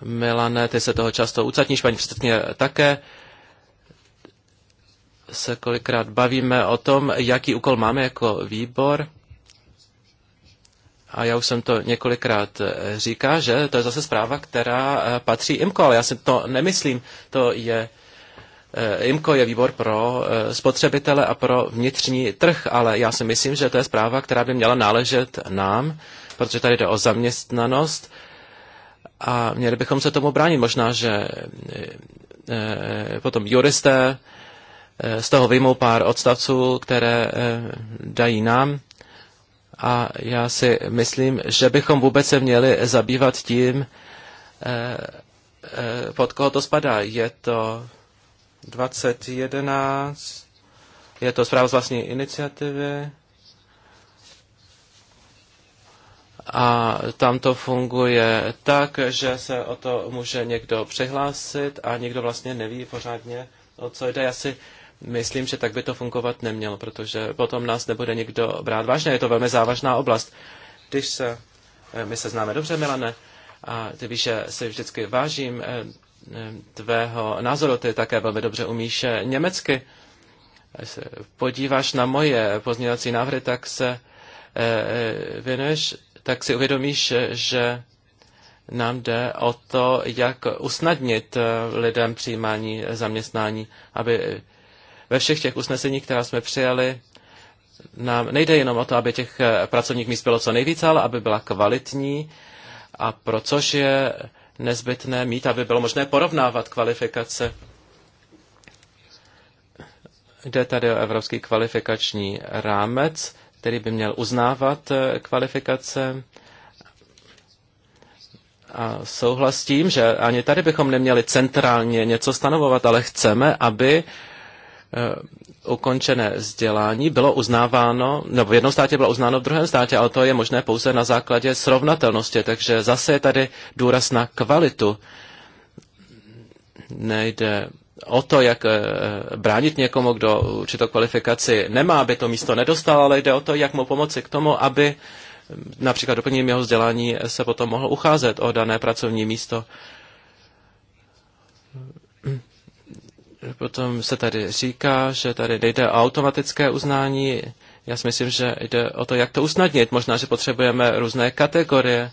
Milane, ty se toho často ucatníš, paní předsedkyně také se kolikrát bavíme o tom, jaký úkol máme jako výbor. A já už jsem to několikrát říká, že to je zase zpráva, která eh, patří IMKO, ale já si to nemyslím. To je eh, IMKO je výbor pro eh, spotřebitele a pro vnitřní trh, ale já si myslím, že to je zpráva, která by měla náležet nám, protože tady jde o zaměstnanost a měli bychom se tomu bránit. Možná, že eh, eh, potom juristé eh, z toho vyjmou pár odstavců, které dají nám. A já si myslím, že bychom vůbec se měli zabývat tím, pod koho to spadá. Je to 2011, je to zpráva z vlastní iniciativy, a tam to funguje tak, že se o to může někdo přihlásit a někdo vlastně neví pořádně, o co jde. Já si myslím, že tak by to fungovat nemělo, protože potom nás nebude nikdo brát vážně. Je to velmi závažná oblast. Když se, eh, my se známe dobře, Milane, a ty víš, že si vždycky vážím eh, eh, tvého názoru, ty také velmi dobře umíš německy. Když se podíváš na moje pozměňovací návrhy, tak se věnuješ tak si uvědomíš, že nám jde o to, jak usnadnit eh, lidem přijímání zaměstnání, aby ve všech těch usneseních, která jsme přijali, nám nejde jenom o to, aby těch eh, pracovních míst bylo co nejvíce, ale aby byla kvalitní a pro což je nezbytné mít, aby bylo možné porovnávat kvalifikace. Jde tady o evropský kvalifikační rámec, který by měl uznávat eh, kvalifikace. A souhlas tím, že ani tady bychom neměli centrálně něco stanovovat, ale chceme, aby eh, ukončené vzdělání bylo uznáváno, nebo v jednom státě bylo uznáno v druhém státě, ale to je možné pouze na základě srovnatelnosti, takže zase je tady důraz na kvalitu. Nejde o to, jak eh, bránit někomu, kdo určitou kvalifikaci nemá, aby to místo nedostal, ale jde o to, jak mu pomoci k tomu, aby hm, například doplněním jeho vzdělání se potom mohl ucházet o dané pracovní místo. Potom se tady říká, že tady nejde o automatické uznání. Já si myslím, že jde o to, jak to usnadnit. Možná, že potřebujeme různé kategorie.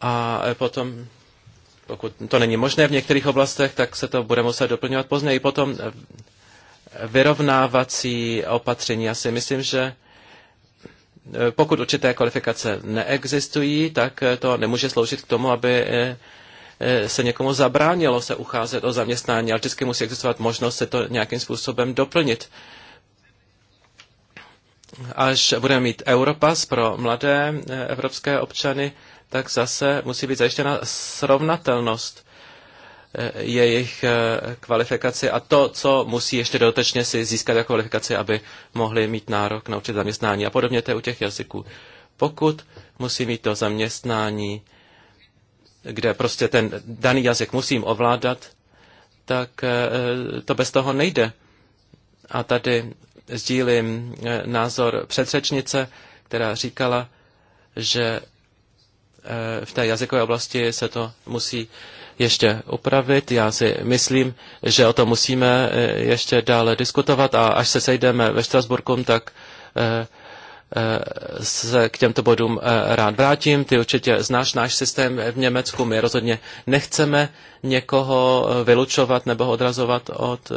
A potom pokud to není možné v některých oblastech, tak se to bude muset doplňovat později. Potom eh, vyrovnávací opatření. Já si myslím, že eh, pokud určité kvalifikace neexistují, tak eh, to nemůže sloužit k tomu, aby se někomu zabránilo se ucházet o zaměstnání, ale vždycky musí existovat možnost se to nějakým způsobem doplnit. Až budeme mít Europass pro mladé evropské občany, tak zase musí být zajištěna srovnatelnost eh, jejich eh, kvalifikaci a to, co musí ještě dodatečně si získat jako kvalifikaci, aby mohli mít nárok na určité zaměstnání. A podobně to je u těch jazyků. Pokud musí mít to zaměstnání, kde prostě ten daný jazyk musím ovládat, tak eh, to bez toho nejde. A tady sdílím názor předřečnice, která říkala, že Eh, v té jazykové oblasti se to musí ještě upravit. Já si myslím, že o tom musíme eh, ještě dále diskutovat a až se sejdeme ve Štrasburku, tak eh, se k těmto bodům rád vrátím. Ty určitě znáš náš systém v Německu. My rozhodně nechceme někoho vylučovat nebo odrazovat od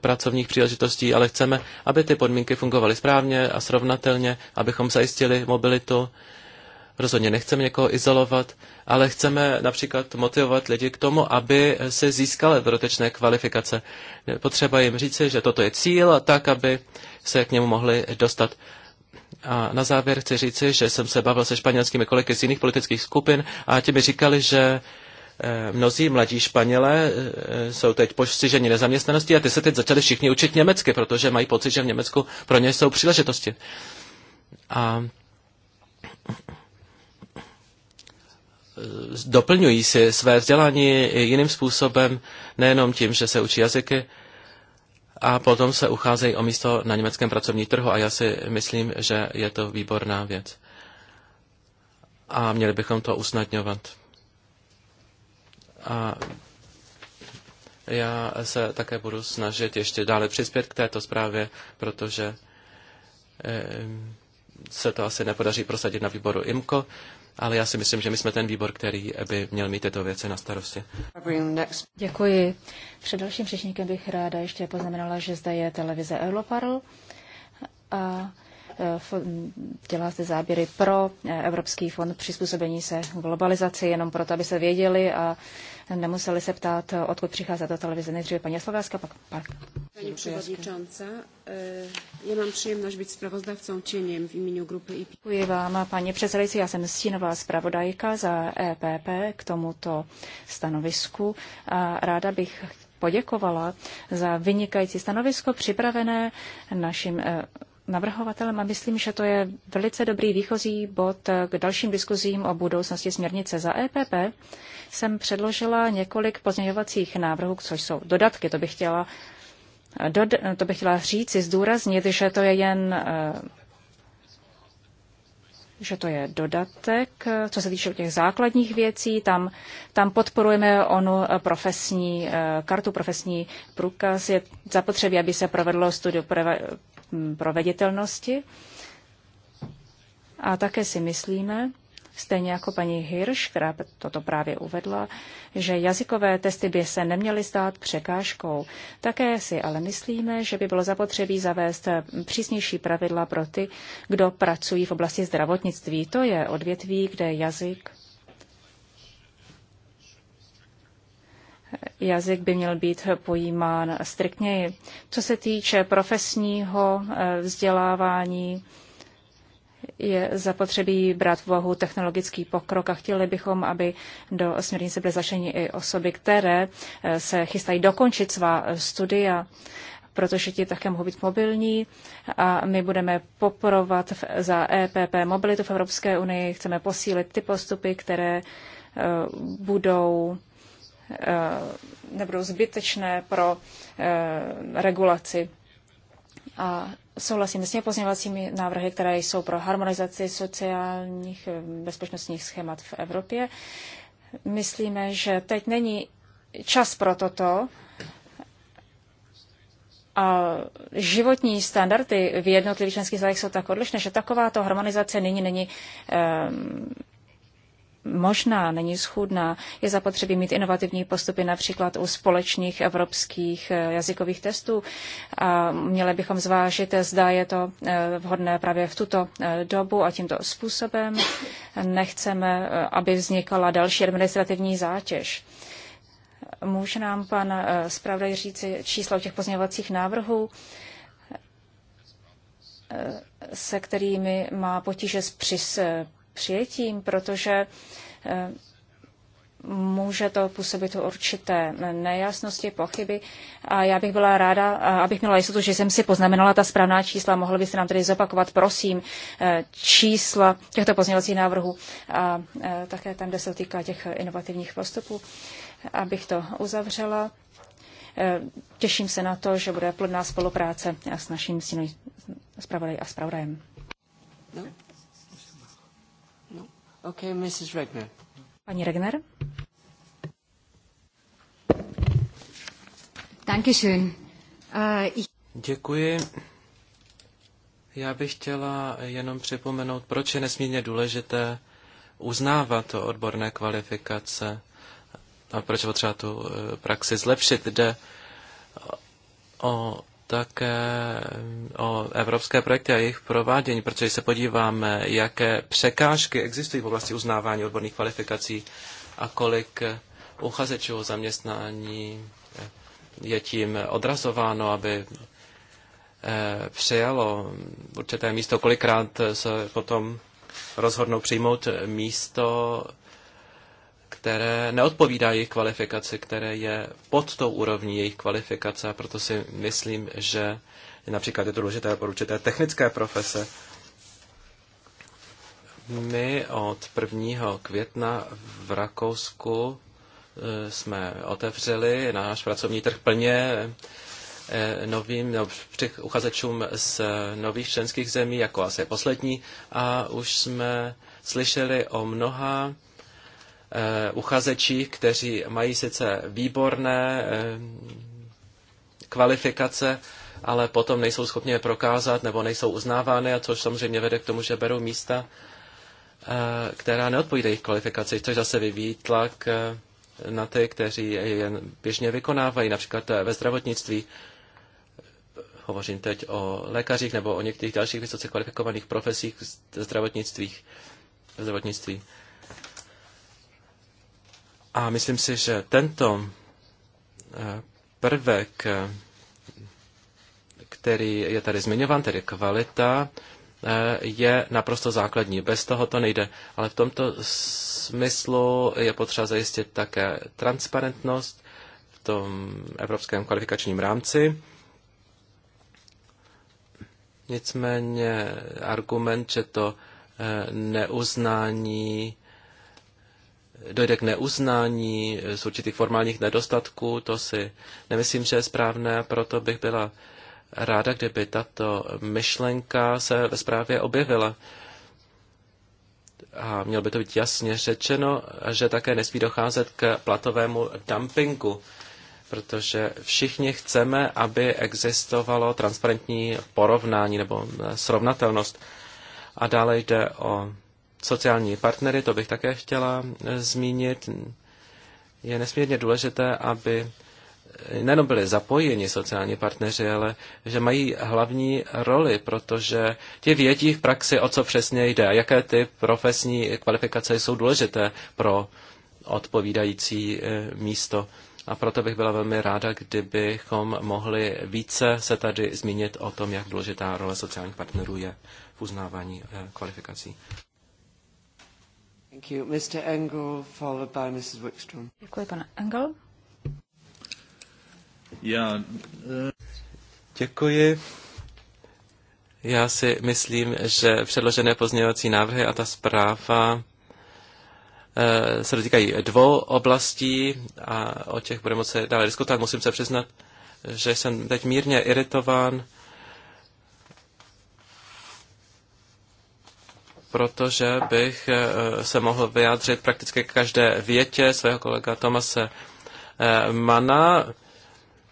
pracovních příležitostí, ale chceme, aby ty podmínky fungovaly správně a srovnatelně, abychom zajistili mobilitu Rozhodně nechceme někoho izolovat, ale chceme například motivovat lidi k tomu, aby se získali dodatečné kvalifikace. Potřeba jim říci, že toto je cíl, tak, aby se k němu mohli dostat. A na závěr chci říci, že jsem se bavil se španělskými kolegy z jiných politických skupin a ti mi říkali, že eh, mnozí mladí Španělé eh, jsou teď postiženi nezaměstnaností a ty se teď začali všichni učit německy, protože mají pocit, že v Německu pro ně jsou příležitosti. A Eh, doplňují si své vzdělání jiným způsobem, nejenom tím, že se učí jazyky, a potom se ucházejí o místo na německém pracovní trhu a já si myslím, že je to výborná věc. A měli bychom to usnadňovat. A já se také budu snažit ještě dále přispět k této zprávě, protože eh, se to asi nepodaří prosadit na výboru IMCO, ale já si myslím, že my jsme ten výbor, který by měl mít tyto věci na starosti. Děkuji. Před dalším řečníkem bych ráda ještě poznamenala, že zde je televize Europarl a e, dělá zde záběry pro e, Evropský fond přizpůsobení se globalizaci, jenom proto, aby se věděli a nemuseli se ptát, odkud přichází do televize. Nejdříve paní Slovácka, pak pak. Pani przewodnicząca, já mám eh, příjemnost být sprawozdawcą cieniem v imieniu grupy IP. Děkuji vám, paní předsedající, já jsem stínová zpravodajka za EPP k tomuto stanovisku a ráda bych poděkovala za vynikající stanovisko připravené našim eh, navrhovatelem a myslím, že to je velice dobrý výchozí bod k dalším diskuzím o budoucnosti směrnice. Za EPP jsem předložila několik pozměňovacích návrhů, což jsou dodatky, to bych chtěla, dod, to bych chtěla říci, zdůraznit, že to je jen eh, že to je dodatek. Co se týče těch základních věcí, tam, tam podporujeme onu profesní eh, kartu, profesní průkaz. Je zapotřebí, aby se provedlo studium Mm, proveditelnosti. A také si myslíme, stejně jako paní Hirsch, která toto právě uvedla, že jazykové testy by se neměly stát překážkou. Také si ale myslíme, že by bylo zapotřebí zavést přísnější pravidla pro ty, kdo pracují v oblasti zdravotnictví. To je odvětví, kde jazyk jazyk by měl být pojímán striktněji. Co se týče profesního eh, vzdělávání, je zapotřebí brát v úvahu technologický pokrok a chtěli bychom, aby do směrnice byly začleny i osoby, které eh, se chystají dokončit svá eh, studia protože ti také mohou být mobilní a my budeme poporovat za EPP mobilitu v Evropské unii. Chceme posílit ty postupy, které budou Eh, nebudou zbytečné pro eh, regulaci. A souhlasím s těmi pozměňovacími návrhy, které jsou pro harmonizaci sociálních eh, bezpečnostních schémat v Evropě. Myslíme, že teď není čas pro toto, a životní standardy v jednotlivých členských zájech jsou tak odlišné, že takováto harmonizace nyní není um, možná, není schůdná. Je zapotřebí mít inovativní postupy například u společných evropských eh, jazykových testů a měli bychom zvážit, zda je to eh, vhodné právě v tuto eh, dobu a tímto způsobem. Nechceme, aby vznikala další administrativní zátěž. Může nám pan zpravodaj říci číslo těch pozměňovacích návrhů? se kterými má potíže s přis, přijetím, protože eh, může to působit určité nejasnosti, pochyby. A já bych byla ráda, abych měla jistotu, že jsem si poznamenala ta správná čísla. Mohli byste nám tedy zopakovat, prosím, eh, čísla těchto pozměňovacích návrhů a eh, také tam, kde se týká těch inovativních postupů, abych to uzavřela. Těším se na to, že bude plodná spolupráce s naším synem zpravodajem a zpravodajem. No. Okay, Mrs. Regner. Regner. Dankeschön. Äh, Děkuji. Já bych chtěla jenom připomenout, proč je nesmírně důležité uznávat to odborné kvalifikace a proč potřeba tu eh, praxi zlepšit. Jde o také eh, o evropské projekty a jejich provádění, protože se podíváme, jaké překážky existují v oblasti uznávání odborných kvalifikací a kolik eh, uchazečů o zaměstnání eh, je tím odrazováno, aby přijalo určité místo, kolikrát se potom rozhodnou přijmout místo, které neodpovídá jejich kvalifikaci, které je pod tou úrovní jejich kvalifikace a proto si myslím, že například je to důležité pro určité technické profese. My od 1. května v Rakousku eh, jsme otevřeli náš pracovní trh plně eh, novým no, uchazečům z nových členských zemí, jako asi poslední, a už jsme slyšeli o mnoha Eh, uchazeči, kteří mají sice výborné eh, kvalifikace, ale potom nejsou schopni je prokázat nebo nejsou uznávány, a což samozřejmě vede k tomu, že berou místa, eh, která neodpovídají jejich kvalifikaci, což zase vyvíjí tlak na ty, kteří je běžně vykonávají, například ve zdravotnictví. Hovořím teď o lékařích nebo o některých dalších vysoce kvalifikovaných profesích v zdravotnictví. V zdravotnictví. A myslím si, že tento eh, prvek, eh, který je tady zmiňován, tedy kvalita, eh, je naprosto základní. Bez toho to nejde. Ale v tomto smyslu je potřeba zajistit také transparentnost v tom evropském kvalifikačním rámci. Nicméně argument, že to neuznání dojde k neuznání eh, z určitých formálních nedostatků, to si nemyslím, že je správné, proto bych byla ráda, kdyby tato myšlenka se ve zprávě objevila. A mělo by to být jasně řečeno, že také nesmí docházet k platovému dumpingu, protože všichni chceme, aby existovalo transparentní porovnání nebo eh, srovnatelnost. A dále jde o sociální partnery, to bych také chtěla e, zmínit. Je nesmírně důležité, aby nejenom byli zapojeni sociální partneři, ale že mají hlavní roli, protože ti vědí v praxi, o co přesně jde a jaké ty profesní kvalifikace jsou důležité pro odpovídající e, místo. A proto bych byla velmi ráda, kdybychom mohli více se tady zmínit o tom, jak důležitá role sociálních partnerů je v uznávání e, kvalifikací. Thank you. Mr. Engel, followed by Mrs. Wickstrom. Děkuji, pane Engel. Já eh, děkuji. Já si myslím, že předložené pozměňovací návrhy a ta zpráva eh, se dotýkají dvou oblastí a o těch budeme moci dále diskutovat. Musím se přiznat, že jsem teď mírně iritován protože bych eh, se mohl vyjádřit prakticky každé větě svého kolega Tomase eh, Mana.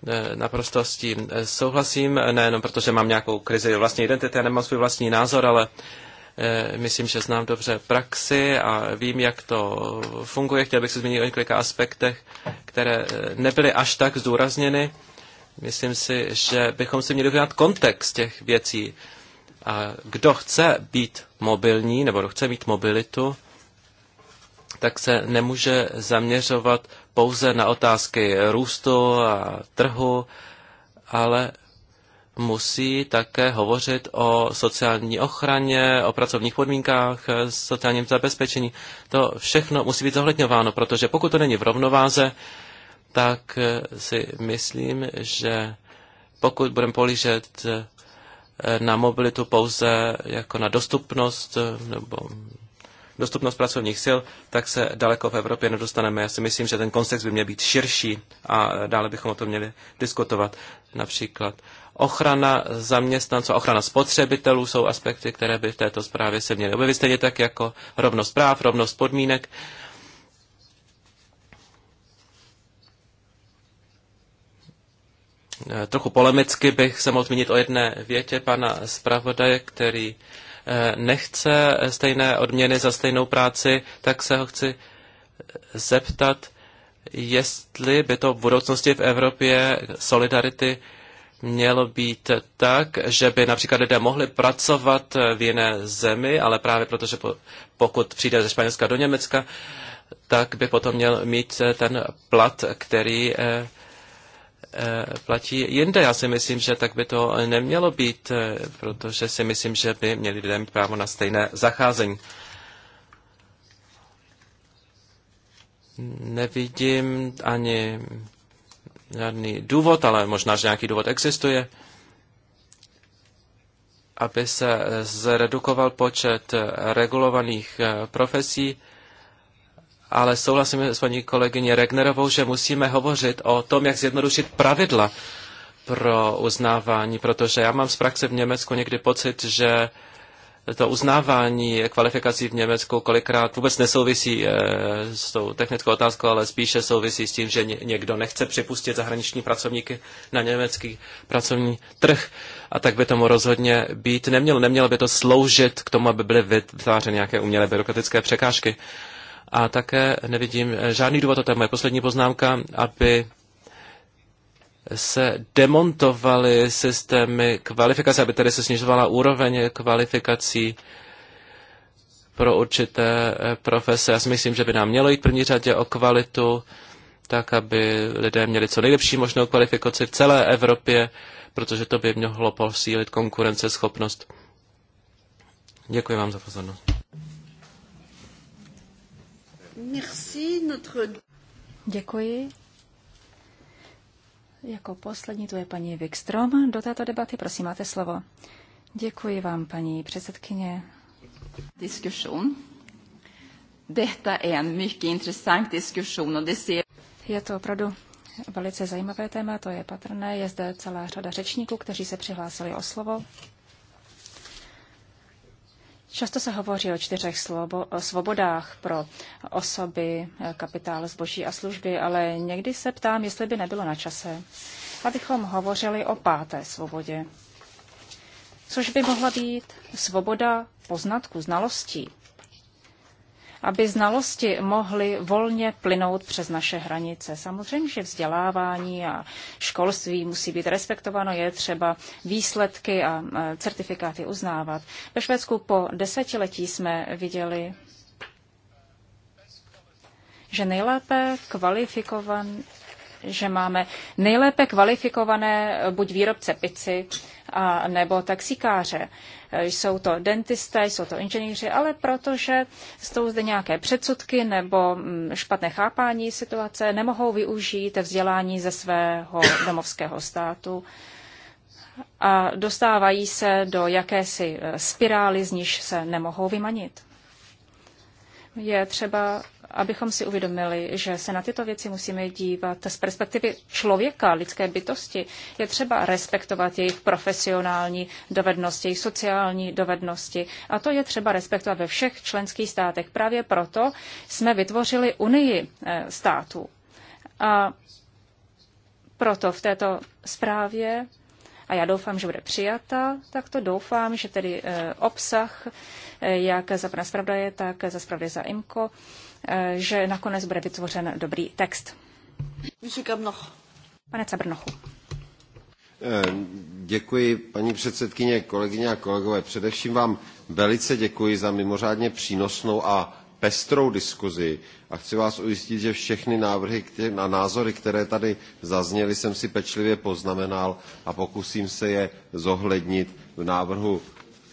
Eh, naprosto s tím souhlasím, nejenom protože mám nějakou krizi vlastní identity, já nemám svůj vlastní názor, ale myslím, že znám dobře praxi a vím, jak to funguje. Chtěl bych se zmínit o několika aspektech, které nebyly až tak zdůrazněny. Myslím si, že bychom si měli uvědomit kontext těch věcí. A kdo chce být mobilní nebo kdo chce mít mobilitu, tak se nemůže zaměřovat pouze na otázky růstu a trhu, ale musí také hovořit o sociální ochraně, o pracovních podmínkách, sociálním zabezpečení. To všechno musí být zohledňováno, protože pokud to není v rovnováze, tak si myslím, že pokud budeme polížet na mobilitu pouze jako na dostupnost eh, nebo dostupnost pracovních sil, tak se daleko v Evropě nedostaneme. Já si myslím, že ten kontext by měl být širší a eh, dále bychom o tom měli diskutovat. Například ochrana zaměstnanců, ochrana spotřebitelů jsou aspekty, které by v této zprávě se měly objevit, stejně tak jako rovnost práv, rovnost podmínek Eh, trochu polemicky bych se mohl zmínit o jedné větě pana zpravodaje, který eh, nechce stejné odměny za stejnou práci, tak se ho chci eh, zeptat, jestli by to v budoucnosti v Evropě solidarity mělo být tak, že by například lidé mohli pracovat v jiné zemi, ale právě protože pokud přijde ze Španělska do Německa, tak by potom měl mít ten plat, který Eh, platí jinde. Já si myslím, že tak by to nemělo být, eh, protože si myslím, že by měli lidé mít právo na stejné zacházení. Nevidím ani žádný důvod, ale možná, že nějaký důvod existuje, aby se zredukoval počet regulovaných eh, profesí ale souhlasím s paní kolegyně Regnerovou, že musíme hovořit o tom, jak zjednodušit pravidla pro uznávání, protože já mám z praxe v Německu někdy pocit, že to uznávání kvalifikací v Německu kolikrát vůbec nesouvisí eh, s tou technickou otázkou, ale spíše souvisí s tím, že někdo nechce připustit zahraniční pracovníky na německý pracovní trh. A tak by tomu rozhodně být nemělo. Nemělo by to sloužit k tomu, aby byly vytvářeny nějaké umělé byrokratické překážky. A také nevidím žádný důvod, a to je moje poslední poznámka, aby se demontovaly systémy kvalifikace, aby tedy se snižovala úroveň kvalifikací pro určité eh, profese. Já si myslím, že by nám mělo jít první řadě o kvalitu, tak aby lidé měli co nejlepší možnou kvalifikaci v celé Evropě, protože to by mělo posílit konkurenceschopnost. Děkuji vám za pozornost. Děkuji. Jako poslední tu je paní Wikstrom. Do této debaty prosím máte slovo. Děkuji vám, paní předsedkyně. Je to opravdu velice zajímavé téma, to je patrné. Je zde celá řada řečníků, kteří se přihlásili o slovo. Často se hovoří o čtyřech slobo, o svobodách pro osoby, eh, kapitál, zboží a služby, ale někdy se ptám, jestli by nebylo na čase, abychom hovořili o páté svobodě, což by mohla být svoboda poznatku, znalostí aby znalosti mohly volně plynout přes naše hranice. Samozřejmě, že vzdělávání a školství musí být respektováno, je třeba výsledky a certifikáty uznávat. Ve Švédsku po desetiletí jsme viděli, že nejlépe kvalifikovan, že máme nejlépe kvalifikované buď výrobce pici, a nebo taxikáře. Jsou to dentisté, jsou to inženýři, ale protože jsou zde nějaké předsudky nebo mm, špatné chápání situace, nemohou využít vzdělání ze svého domovského státu a dostávají se do jakési e, spirály, z níž se nemohou vymanit. Je třeba abychom si uvědomili, že se na tyto věci musíme dívat z perspektivy člověka, lidské bytosti. Je třeba respektovat jejich profesionální dovednosti, jejich sociální dovednosti. A to je třeba respektovat ve všech členských státech. Právě proto jsme vytvořili Unii eh, států. A proto v této zprávě a já doufám, že bude přijata, tak to doufám, že tedy eh, obsah, eh, jak za pana zpravodaje, tak za zpravodaje za IMKO, Eh, že nakonec bude vytvořen dobrý text. Pane Cabrnochu. Eh, děkuji, paní předsedkyně, kolegyně a kolegové. Především vám velice děkuji za mimořádně přínosnou a pestrou diskuzi a chci vás ujistit, že všechny návrhy a názory, které tady zazněly, jsem si pečlivě poznamenal a pokusím se je zohlednit v návrhu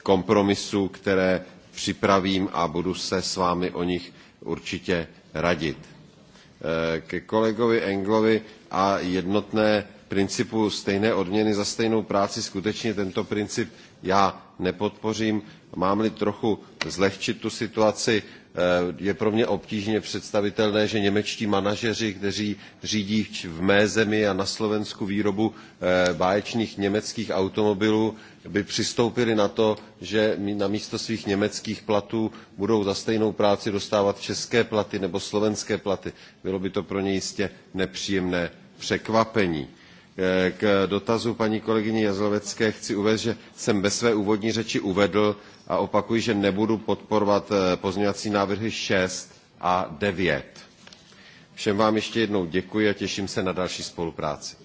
kompromisu, které připravím a budu se s vámi o nich určitě radit. E, ke kolegovi Englovi a jednotné principu stejné odměny za stejnou práci skutečně tento princip já nepodpořím. Mám-li trochu zlehčit tu situaci, e, je pro mě obtížně představitelné, že němečtí manažeři, kteří řídí v mé zemi a na Slovensku výrobu e, báječných německých automobilů, by přistoupili na to, že na místo svých německých platů budou za stejnou práci dostávat české platy nebo slovenské platy. Bylo by to pro ně jistě nepříjemné překvapení. Eh, k dotazu paní kolegyně Jazlovecké chci uvést, že jsem ve své úvodní řeči uvedl a opakuji, že nebudu podporovat eh, pozměňovací návrhy 6 a 9. Všem vám ještě jednou děkuji a těším se na další spolupráci.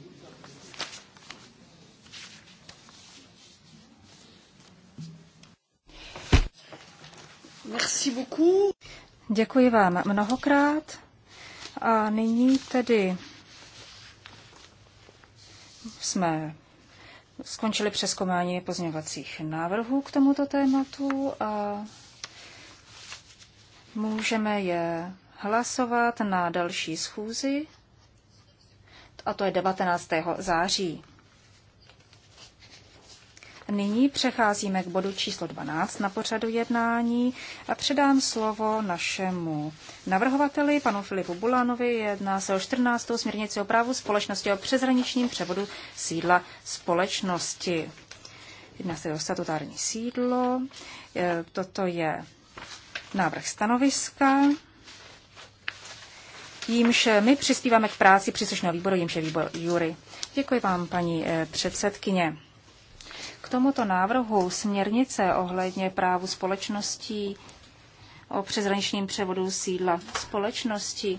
Merci beaucoup. Děkuji vám mnohokrát. A nyní tedy jsme skončili přeskoumání pozměňovacích návrhů k tomuto tématu a můžeme je hlasovat na další schůzi, a to je 19. září nyní přecházíme k bodu číslo 12 na pořadu jednání a předám slovo našemu navrhovateli, panu Filipu Bulanovi. Jedná se o 14. směrnici o právu společnosti o přezraničním převodu sídla společnosti. Jedná se o statutární sídlo. E, toto je návrh stanoviska jímž my přispíváme k práci příslušného výboru, jímž je výbor Jury. Děkuji vám, paní e, předsedkyně. K tomuto návrhu směrnice ohledně právu společností o přezraničním převodu sídla společnosti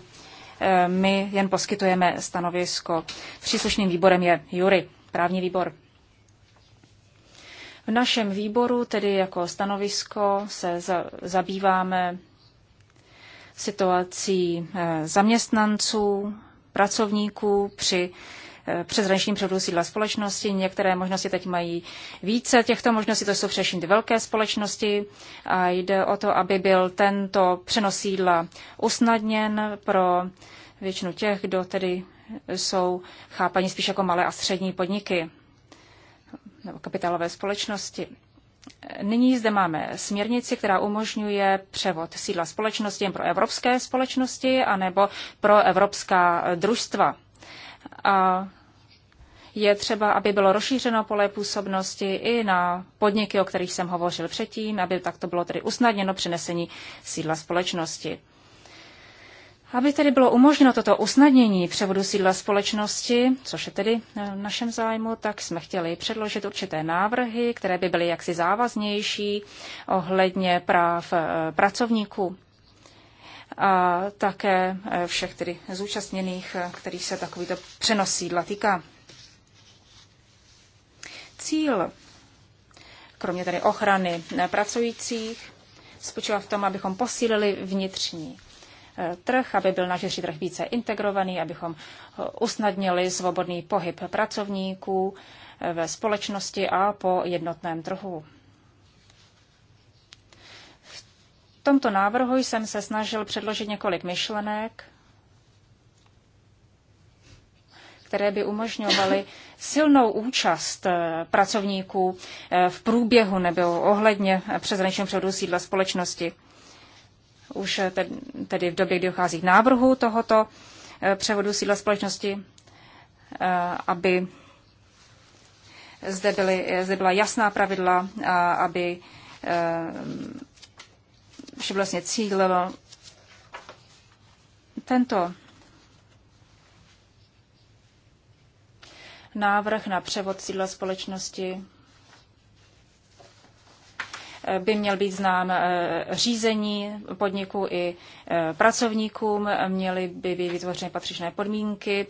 eh, my jen poskytujeme stanovisko. Příslušným výborem je jury, právní výbor. V našem výboru tedy jako stanovisko se za, zabýváme situací eh, zaměstnanců, pracovníků při Eh, přeshraničním převodu sídla společnosti. Některé možnosti teď mají více těchto možností, to jsou především ty velké společnosti a jde o to, aby byl tento přenos sídla usnadněn pro většinu těch, kdo tedy jsou chápaní spíš jako malé a střední podniky nebo kapitálové společnosti. Nyní zde máme směrnici, která umožňuje převod sídla společnosti jen pro evropské společnosti anebo pro evropská družstva a je třeba, aby bylo rozšířeno pole působnosti i na podniky, o kterých jsem hovořil předtím, aby takto bylo tedy usnadněno přenesení sídla společnosti. Aby tedy bylo umožněno toto usnadnění převodu sídla společnosti, což je tedy eh, v našem zájmu, tak jsme chtěli předložit určité návrhy, které by byly jaksi závaznější ohledně práv eh, pracovníků a také eh, všech tedy zúčastněných, eh, kterých se takovýto přenos sídla týká. Cíl, kromě tedy ochrany eh, pracujících, spočívá v tom, abychom posílili vnitřní trh, aby byl náš trh více integrovaný, abychom usnadnili svobodný pohyb pracovníků ve společnosti a po jednotném trhu. tomto návrhu jsem se snažil předložit několik myšlenek, které by umožňovaly silnou účast eh, pracovníků eh, v průběhu nebo ohledně přeshraničního převodu sídla společnosti. Už eh, tedy v době, kdy dochází k návrhu tohoto převodu sídla společnosti, aby zde, byly, zde byla jasná pravidla, aby že vlastně cílilo tento návrh na převod sídla společnosti eh, by měl být znám eh, řízení podniku i eh, pracovníkům, měly by být vytvořeny patřičné podmínky.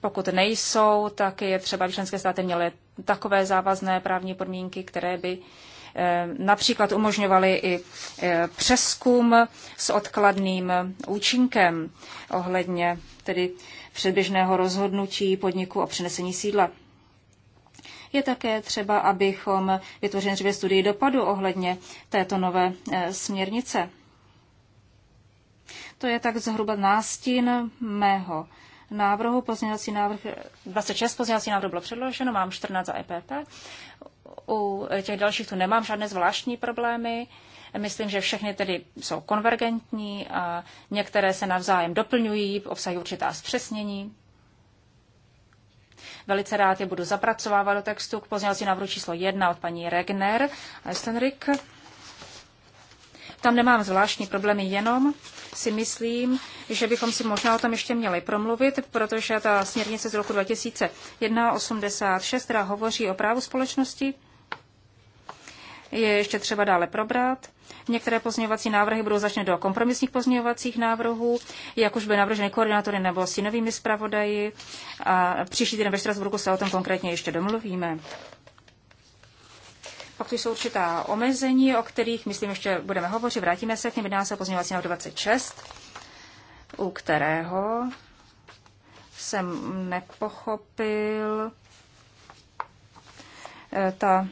Pokud nejsou, tak je třeba, aby členské státy měly takové závazné právní podmínky, které by Eh, například umožňovaly i eh, přeskum s odkladným účinkem ohledně tedy předběžného rozhodnutí podniku o přenesení sídla. Je také třeba, abychom vytvořili dříve studii dopadu ohledně této nové eh, směrnice. To je tak zhruba nástin mého návrhu. Pozměňovací návrh 26, pozměňovací návrh bylo předloženo, mám 14 za EPP u těch dalších tu nemám žádné zvláštní problémy. Myslím, že všechny tedy jsou konvergentní a některé se navzájem doplňují, obsahují určitá zpřesnění. Velice rád je budu zapracovávat do textu k pozdělací návrhu číslo 1 od paní Regner a Estenrik. Tam nemám zvláštní problémy, jenom si myslím, že bychom si možná o tom ještě měli promluvit, protože ta směrnice z roku 2001-86, která hovoří o právu společnosti, je ještě třeba dále probrat. Některé pozměňovací návrhy budou začne do kompromisních pozměňovacích návrhů, jak už byly navrženy koordinátory nebo synovými zpravodaji. A příští týden ve Štrasburku se o tom konkrétně ještě domluvíme. Pak tu jsou určitá omezení, o kterých, myslím, ještě budeme hovořit. Vrátíme se k něm. Jedná se o pozměňovací návrh 26, u kterého jsem nepochopil eh, ta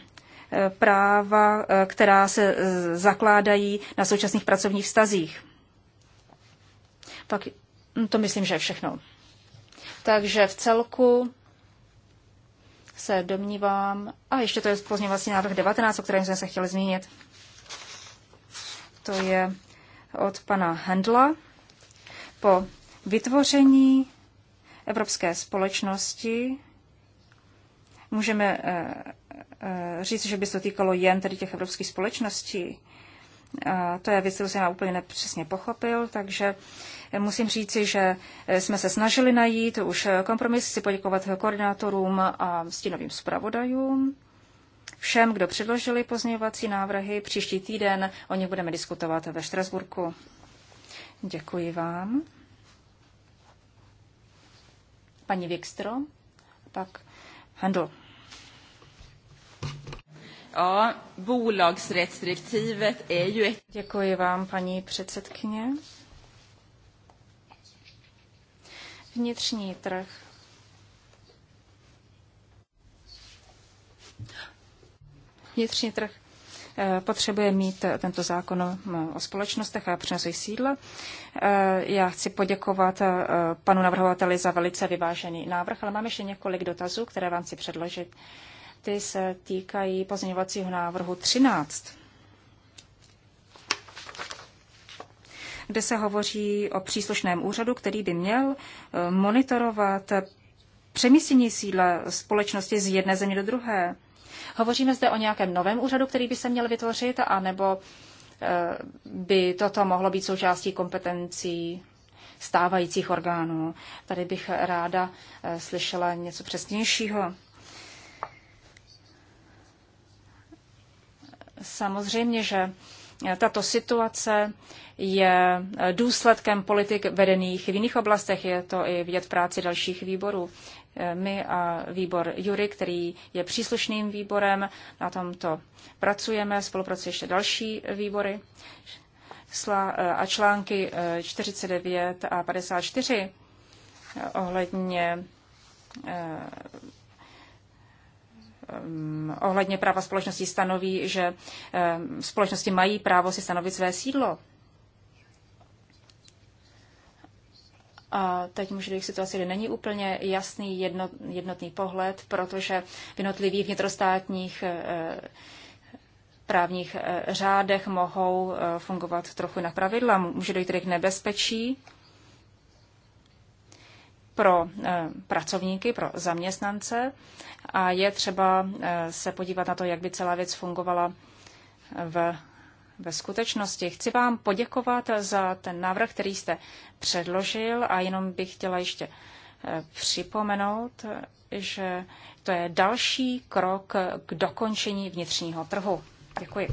práva, eh, která se eh, zakládají na současných pracovních vztazích. Tak hm, to myslím, že je všechno. Takže v celku se domnívám, a ještě to je pozměňovací návrh 19, o kterém jsme se chtěli zmínit. To je od pana Hendla. Po vytvoření Evropské společnosti můžeme eh, Eh, říct, že by se to týkalo jen tedy těch evropských společností, eh, to je věc, kterou jsem já úplně nepřesně pochopil, takže eh, musím říci, že jsme se snažili najít už kompromis, si poděkovat koordinátorům a stínovým zpravodajům, všem, kdo předložili pozměňovací návrhy. Příští týden o nich budeme diskutovat ve Štrasburku. Děkuji vám. Paní Wikstro, pak Handel. Ja, bolagsrättsdirektivet är ju ett... Děkuji vám, paní předsedkyně. Vnitřní trh. Vnitřní trh eh, potřebuje mít eh, tento zákon mm, o společnostech a přenosech sídla. Eh, já chci poděkovat panu navrhovateli za velice vyvážený návrh, ale mám ještě několik dotazů, které vám chci předložit aspekty se týkají pozměňovacího návrhu 13, kde se hovoří o příslušném úřadu, který by měl eh, monitorovat přemístění sídla společnosti z jedné země do druhé. Hovoříme zde o nějakém novém úřadu, který by se měl vytvořit, anebo eh, by toto mohlo být součástí kompetencí stávajících orgánů. Tady bych ráda eh, slyšela něco přesnějšího. Samozřejmě, že tato situace je důsledkem politik vedených v jiných oblastech. Je to i vidět v práci dalších výborů. My a výbor Jury, který je příslušným výborem, na tomto pracujeme, spolupracují ještě další výbory a články 49 eh, a 54 ohledně eh, Ehm, ohledně práva společnosti stanoví, že ehm, společnosti mají právo si stanovit své sídlo. A teď může dojít situace situaci, kde není úplně jasný jednotný pohled, protože v jednotlivých vnitrostátních e, právních e, řádech mohou e, fungovat trochu na pravidla. Může dojít tedy k nebezpečí, pro eh, pracovníky, pro zaměstnance a je třeba eh, se podívat na to, jak by celá věc fungovala eh, v, ve skutečnosti. Chci vám poděkovat za ten návrh, který jste předložil a jenom bych chtěla ještě připomenout, že to je další krok k dokončení vnitřního trhu. Děkuji.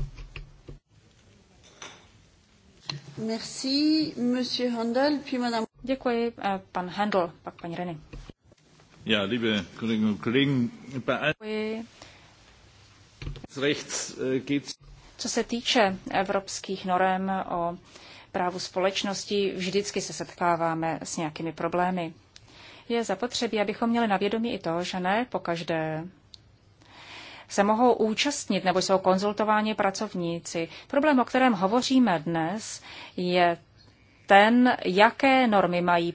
Merci, Monsieur Handel, puis Madame... Děkuji, eh, pan Handel, pak paní Reny. Ja, liebe Kolleginnen und Kollegen, bei allen... Rechts äh, geht's... Co se týče evropských norem o právu společnosti, vždycky se setkáváme s nějakými problémy. Je zapotřebí, abychom měli na vědomí i to, že ne pokaždé se mohou účastnit nebo jsou konzultováni pracovníci. Problém, o kterém hovoříme dnes, je ten, jaké normy mají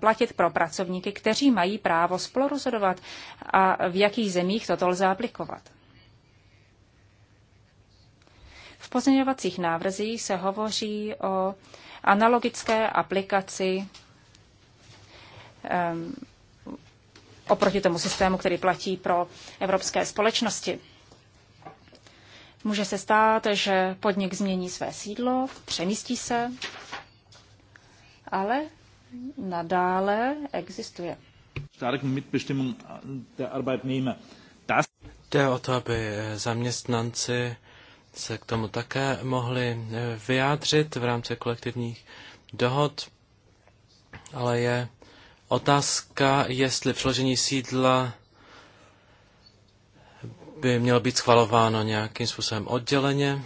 platit pro pracovníky, kteří mají právo spolurozhodovat a v jakých zemích toto lze aplikovat. V pozměňovacích návrzích se hovoří o analogické aplikaci um, oproti tomu systému, který platí pro evropské společnosti. Může se stát, že podnik změní své sídlo, přemístí se, ale nadále existuje. Jde o to, aby zaměstnanci se k tomu také mohli eh, vyjádřit v rámci kolektivních dohod, ale je Otázka, jestli přeložení sídla by mělo být schvalováno nějakým způsobem odděleně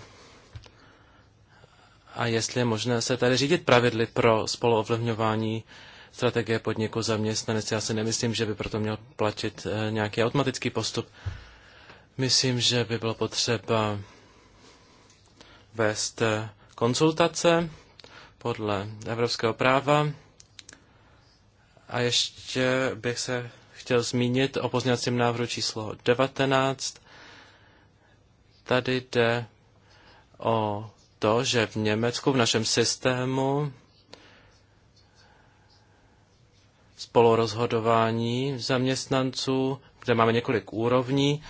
a jestli je možné se tady řídit pravidly pro spoluovlivňování strategie podniku zaměstnanec. Já si nemyslím, že by proto měl platit eh, nějaký automatický postup. Myslím, že by bylo potřeba vést eh, konzultace podle evropského práva a ještě bych se chtěl zmínit o pozněvacím návrhu číslo 19. Tady jde o to, že v Německu, v našem systému spolurozhodování zaměstnanců, kde máme několik úrovní,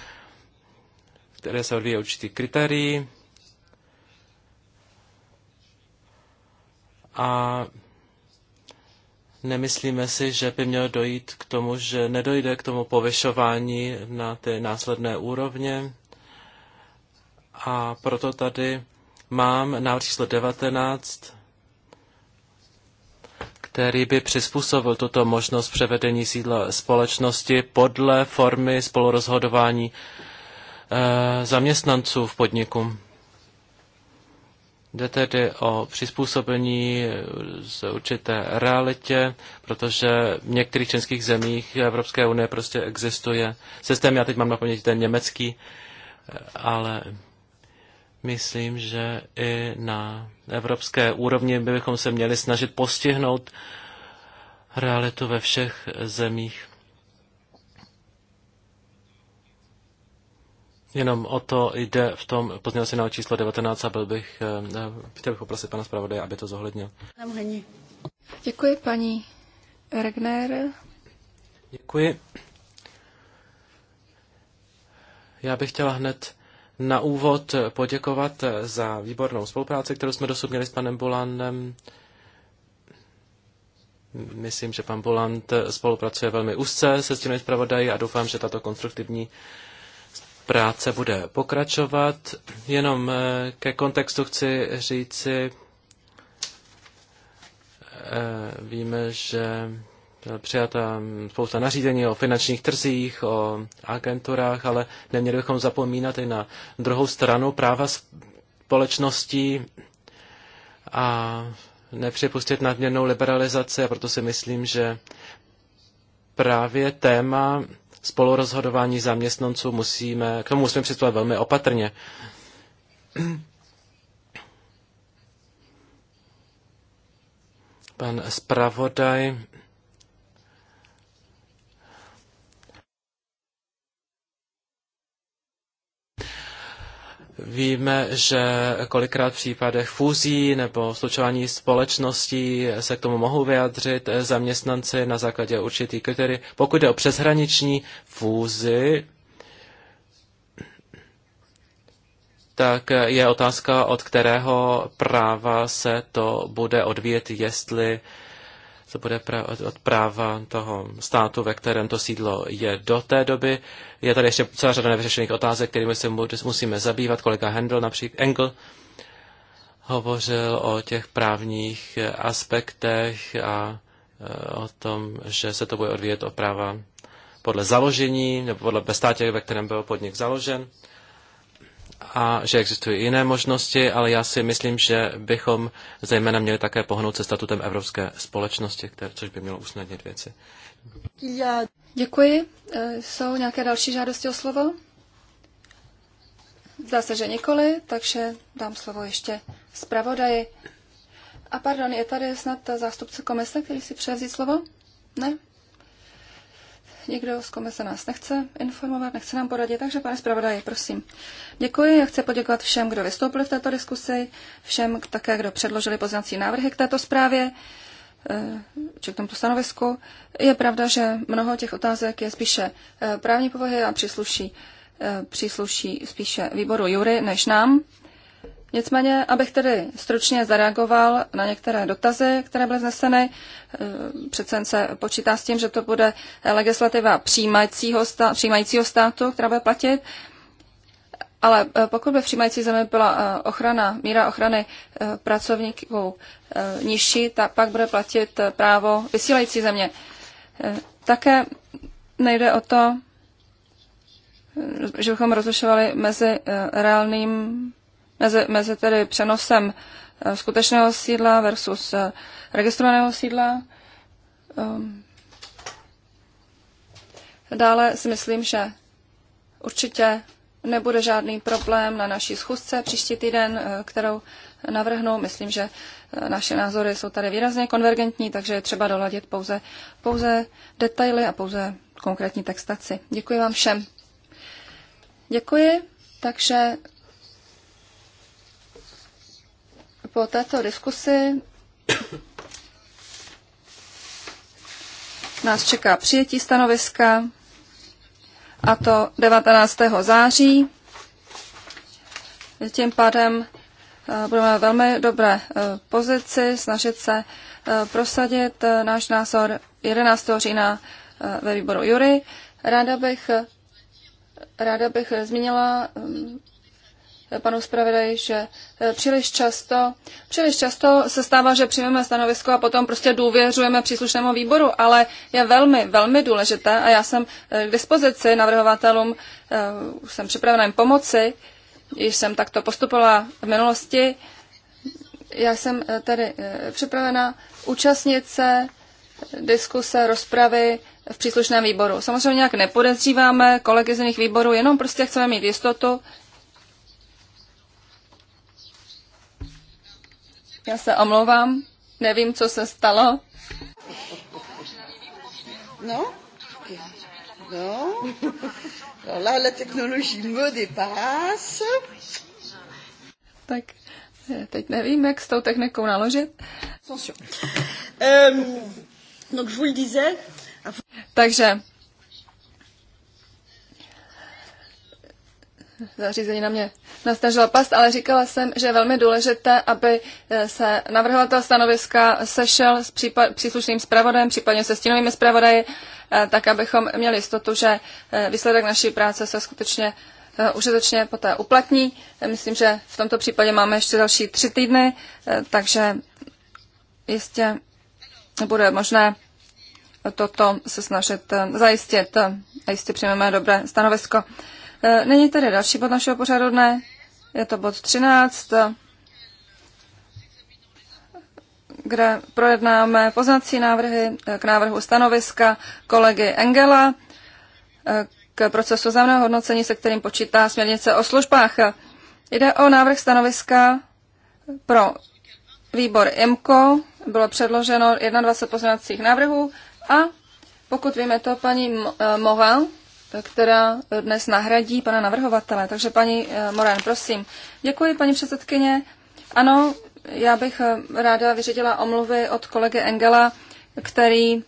které se odvíjí určitý kritérií. A Nemyslíme si, že by mělo dojít k tomu, že nedojde k tomu povyšování na ty následné úrovně. A proto tady mám návrh číslo 19, který by přizpůsobil tuto možnost převedení sídla společnosti podle formy spolurozhodování eh, zaměstnanců v podniku. Jde tedy o přizpůsobení z určité realitě, protože v některých českých zemích Evropské unie prostě existuje systém, já teď mám na paměti ten německý, ale myslím, že i na evropské úrovni bychom se měli snažit postihnout realitu ve všech zemích. Jenom o to jde v tom pozměnosti na číslo 19 a byl bych, eh, chtěl bych poprosit pana zpravodaje, aby to zohlednil. Děkuji paní Regner. Děkuji. Já bych chtěla hned na úvod poděkovat za výbornou spolupráci, kterou jsme dosud měli s panem Bolandem. Myslím, že pan Boland spolupracuje velmi úzce se stínovým zpravodají a doufám, že tato konstruktivní práce bude pokračovat. Jenom eh, ke kontextu chci říci, eh, víme, že přijata spousta nařízení o finančních trzích, o agenturách, ale neměli bychom zapomínat i na druhou stranu práva společností a nepřipustit nadměrnou liberalizaci a proto si myslím, že právě téma spolurozhodování zaměstnanců musíme, k tomu musíme přistupovat velmi opatrně. Pan zpravodaj Víme, že kolikrát v případech fúzí nebo slučování společností se k tomu mohou vyjádřit zaměstnanci na základě určitých kritérií. Pokud jde o přeshraniční fúzi, tak je otázka, od kterého práva se to bude odvíjet, jestli co bude od práva toho státu, ve kterém to sídlo je do té doby. Je tady ještě celá řada nevyřešených otázek, kterými se musíme zabývat. Kolega Handel například, Engel, hovořil o těch právních aspektech a eh, o tom, že se to bude odvíjet o práva podle založení nebo podle ve státě, ve kterém byl podnik založen a že existují jiné možnosti, ale já si myslím, že bychom zejména měli také pohnout se statutem Evropské společnosti, které, což by mělo usnadnit věci. Já děkuji. E, jsou nějaké další žádosti o slovo? Zdá se, že nikoli, takže dám slovo ještě zpravodaji. A pardon, je tady snad zástupce komise, který si přeje vzít slovo? Ne? Nikdo z komise nás nechce informovat, nechce nám poradit, takže pane zpravodaji, prosím. Děkuji, já chci poděkovat všem, kdo vystoupili v této diskusi, všem také, kdo předložili pozměňovací návrhy k této zprávě eh, či k tomuto stanovisku. Je pravda, že mnoho těch otázek je spíše eh, právní povahy a přísluší, eh, přísluší spíše výboru Jury než nám. Nicméně, abych tedy stručně zareagoval na některé dotazy, které byly vzneseny, eh, přece jen se počítá s tím, že to bude legislativa přijímajícího, stát, přijímajícího státu, která bude platit. Ale eh, pokud by v přijímající zemi byla eh, ochrana, míra ochrany pracovníků nižší, tak pak bude platit právo vysílající země. Také nejde o to, že bychom rozlišovali mezi reálným mezi, mezi tedy přenosem eh, skutečného sídla versus eh, registrovaného sídla. Ehm, dále si myslím, že určitě nebude žádný problém na naší schůzce příští týden, eh, kterou navrhnu. Myslím, že naše názory jsou tady výrazně konvergentní, takže je třeba doladit pouze, pouze detaily a pouze konkrétní textaci. Děkuji vám všem. Děkuji, takže po této diskusi nás čeká přijetí stanoviska a to 19. září. Tím pádem eh, budeme velmi dobré eh, pozici snažit se eh, prosadit náš názor 11. října ve výboru Jury. Ráda bych, ráda bych zmínila panu zpravodaji, že eh, příliš často, příliš často se stává, že přijmeme stanovisko a potom prostě důvěřujeme příslušnému výboru, ale je velmi, velmi důležité a já jsem eh, k dispozici navrhovatelům, eh, jsem připravena jim pomoci, již jsem takto postupovala v minulosti. Já jsem tady připravena účastnit se diskuse, rozpravy v příslušném výboru. Samozřejmě nějak nepodezříváme kolegy z jiných výborů, jenom prostě chceme mít jistotu, Já se omlouvám, nevím, co se stalo. No? No? No? là, la technologie me dépasse. Tak, eh, teď nevím, jak s tou technikou naložit. Attention. Um, donc je vous le disais. Takže, zařízení na mě nastažila past, ale říkala jsem, že je velmi důležité, aby eh, se navrhovatel stanoviska sešel s případ, příslušným zpravodajem, případně se stínovými zpravodaji, eh, tak abychom měli jistotu, že eh, výsledek naší práce se skutečně užitečně poté uplatní. Myslím, že v tomto případě máme ještě další tři týdny, takže jistě bude možné toto se snažit zajistit a jistě přijmeme dobré stanovisko. E, není tady další bod našeho pořadu dne, je to bod 13, kde projednáme poznací návrhy e, k návrhu stanoviska kolegy Engela e, k procesu zájemného hodnocení, se kterým počítá směrnice o službách. Jde o návrh stanoviska pro výbor IMCO, bylo předloženo 21 poznacích návrhů a pokud víme to paní Morin, která dnes nahradí pana navrhovatele. Takže paní eh, Morán, prosím. Děkuji, paní předsedkyně. Ano, já bych eh, ráda vyřídila omluvy od kolegy Engela, který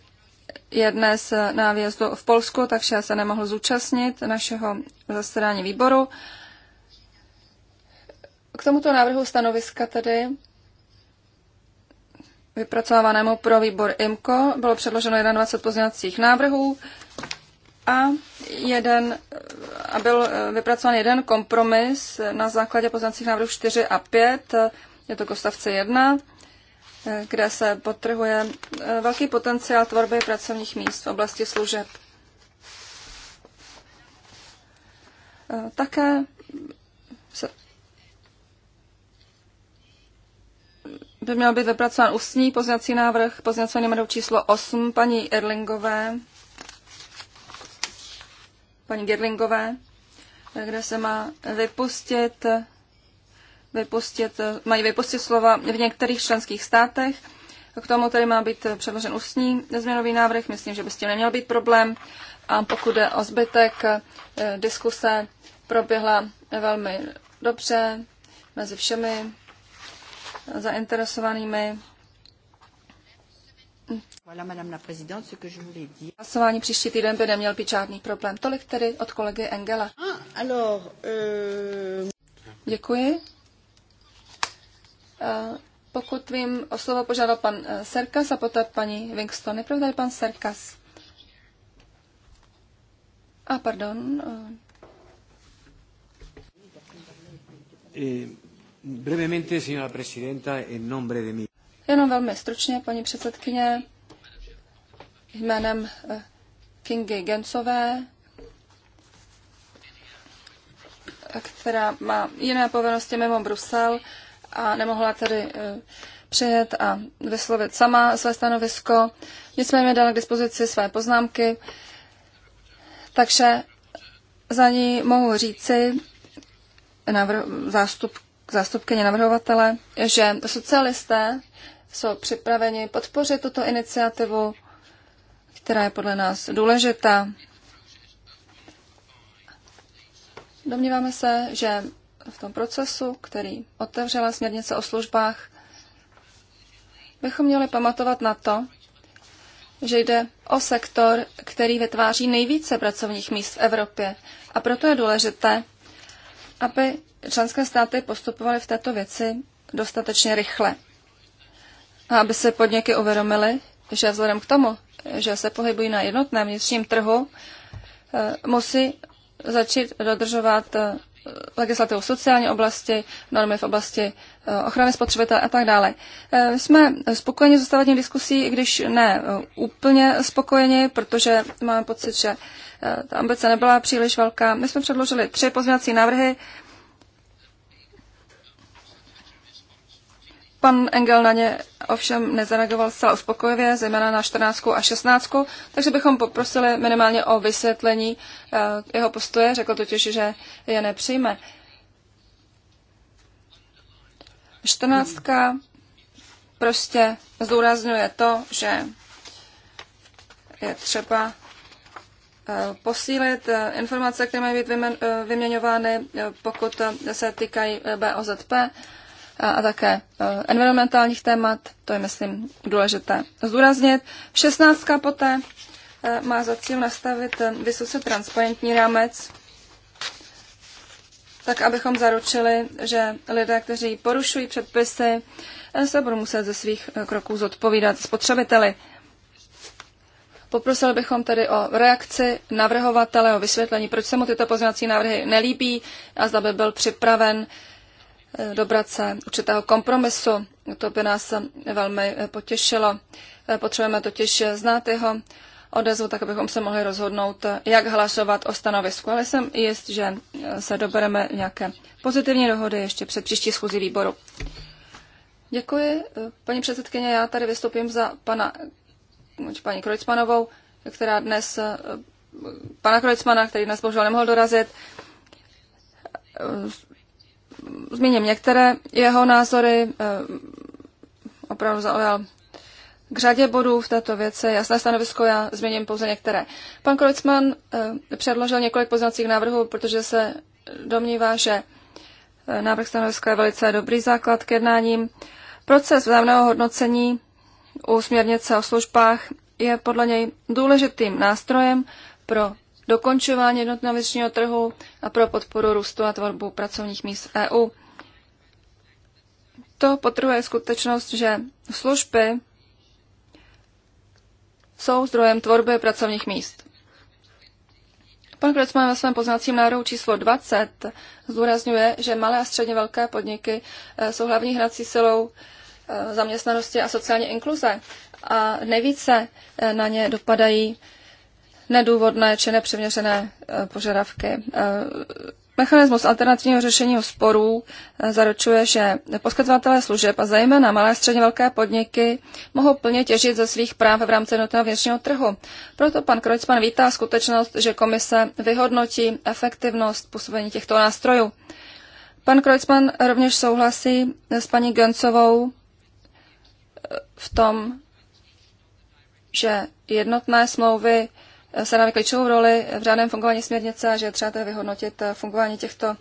je dnes eh, na výjezdu v Polsku, takže se nemohl zúčastnit našeho zasedání výboru. K tomuto návrhu stanoviska tedy vypracovanému pro výbor IMCO bylo předloženo 21 pozměňovacích návrhů a, jeden, a byl eh, vypracován jeden kompromis na základě poznacích návrhů 4 a 5, je to k ostavce 1, eh, kde se potrhuje eh, velký potenciál tvorby pracovních míst v oblasti služeb. Také se by měl být vypracován ústní poznací návrh, poznací návrh číslo 8 paní Erlingové, paní Gerlingové, kde se má vypustit, vypustit, mají vypustit slova v některých členských státech. K tomu tedy má být předložen ústní změnový návrh, myslím, že by s tím neměl být problém. A pokud je o zbytek, eh, diskuse proběhla velmi dobře mezi všemi zainteresovanými Hlasování příští týden by neměl být žádný problém. Tolik tedy od kolegy Engela. Ah, euh, Děkuji. Eh, pokud vím, o slovo požádal pan eh, Serkas a poté paní Wingston. Nepravda je pan Serkas? A pardon. Eh. Brevemente, señora presidenta, en nombre de mi... Jenom velmi stručně, paní předsedkyně, jménem eh, Kingy Gencové, která má jiné povinnosti mimo Brusel a nemohla tedy eh, přijet a vyslovit sama své stanovisko. Nicméně dala k dispozici své poznámky, takže za ní mohu říci, zástup, zástupkyně navrhovatele, že socialisté jsou připraveni podpořit tuto iniciativu, která je podle nás důležitá. Domníváme se, že v tom procesu, který otevřela směrnice o službách, bychom měli pamatovat na to, že jde o sektor, který vytváří nejvíce pracovních míst v Evropě. A proto je důležité, aby členské státy postupovaly v této věci dostatečně rychle. A aby se podniky uvědomily, že vzhledem k tomu, že se pohybují na jednotném vnitřním trhu, eh, musí začít dodržovat eh, legislativu v sociální oblasti, normy v oblasti eh, ochrany spotřebitele a tak dále. Jsme spokojeni s ostatním diskusí, i když ne úplně spokojeni, protože máme pocit, že ta ambice nebyla příliš velká. My jsme předložili tři pozměňovací návrhy, Pan Engel na ně ovšem nezareagoval zcela uspokojivě, zejména na 14 a 16, takže bychom poprosili minimálně o vysvětlení eh, jeho postoje, řekl totiž, že je nepřijme. 14 prostě zdůrazňuje to, že je třeba eh, posílit eh, informace, které mají být vyměňovány, pokud se týkají BOZP a také e, environmentálních témat, to je, myslím, důležité zdůraznit. 16. poté e, má za cíl nastavit vysoce transparentní rámec, tak abychom zaručili, že lidé, kteří porušují předpisy, e, se budou muset ze svých kroků zodpovídat spotřebiteli. Poprosil bychom tedy o reakci navrhovatele, o vysvětlení, proč se mu tyto pozměňovací návrhy nelíbí a zda by byl připraven Eh, dobrat se určitého kompromisu. To by nás velmi eh, potěšilo. Eh, potřebujeme totiž znát jeho odezvu, tak abychom se mohli rozhodnout, jak hlasovat o stanovisku. Ale jsem jist, že se dobereme nějaké pozitivní dohody ještě před příští schůzí výboru. Děkuji. Paní předsedkyně, já tady vystoupím za pana, paní Krojcmanovou, která dnes, pana Krojcmana, který dnes bohužel nemohl dorazit zmíním některé jeho názory. Eh, opravdu zaujal k řadě bodů v této věci jasné stanovisko, já Zmíním pouze některé. Pan Kolicman eh, předložil několik poznacích návrhů, protože se domnívá, že eh, návrh stanoviska je velice dobrý základ k jednáním. Proces vzájemného hodnocení u směrnice o službách je podle něj důležitým nástrojem pro dokončování jednotného vnitřního trhu a pro podporu růstu a tvorbu pracovních míst EU. To potrhuje skutečnost, že služby jsou zdrojem tvorby pracovních míst. Pan Krecman ve svém poznacím národu číslo 20 zdůrazňuje, že malé a středně velké podniky eh, jsou hlavní hrací silou eh, zaměstnanosti a sociální inkluze a nejvíce eh, na ně dopadají nedůvodné či nepřiměřené eh, požadavky. Eh, mechanismus alternativního řešení sporů eh, zaručuje, že poskytovatelé služeb a zejména malé a středně velké podniky mohou plně těžit ze svých práv v rámci jednotného vnitřního trhu. Proto pan Krojcman vítá skutečnost, že komise vyhodnotí efektivnost působení těchto nástrojů. Pan Krojcman rovněž souhlasí s paní Göncovou v tom, že jednotné smlouvy se sehrály klíčovou roli v řádném fungování směrnice a že je třeba vyhodnotit eh, fungování těchto,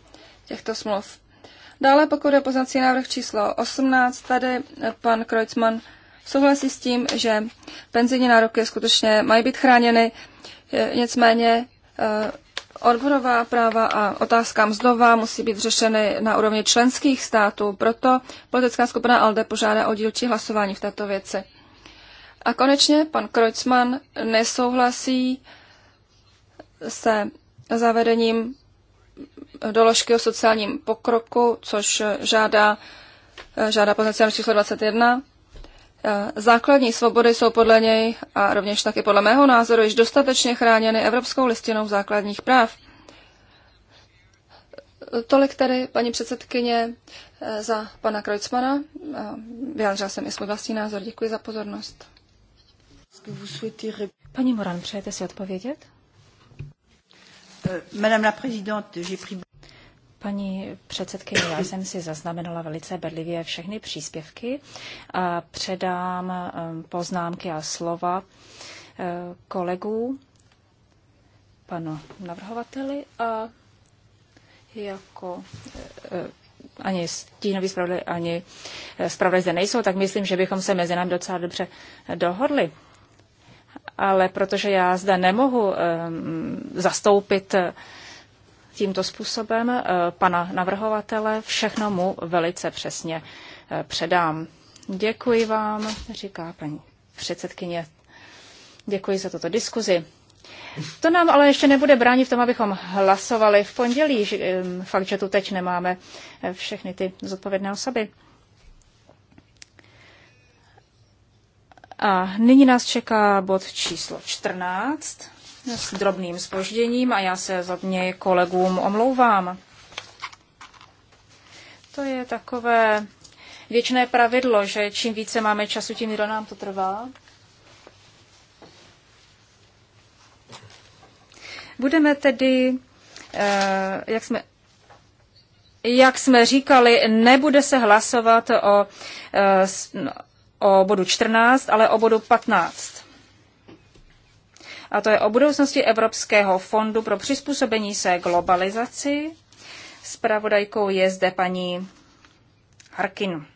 těchto smluv. Dále, pokud je poznací návrh číslo 18, tady eh, pan Kreutzmann souhlasí s tím, že penzijní nároky skutečně mají být chráněny, eh, nicméně odborová práva a otázka mzdová musí být řešeny na úrovni členských států, proto politická skupina ALDE požádá o dílčí hlasování v této věci. A konečně pan Kreutzmann nesouhlasí se zavedením doložky o sociálním pokroku, což žádá, žádá pozice číslo 21. Eh, základní svobody jsou podle něj a rovněž taky podle mého názoru již dostatečně chráněny Evropskou listinou základních práv. Tolik tedy, paní předsedkyně, eh, za pana Kreutzmana. Eh, vyjádřila jsem i svůj vlastní názor. Děkuji za pozornost. Paní Moran, přejete si odpovědět? Eh, madame la présidente, j'ai pris... Paní předsedkyně, já jsem si zaznamenala velice bedlivě všechny příspěvky a předám eh, poznámky a slova eh, kolegů, panu navrhovateli a jako ani stínový zpravodaj, ani zpravodaj zde nejsou, tak myslím, že bychom se mezi námi docela dobře dohodli ale protože já zde nemohu eh, zastoupit eh, tímto způsobem eh, pana navrhovatele, všechno mu velice přesně předám. Děkuji vám, říká paní předsedkyně. Děkuji za toto diskuzi. To nám ale ještě nebude bránit v tom, abychom hlasovali v pondělí. Fakt, že tu teď nemáme všechny ty zodpovědné osoby. A nyní nás čeká bod číslo 14 s drobným spožděním a já se za mě kolegům omlouvám. To je takové věčné pravidlo, že čím více máme času, tím díl nám to trvá. Budeme tedy, eh, jak jsme, jak jsme říkali, nebude se hlasovat o eh, no, o bodu 14, ale o bodu 15. A to je o budoucnosti Evropského fondu pro přizpůsobení se globalizaci. Spravodajkou je zde paní Harkin.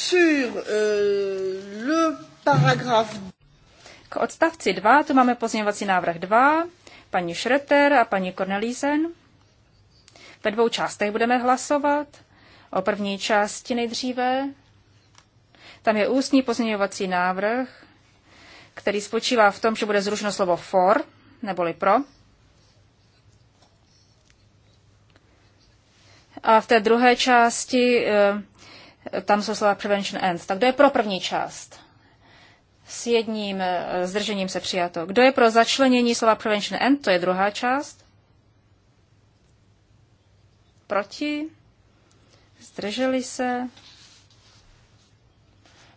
Sur euh, le paragraphe k odstavci 2 tu máme pozměňovací návrh 2, paní Schroeter a paní Cornelisen. Ve dvou částech budeme hlasovat. O první části nejdříve. Tam je ústní pozměňovací návrh, který spočívá v tom, že bude zrušeno slovo for, neboli pro. A v té druhé části eh, tam jsou slova prevention ends. Tak kdo je pro první část? s jedním zdržením eh, se přijato. Kdo je pro začlenění slova prevention end, to je druhá část. Proti. Zdrželi se.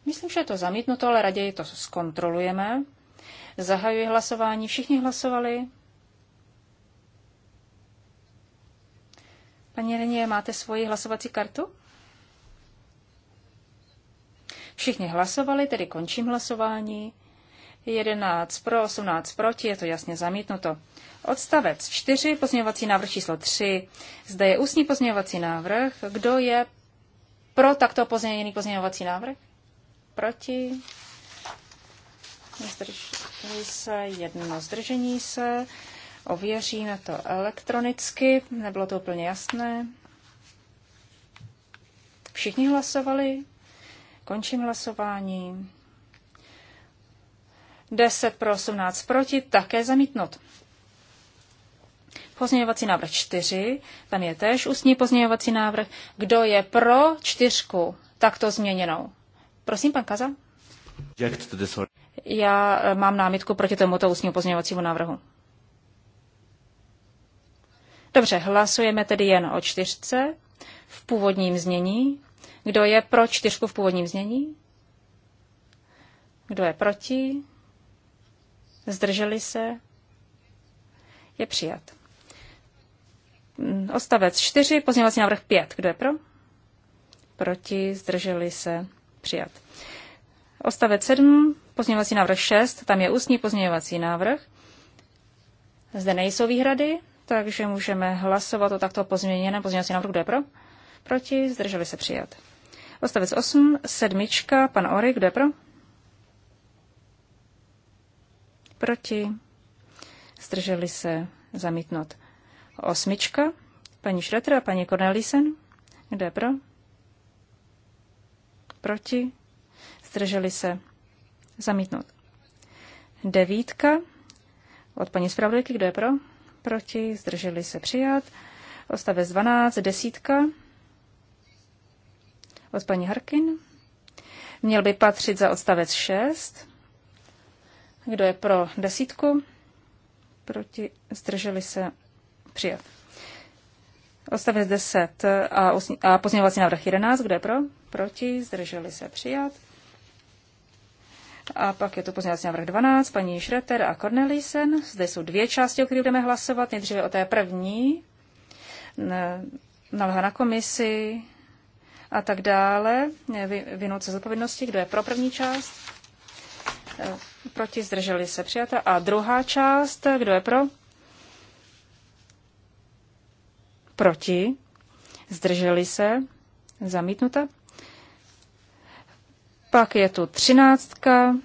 Myslím, že je to zamítnuto, ale raději to zkontrolujeme. Zahajuji hlasování. Všichni hlasovali. Paní Renie, máte svoji hlasovací kartu? Všichni hlasovali, tedy končím hlasování. 11 pro, 18 proti, je to jasně zamítnuto. Odstavec 4, pozměňovací návrh číslo 3. Zde je ústní pozměňovací návrh. Kdo je pro takto pozměněný pozměňovací návrh? Proti? Zdrží se jedno zdržení se. Ověříme to elektronicky. Nebylo to úplně jasné. Všichni hlasovali. Končím hlasování. 10 pro 18 proti, také zamítnut. Pozměňovací návrh 4, tam je též ústní pozměňovací návrh. Kdo je pro čtyřku takto změněnou? Prosím, pan Kaza. Já e, mám námitku proti tomuto ústnímu pozměňovacímu návrhu. Dobře, hlasujeme tedy jen o čtyřce v původním znění. Kdo je pro čtyřku v původním znění? Kdo je proti? Zdrželi se? Je přijat. Odstavec 4, pozměňovací návrh 5. Kdo je pro? Proti, zdrželi se, přijat. Ostavec 7, pozměňovací návrh 6, tam je ústní pozměňovací návrh. Zde nejsou výhrady, takže můžeme hlasovat o takto pozměněném pozměňovací návrhu. Kdo je pro? Proti, zdrželi se, přijat. Odstavec 8, sedmička, pan Ory, kdo je pro? Proti. Zdrželi se zamítnout. Osmička, paní Šretra a paní Cornelisen, kdo je pro? Proti. Zdrželi se zamítnout. Devítka od paní zpravodajky, kdo je pro? Proti. Zdrželi se přijat. Odstavec 12, desítka od paní Harkin. Měl by patřit za odstavec 6. Kdo je pro desítku? Proti zdrželi se přijat. Odstavec 10 a, osni, a pozměňovací návrh 11. Kdo je pro? Proti zdrželi se přijat. A pak je tu pozměňovací návrh 12, paní Šreter a Cornelisen. Zde jsou dvě části, o kterých budeme hlasovat. Nejdříve o té první, navrhla na komisi, a tak dále. Vynout se zodpovědnosti, kdo je pro první část, e, proti, zdrželi se přijata. A druhá část, kdo je pro? Proti, zdrželi se, zamítnuta. Pak je tu třináctka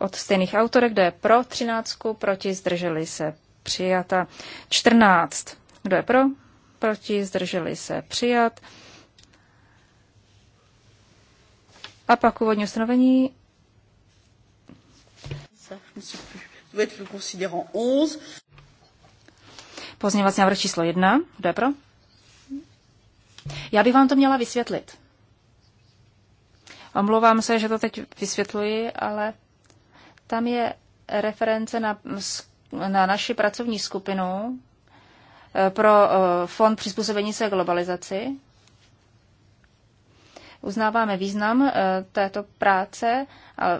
od stejných autorek, kdo je pro třináctku, proti, zdrželi se, přijata. Čtrnáct, kdo je pro? Proti, zdrželi se, přijat. A pak úvodní ustanovení. Pozměňovací návrh číslo jedna. Kdo je pro? Já bych vám to měla vysvětlit. Omlouvám se, že to teď vysvětluji, ale tam je reference na, na naši pracovní skupinu eh, pro eh, Fond přizpůsobení se globalizaci. Uznáváme význam eh, této práce,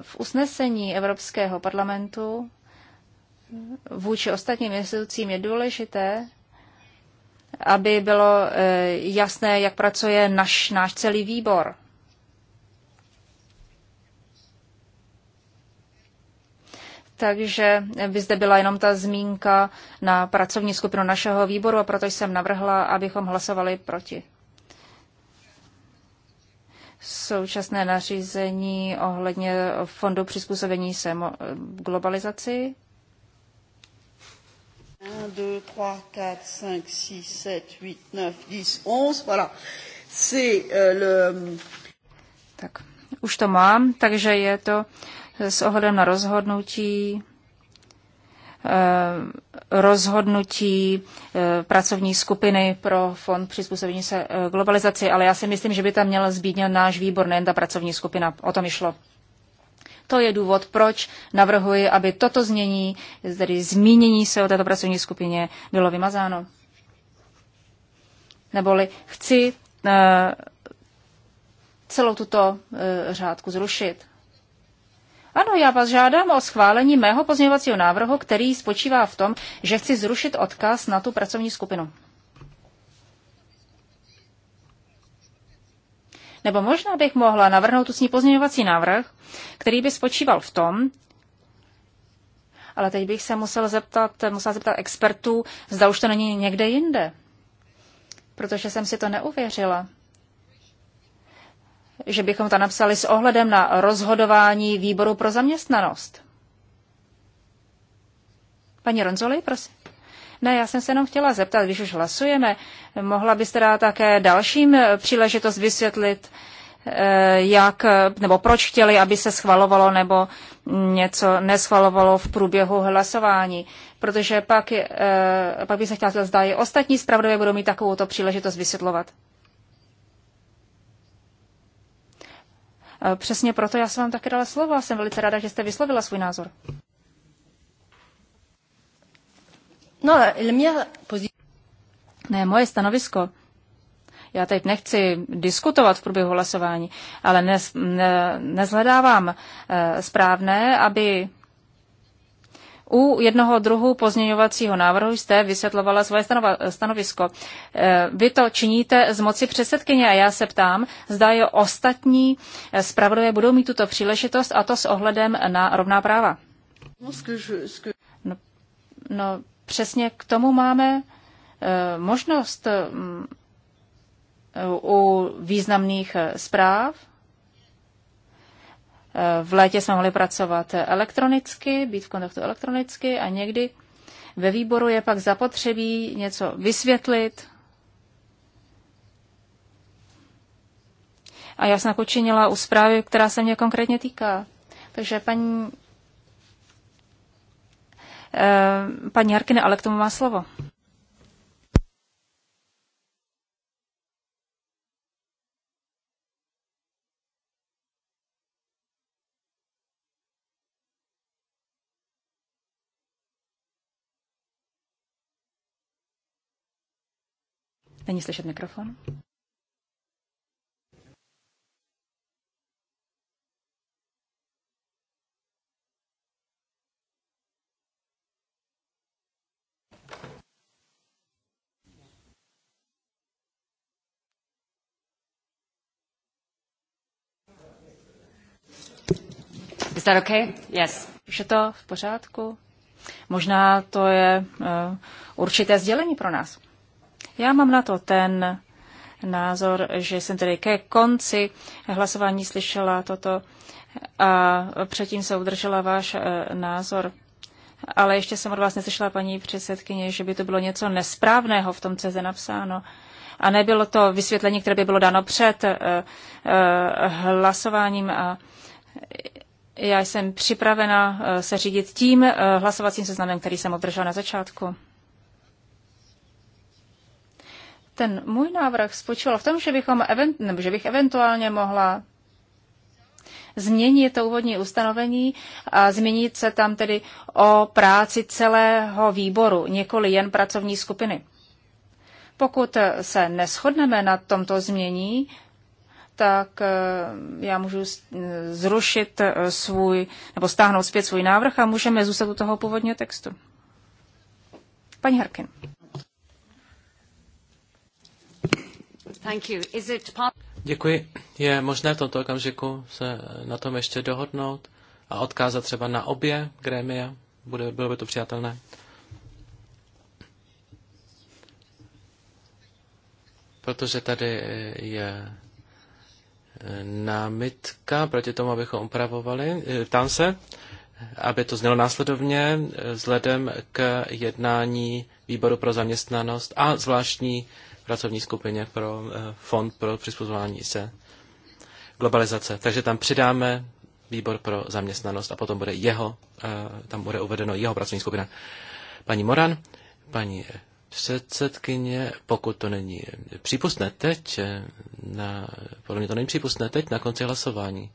v usnesení Evropského parlamentu eh, vůči ostatním institucím je důležité, aby bylo eh, jasné, jak pracuje naš, náš celý výbor. takže by zde byla jenom ta zmínka na pracovní skupinu našeho výboru a proto jsem navrhla, abychom hlasovali proti současné nařízení ohledně fondu přizpůsobení se globalizaci? 1, 2, 3, 4, 5, 6, 7, 8, 9, 10, 11, voilà. C'est euh, le... Tak, už to mám, takže je to s ohledem na rozhodnutí Eh, rozhodnutí eh, pracovní skupiny pro fond přizpůsobení se eh, globalizaci, ale já si myslím, že by tam měl zbídnit náš výbor, nejen ta pracovní skupina. O tom išlo. To je důvod, proč navrhuji, aby toto znění, tedy zmínění se o této pracovní skupině, bylo vymazáno. Neboli chci celou tuto řádku zrušit. Ano, já vás žádám o schválení mého pozměňovacího návrhu, který spočívá v tom, že chci zrušit odkaz na tu pracovní skupinu. Nebo možná bych mohla navrhnout ústní pozměňovací návrh, který by spočíval v tom, ale teď bych se musela zeptat, musela zeptat expertů, zda už to není někde jinde. Protože jsem si to neuvěřila že bychom to napsali s ohledem na rozhodování výboru pro zaměstnanost. Paní Ronzoli, prosím. Ne, já jsem se jenom chtěla zeptat, když už hlasujeme, mohla byste dát také dalším příležitost vysvětlit, eh, jak, nebo proč chtěli, aby se schvalovalo nebo něco neschvalovalo v průběhu hlasování. Protože pak, eh, pak by se chtěla zda i ostatní zpravodajové budou mít takovouto příležitost vysvětlovat. Eh, přesně proto já jsem vám také dala slovo a jsem velice ráda, že jste vyslovila svůj názor. No, ne, moje stanovisko. Já teď nechci diskutovat v průběhu hlasování, ale nez, ne, nezhledávám eh, správné, aby u jednoho druhu pozměňovacího návrhu jste vysvětlovala svoje stanovisko. E, vy to činíte z moci předsedkyně a já se ptám, zda je ostatní e, zpravodaje budou mít tuto příležitost a to s ohledem na rovná práva. No, no, no přesně k tomu máme e, možnost u významných zpráv v létě jsme mohli pracovat elektronicky, být v kontaktu elektronicky a někdy ve výboru je pak zapotřebí něco vysvětlit. A já jsem tak učinila u zprávy, která se mě konkrétně týká. Takže paní, eh, paní Harkine, ale k tomu má slovo. Není slyšet mikrofon? Is that okay? Yes. je to v pořádku? Možná to je uh, určité sdělení pro nás. Já mám na to ten názor, že jsem tedy ke konci hlasování slyšela toto a předtím se udržela váš e, názor. Ale ještě jsem od vás neslyšela, paní předsedkyně, že by to bylo něco nesprávného v tom, co je napsáno. A nebylo to vysvětlení, které by bylo dáno před e, e, hlasováním. A já jsem připravena se řídit tím hlasovacím seznamem, který jsem obdržela na začátku. Ten můj návrh spočíval v tom, že, bychom event, nebo že bych eventuálně mohla změnit to úvodní ustanovení a změnit se tam tedy o práci celého výboru, několik jen pracovní skupiny. Pokud se neschodneme na tomto změní, tak eh, já můžu zrušit eh, svůj, nebo stáhnout zpět svůj návrh a můžeme zůstat u toho původního textu. Paní Harkin. Děkuji. Je možné v tomto okamžiku se na tom ještě dohodnout a odkázat třeba na obě grémia? Bude, bylo by to přijatelné? Protože tady je eh, námitka proti tomu, abychom upravovali. Eh, ptám se, aby to znělo následovně eh, vzhledem k jednání výboru pro zaměstnanost a zvláštní pracovní skupině pro eh, fond pro přizpůsobování se globalizace. Takže tam přidáme výbor pro zaměstnanost a potom bude jeho, eh, tam bude uvedeno jeho pracovní skupina. Paní Moran, paní předsedkyně, pokud to není přípustné teď, eh, na, podle mě to není přípustné teď na konci hlasování.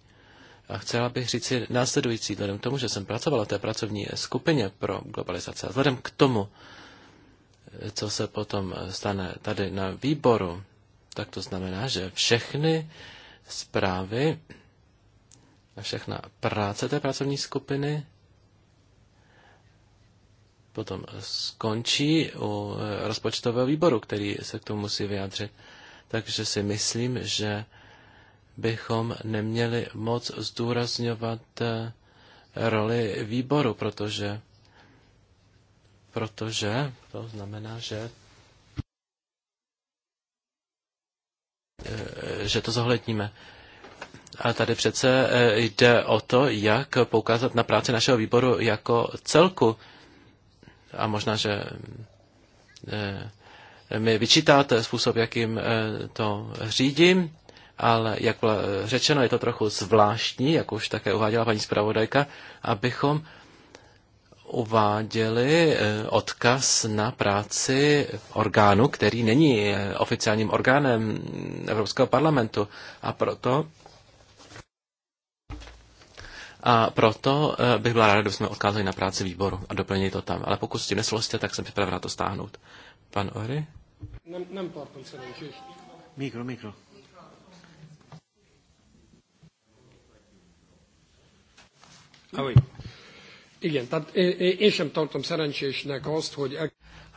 A chcela bych říct si následující, vzhledem k tomu, že jsem pracovala v té pracovní skupině pro globalizaci a vzhledem k tomu, co se potom stane tady na výboru, tak to znamená, že všechny zprávy a všechna práce té pracovní skupiny potom skončí u rozpočtového výboru, který se k tomu musí vyjádřit. Takže si myslím, že bychom neměli moc zdůrazňovat roli výboru, protože protože to znamená, že eh, že to zohledníme. A tady přece eh, jde o to, jak poukázat na práci našeho výboru jako celku. A možná, že eh, mi vyčítáte způsob, jakým to řídím, ale jak řečeno, je to trochu zvláštní, jak už také uváděla paní zpravodajka, abychom uváděli eh, odkaz na práci orgánu, který není eh, oficiálním orgánem Evropského parlamentu. A proto a proto eh, bych byla ráda, kdybychom odkázali na práci výboru a doplnili to tam. Ale pokud s tím nesouhlasíte, tak jsem připravena to stáhnout. Pan Ory? Mikro, mikro. Ah oui. Igen, tehát én sem tartom szerencsésnek azt, hogy... E-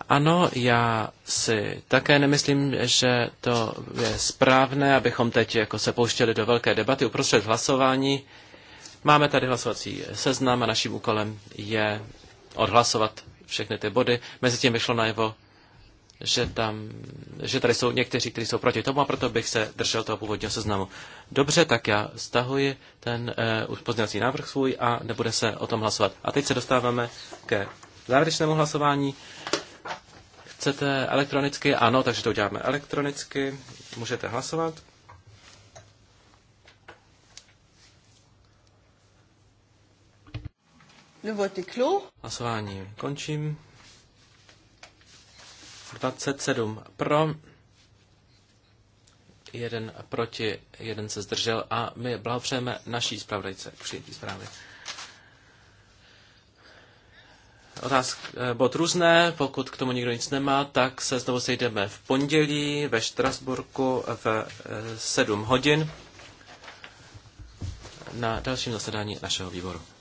ano, já si také nemyslím, že to je správné, abychom teď jako se pouštěli do velké debaty uprostřed hlasování. Máme tady hlasovací seznam a naším úkolem je odhlasovat všechny ty body. Mezitím vyšlo najevo, že, tam, že tady jsou někteří, kteří jsou proti tomu a proto bych se držel toho původního seznamu. Dobře, tak já stahuji ten uh, pozměňovací návrh svůj a nebude se o tom hlasovat. A teď se dostáváme ke závěrečnému hlasování. Chcete elektronicky? Ano, takže to uděláme elektronicky. Můžete hlasovat. Hlasování končím. 27 pro, jeden proti, jeden se zdržel a my blahopřejeme naší zpravodajce k přijetí zprávy. Otázky eh, bod různé, pokud k tomu nikdo nic nemá, tak se znovu sejdeme v pondělí ve Štrasburku v 7 eh, hodin na dalším zasedání našeho výboru.